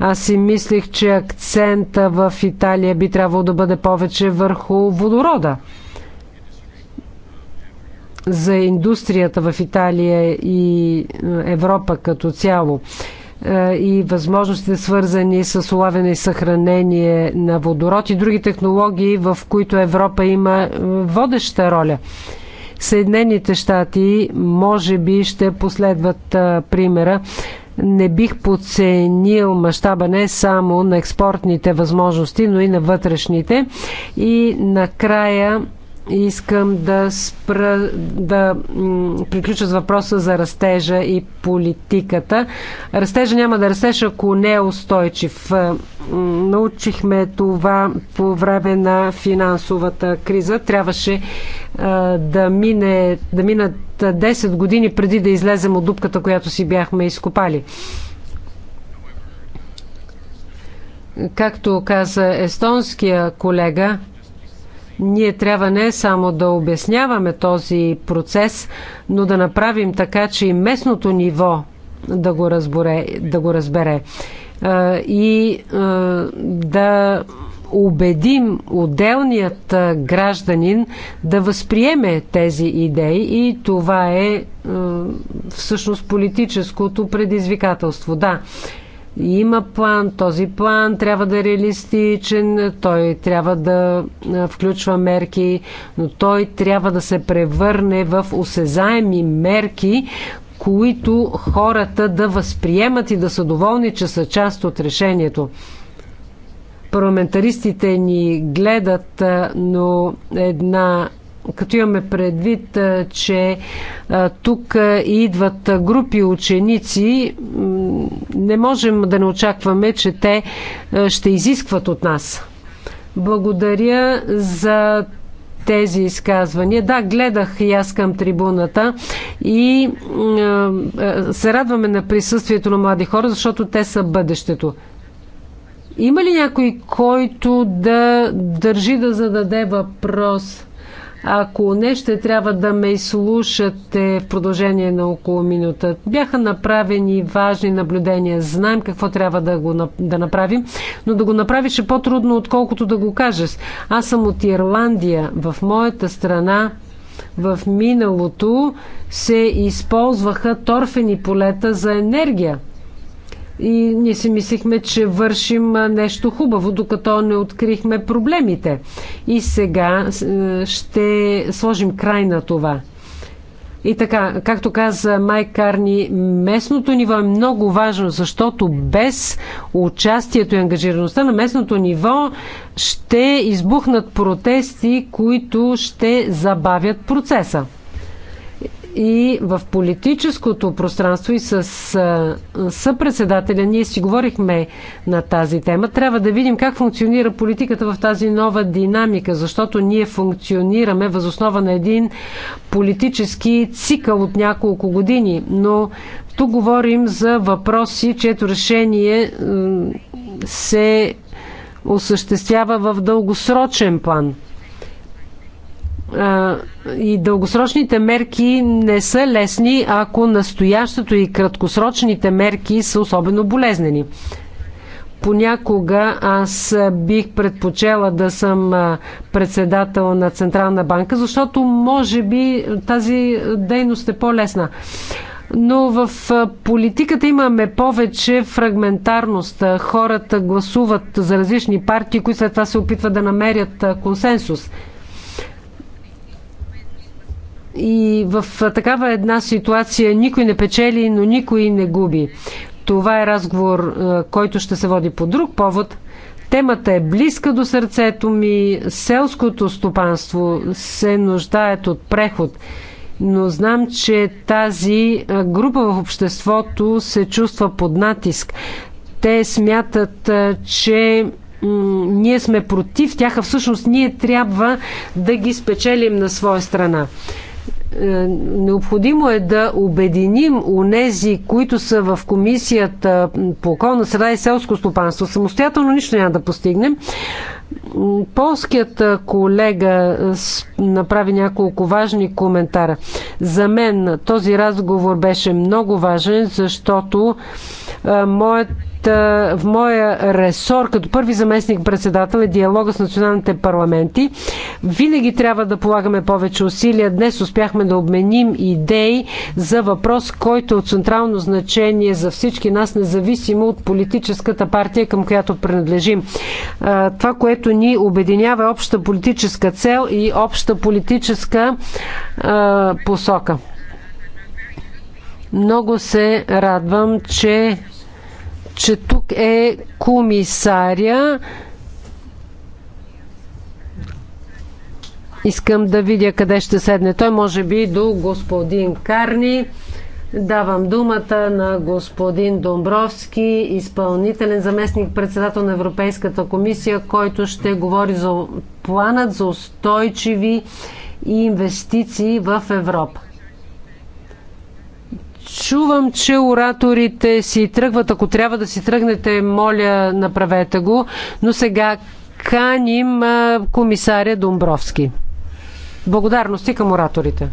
Speaker 2: Аз си мислих, че акцента в Италия би трябвало да бъде повече върху водорода за индустрията в Италия и е, Европа като цяло е, и възможностите свързани с улавяне и съхранение на водород и други технологии, в които Европа има е, водеща роля. Съединените щати може би ще последват примера. Не бих подценил мащаба не само на експортните възможности, но и на вътрешните. И накрая Искам да, спра, да приключа с въпроса за растежа и политиката. Растежа няма да растеж, ако не е устойчив. Е, научихме това по време на финансовата криза. Трябваше е, да, мине, да минат 10 години преди да излезем от дупката, която си бяхме изкопали. Както каза естонския колега, ние трябва не само да обясняваме този процес, но да направим така, че и местното ниво да го, разборе, да го разбере и да убедим отделният гражданин да възприеме тези идеи и това е всъщност политическото предизвикателство. Да, има план, този план трябва да е реалистичен, той трябва да включва мерки, но той трябва да се превърне в осезаеми мерки, които хората да възприемат и да са доволни, че са част от решението. Парламентаристите ни гледат, но една като имаме предвид, че тук идват групи ученици, не можем да не очакваме, че те е, ще изискват от нас. Благодаря за тези изказвания. Да, гледах и аз към трибуната и е, е, се радваме на присъствието на млади хора, защото те са бъдещето. Има ли някой, който да държи да зададе въпрос? Ако не, ще трябва да ме изслушате в продължение на около минута. Бяха направени важни наблюдения. Знаем какво трябва да, го, да направим, но да го направиш е по-трудно, отколкото да го кажеш. Аз съм от Ирландия. В моята страна в миналото се използваха торфени полета за енергия и ние си мислихме, че вършим нещо хубаво, докато не открихме проблемите. И сега ще сложим край на това. И така, както каза Майк Карни, местното ниво е много важно, защото без участието и ангажираността на местното ниво ще избухнат протести, които ще забавят процеса и в политическото пространство и с съпредседателя ние си говорихме на тази тема. Трябва да видим как функционира политиката в тази нова динамика, защото ние функционираме възоснова на един политически цикъл от няколко години. Но тук говорим за въпроси, чието решение се осъществява в дългосрочен план и дългосрочните мерки не са лесни, ако настоящето и краткосрочните мерки са особено болезнени. Понякога аз бих предпочела да съм председател на Централна банка, защото може би тази дейност е по-лесна. Но в политиката имаме повече фрагментарност. Хората гласуват за различни партии, които след това се опитват да намерят консенсус – и в такава една ситуация никой не печели, но никой не губи. Това е разговор, е, който ще се води по друг повод. Темата е близка до сърцето ми. Селското стопанство се нуждаят от преход. Но знам, че тази е, група в обществото се чувства под натиск. Те смятат, е, че ние сме против тях, а всъщност ние трябва да ги спечелим на своя страна. Е, необходимо е да обединим унези, които са в комисията по околна среда и селско стопанство. Самостоятелно нищо няма да постигнем. Полският е, колега е, направи няколко важни коментара. За мен този разговор беше много важен, защото моят в моя ресор като първи заместник председател е диалога с националните парламенти. Винаги трябва да полагаме повече усилия. Днес успяхме да обменим идеи за въпрос, който е от централно значение за всички нас, независимо от политическата партия, към която принадлежим. Това, което ни обединява е обща политическа цел и обща политическа посока. Много се радвам, че че тук е комисаря. Искам да видя къде ще седне. Той може би до господин Карни. Давам думата на господин Домбровски, изпълнителен заместник председател на Европейската комисия, който ще говори за планът за устойчиви инвестиции в Европа. Чувам, че ораторите си тръгват. Ако трябва да си тръгнете, моля, направете го. Но сега каним комисаря Домбровски. Благодарности към ораторите.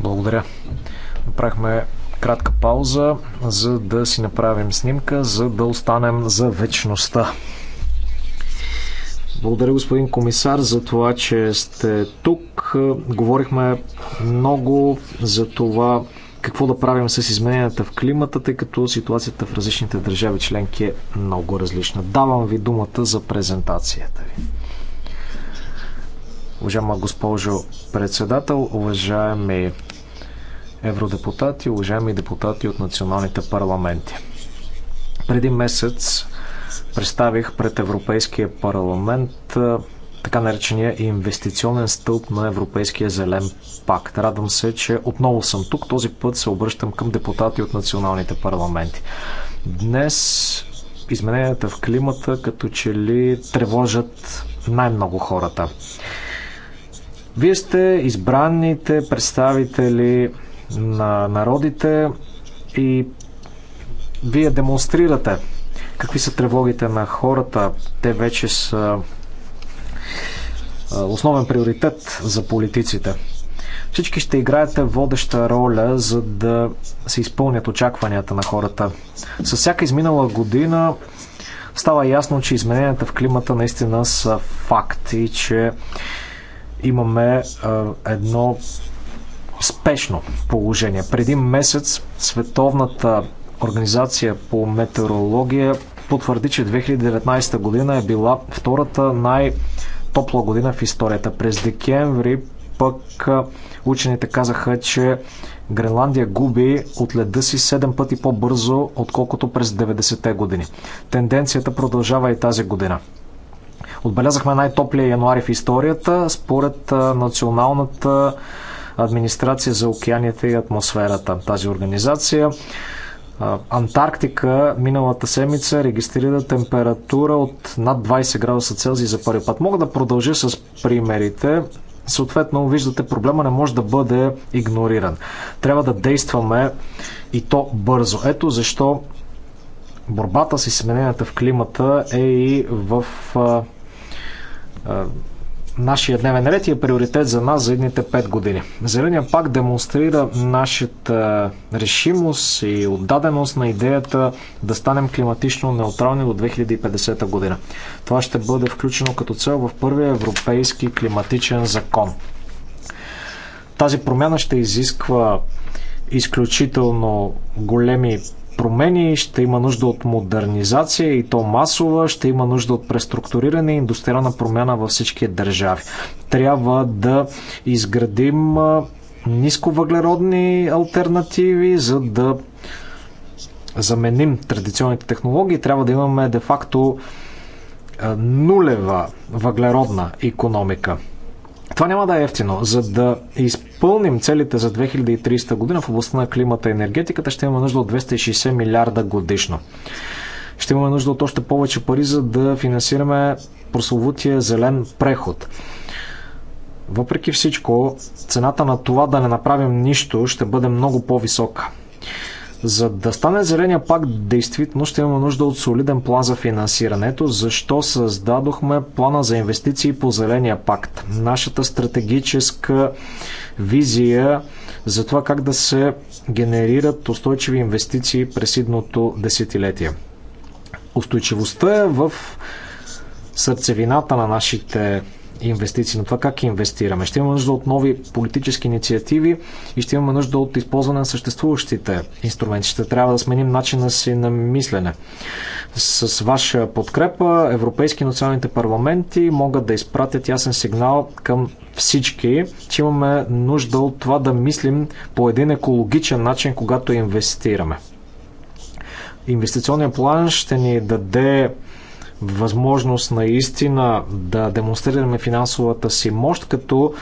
Speaker 3: Благодаря. Направихме кратка пауза, за да си направим снимка, за да останем за вечността. Благодаря, господин комисар, за това, че сте тук. Говорихме много за това какво да правим с измененията в климата, тъй като ситуацията в различните държави членки е много различна. Давам ви думата за презентацията ви. Уважаема госпожо председател, уважаеми евродепутати, уважаеми депутати от националните парламенти. Преди месец представих пред Европейския парламент така наречения инвестиционен стълб на Европейския зелен пакт. Радвам се, че отново съм тук. Този път се обръщам към депутати от националните парламенти. Днес измененията в климата като че ли тревожат най-много хората. Вие сте избранните представители на народите и вие демонстрирате какви са тревогите на хората. Те вече са основен приоритет за политиците. Всички ще играете водеща роля, за да се изпълнят очакванията на хората. С всяка изминала година става ясно, че измененията в климата наистина са факт и че имаме едно спешно положение. Преди месец Световната организация по метеорология потвърди, че 2019 година е била втората най-топла година в историята. През декември пък учените казаха, че Гренландия губи от леда си 7 пъти по-бързо, отколкото през 90-те години. Тенденцията продължава и тази година. Отбелязахме най-топлия януари в историята, според Националната администрация за океаните и атмосферата. Тази организация Антарктика миналата седмица регистрира температура от над 20 градуса Целзий за първи път. Мога да продължа с примерите. Съответно, виждате, проблема не може да бъде игнориран. Трябва да действаме и то бързо. Ето защо борбата с измененията в климата е и в нашия дневен ред и е приоритет за нас за едните 5 години. Зеления пак демонстрира нашата решимост и отдаденост на идеята да станем климатично неутрални до 2050 година. Това ще бъде включено като цел в първия европейски климатичен закон. Тази промяна ще изисква изключително големи промени, ще има нужда от модернизация и то масова, ще има нужда от преструктуриране и индустриална промяна във всички държави. Трябва да изградим нисковъглеродни альтернативи, за да заменим традиционните технологии. Трябва да имаме де-факто нулева въглеродна економика. Това няма да е ефтино. За да изпълним целите за 2300 година в областта на климата и енергетиката, ще имаме нужда от 260 милиарда годишно. Ще имаме нужда от още повече пари, за да финансираме прословутия зелен преход. Въпреки всичко, цената на това да не направим нищо ще бъде много по-висока. За да стане зеления пакт, действително ще имаме нужда от солиден план за финансирането. Защо създадохме плана за инвестиции по зеления пакт? Нашата стратегическа визия за това как да се генерират устойчиви инвестиции през идното десетилетие. Устойчивостта е в сърцевината на нашите инвестиции, на това как инвестираме. Ще имаме нужда от нови политически инициативи и ще имаме нужда от използване на съществуващите инструменти. Ще трябва да сменим начина си на мислене. С ваша подкрепа европейски националните парламенти могат да изпратят ясен сигнал към всички, че имаме нужда от това да мислим по един екологичен начин, когато инвестираме. Инвестиционният план ще ни даде възможност наистина да демонстрираме финансовата си мощ, като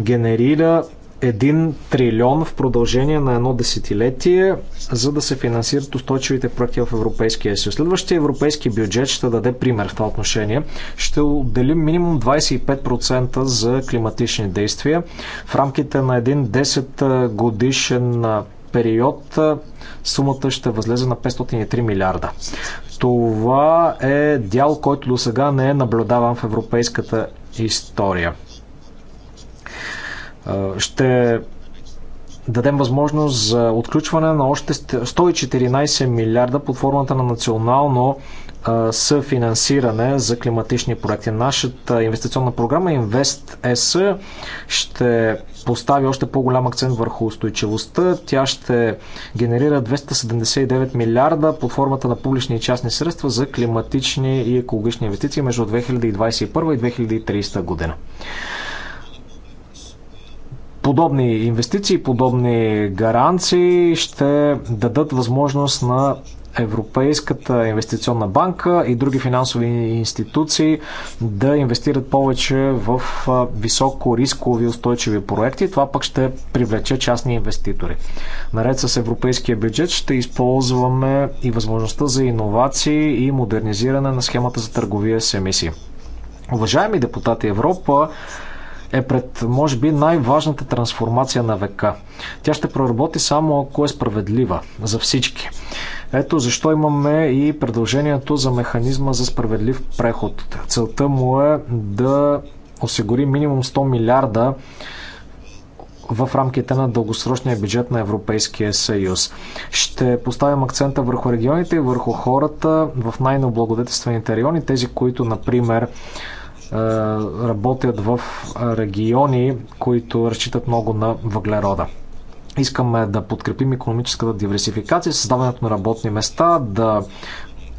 Speaker 3: генерира 1 трилион в продължение на едно десетилетие, за да се финансират устойчивите проекти в Европейския съюз. Следващия европейски бюджет ще даде пример в това отношение. Ще отделим минимум 25% за климатични действия в рамките на един 10 годишен период сумата ще възлезе на 503 милиарда. Това е дял, който до сега не е наблюдаван в европейската история. Ще дадем възможност за отключване на още 114 милиарда под формата на национално съфинансиране за климатични проекти. Нашата инвестиционна програма InvestS ще постави още по-голям акцент върху устойчивостта. Тя ще генерира 279 милиарда под формата на публични и частни средства за климатични и екологични инвестиции между 2021 и 2030 година подобни инвестиции, подобни гаранции ще дадат възможност на Европейската инвестиционна банка и други финансови институции да инвестират повече в високо рискови устойчиви проекти. Това пък ще привлече частни инвеститори. Наред с европейския бюджет ще използваме и възможността за иновации и модернизиране на схемата за търговия с емисии. Уважаеми депутати, Европа е пред, може би, най-важната трансформация на века. Тя ще проработи само ако е справедлива за всички. Ето защо имаме и предложението за механизма за справедлив преход. Целта му е да осигури минимум 100 милиарда в рамките на дългосрочния бюджет на Европейския съюз. Ще поставим акцента върху регионите и върху хората в най-необлагодетелствените райони, тези, които, например, е, работят в региони, които разчитат много на въглерода. Искаме да подкрепим економическата диверсификация, създаването на работни места, да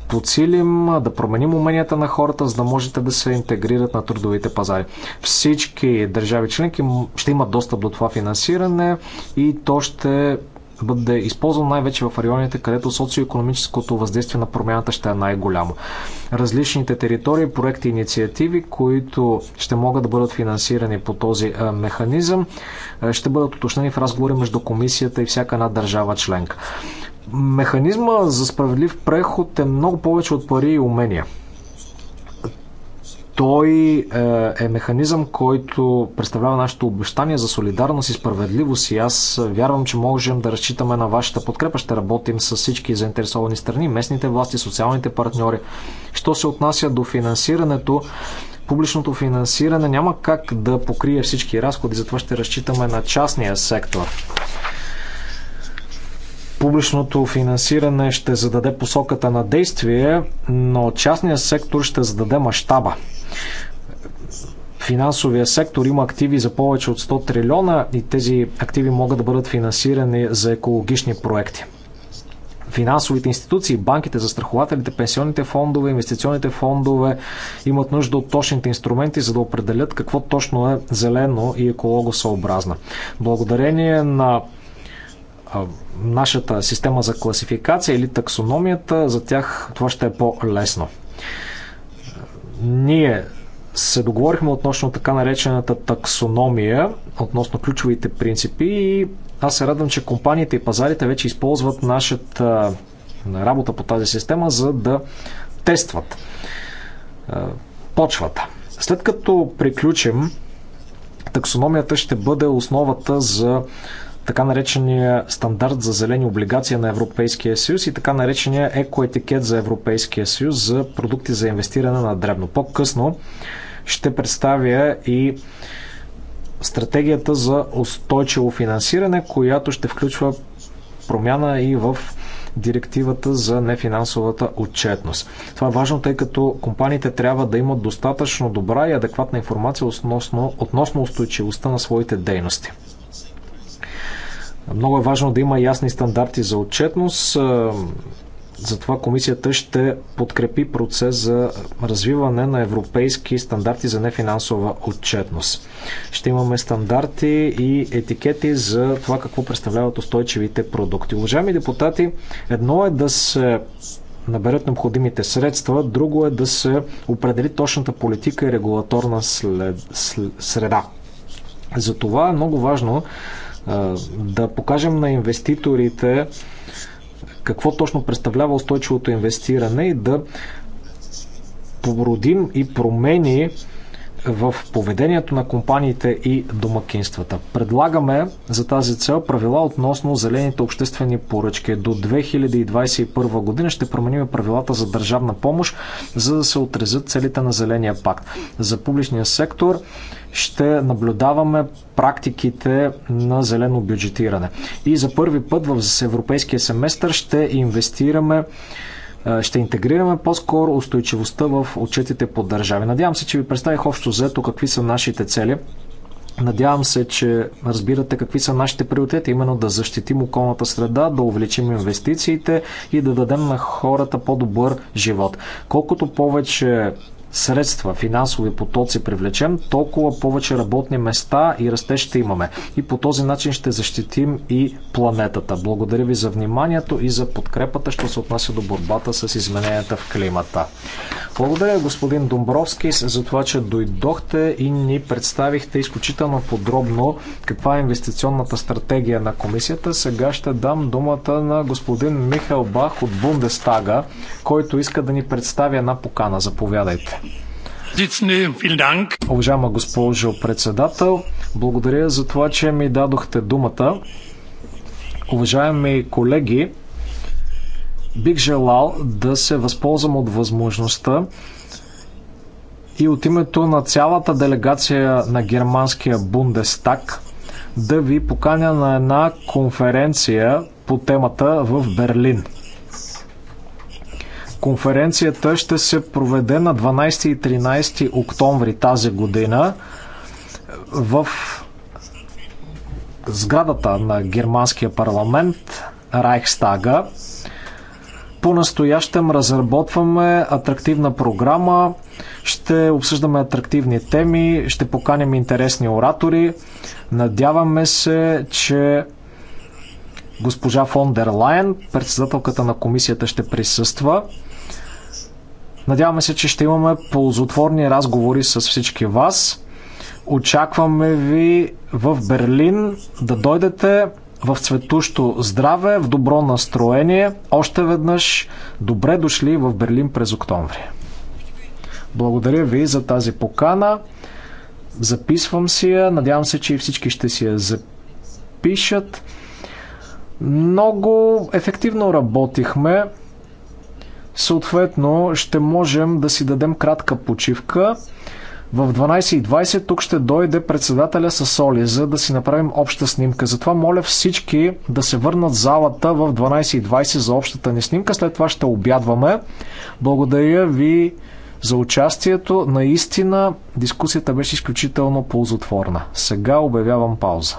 Speaker 3: подсилим, да променим уменията на хората, за да можете да се интегрират на трудовите пазари. Всички държави членки ще имат достъп до това финансиране и то ще бъде използван най-вече в районите, където социо-економическото въздействие на промяната ще е най-голямо. Различните територии, проекти и инициативи, които ще могат да бъдат финансирани по този механизъм, ще бъдат уточнени в разговори между комисията и всяка една държава членка. Механизма за справедлив преход е много повече от пари и умения. Той е, е механизъм, който представлява нашето обещание за солидарност и справедливост и аз вярвам, че можем да разчитаме на вашата подкрепа. Ще работим с всички заинтересовани страни, местните власти, социалните партньори. Що се отнася до финансирането, публичното финансиране няма как да покрие всички разходи, затова ще разчитаме на частния сектор. Публичното финансиране ще зададе посоката на действие, но частният сектор ще зададе мащаба финансовия сектор има активи за повече от 100 трилиона и тези активи могат да бъдат финансирани за екологични проекти. Финансовите институции, банките, застрахователите, пенсионните фондове, инвестиционните фондове имат нужда от точните инструменти, за да определят какво точно е зелено и екологосъобразно. Благодарение на нашата система за класификация или таксономията, за тях това ще е по-лесно. Ние се договорихме относно така наречената таксономия, относно ключовите принципи и аз се радвам, че компаниите и пазарите вече използват нашата работа по тази система, за да тестват почвата. След като приключим, таксономията ще бъде основата за така наречения стандарт за зелени облигации на Европейския съюз и така наречения екоетикет за Европейския съюз за продукти за инвестиране на дребно. По-късно ще представя и стратегията за устойчиво финансиране, която ще включва промяна и в директивата за нефинансовата отчетност. Това е важно, тъй като компаниите трябва да имат достатъчно добра и адекватна информация относно, относно устойчивостта на своите дейности. Много е важно да има ясни стандарти за отчетност, затова комисията ще подкрепи процес за развиване на европейски стандарти за нефинансова отчетност. Ще имаме стандарти и етикети за това какво представляват устойчивите продукти. Уважаеми депутати, едно е да се наберат необходимите средства, друго е да се определи точната политика и регулаторна след, след, среда. Затова е много важно да покажем на инвеститорите, какво точно представлява устойчивото инвестиране и да породим и промени в поведението на компаниите и домакинствата. Предлагаме за тази цел правила относно зелените обществени поръчки. До 2021 година ще променим правилата за държавна помощ, за да се отрезат целите на зеления пакт. За публичния сектор ще наблюдаваме практиките на зелено бюджетиране. И за първи път в европейския семестър ще инвестираме е, ще интегрираме по-скоро устойчивостта в отчетите по държави. Надявам се, че ви представих общо взето какви са нашите цели. Надявам се, че разбирате какви са нашите приоритети, именно да защитим околната среда, да увеличим инвестициите и да дадем на хората по-добър живот. Колкото повече средства, финансови потоци привлечем, толкова повече работни места и расте ще имаме. И по този начин ще защитим и планетата. Благодаря ви за вниманието и за подкрепата, що се отнася до борбата с измененията в климата. Благодаря господин Домбровски за това, че дойдохте и ни представихте изключително подробно каква е инвестиционната стратегия на комисията. Сега ще дам думата на господин Михал Бах от Бундестага, който иска да ни представи една покана. Заповядайте. Уважаема госпожо председател, благодаря за това, че ми дадохте думата. Уважаеми колеги, бих желал да се възползвам от възможността и от името на цялата делегация на германския Бундестаг да ви поканя на една конференция по темата в Берлин – Конференцията ще се проведе на 12 и 13 октомври тази година в сградата на германския парламент Райхстага. По-настоящем разработваме атрактивна програма, ще обсъждаме атрактивни теми, ще поканим интересни оратори. Надяваме се, че госпожа фон дер Лайен, председателката на комисията, ще присъства. Надяваме се, че ще имаме ползотворни разговори с всички вас. Очакваме ви в Берлин да дойдете в цветущо здраве, в добро настроение. Още веднъж добре дошли в Берлин през октомври. Благодаря ви за тази покана. Записвам си я. Надявам се, че и всички ще си я запишат. Много ефективно работихме. Съответно, ще можем да си дадем кратка почивка. В 12.20 тук ще дойде председателя с Соли, за да си направим обща снимка. Затова моля всички да се върнат в залата в 12.20 за общата ни снимка. След това ще обядваме. Благодаря ви за участието. Наистина дискусията беше изключително ползотворна. Сега обявявам пауза.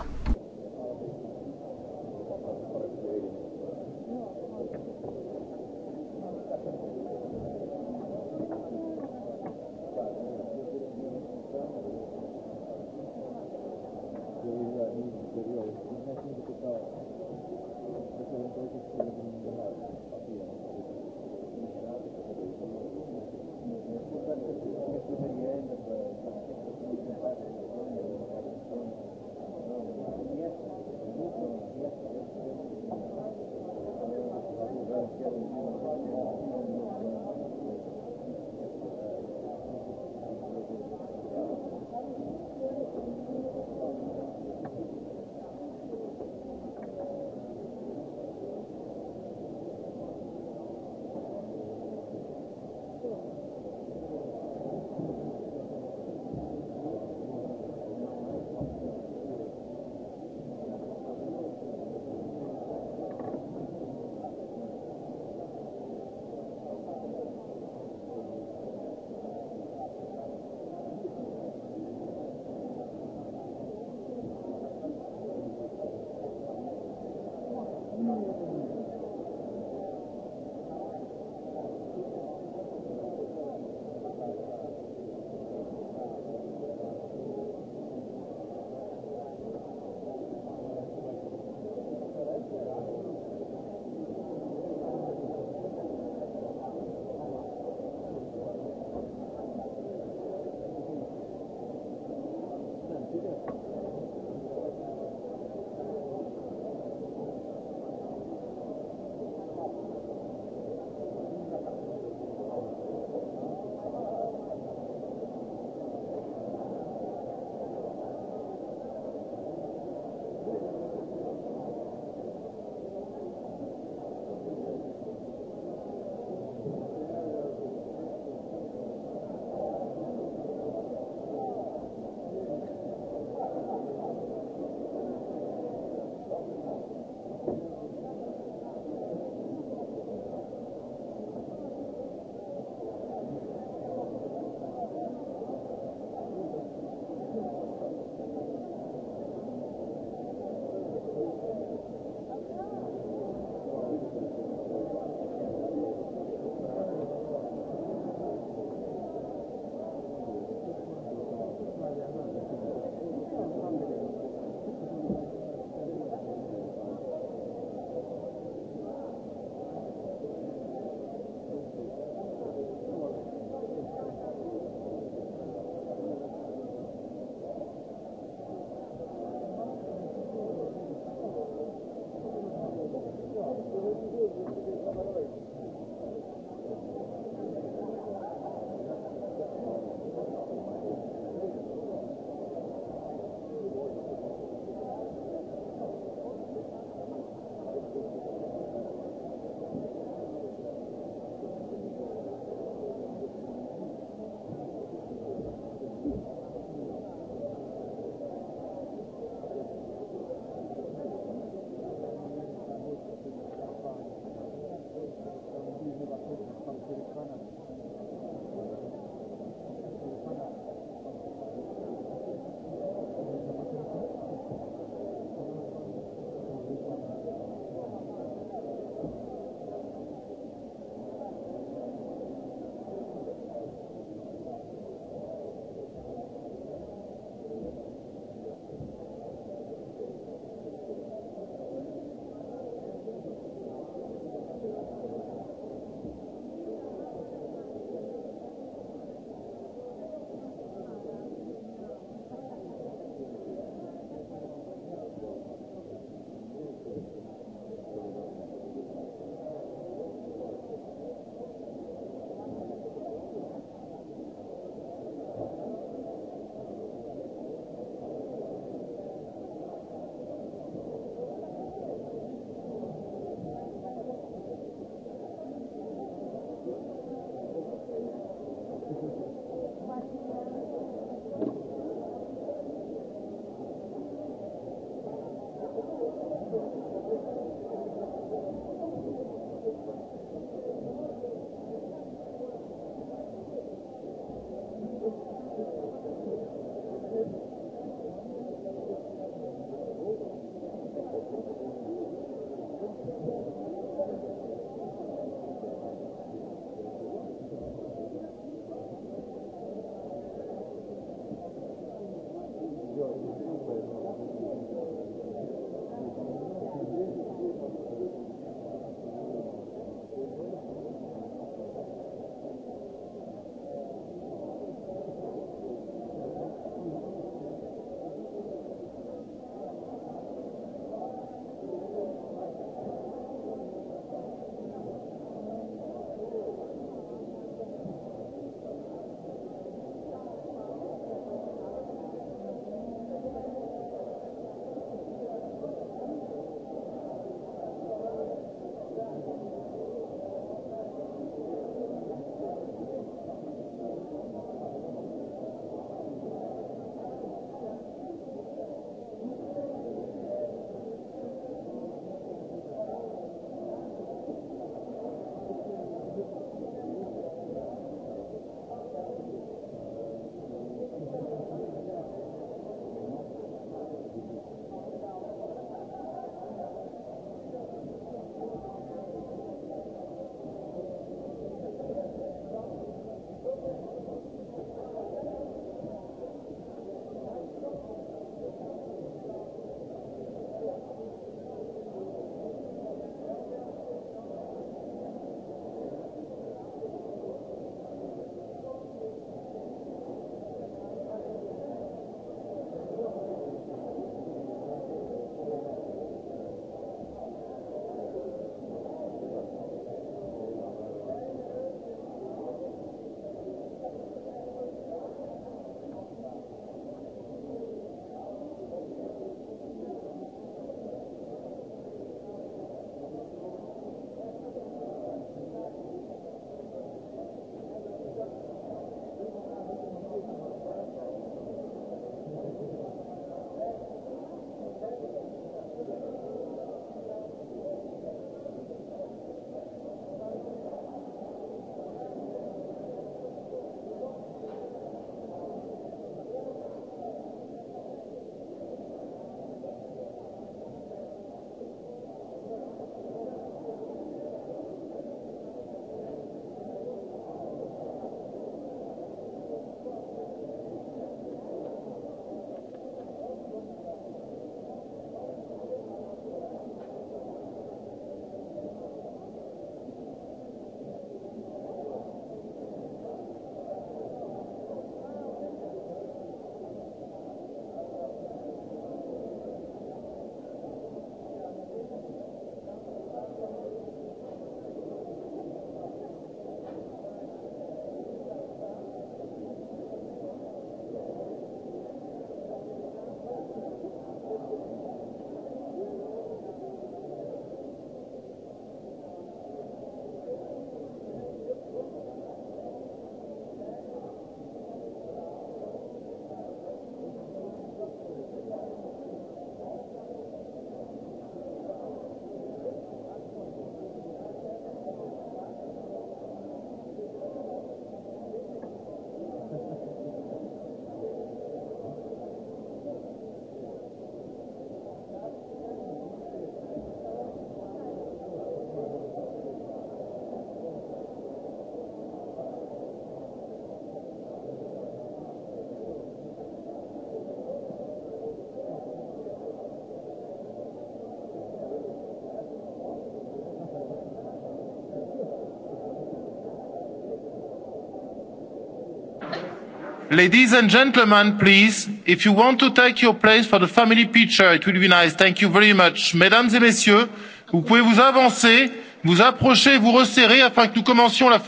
Speaker 4: ladies and gentlemen please if you want to take your place for the family picture it will be nice thank you very much. mesdames et messieurs vous pouvez vous avancer vous approcher vous resserrer afin que nous commencions la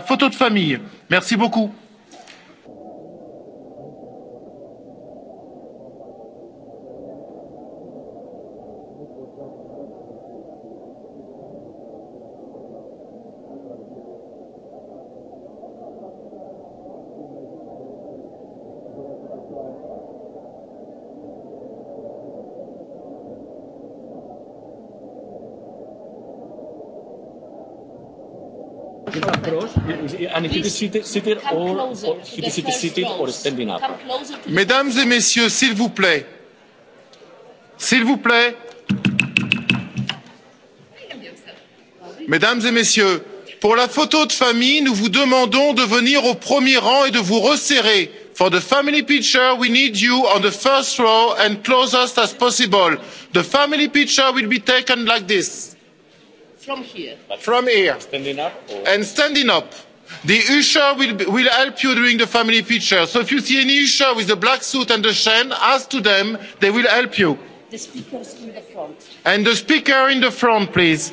Speaker 4: photo de famille. merci beaucoup. or, or or standing up? Mesdames et messieurs, s'il vous plaît, s'il vous plaît, mesdames et messieurs, pour la photo de famille, nous vous demandons de venir au premier rang et de vous resserrer. For the family picture, we need you on the first row and closest as possible. The family picture will be taken like this. From here. From here. Standing up. Or... And standing up the usher will help you during the family picture so if you see any usher with a black suit and a chain ask them they will help you. and the speaker in the front please.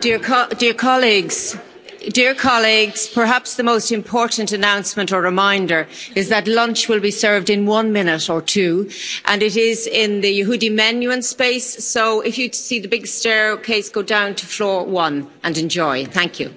Speaker 2: Dear colleagues, dear colleagues, perhaps the most important announcement or reminder is that lunch will be served in one minute or two, and it is in the Yehudi Menuhin space. So if you see the big staircase, go down to floor one and enjoy. Thank you.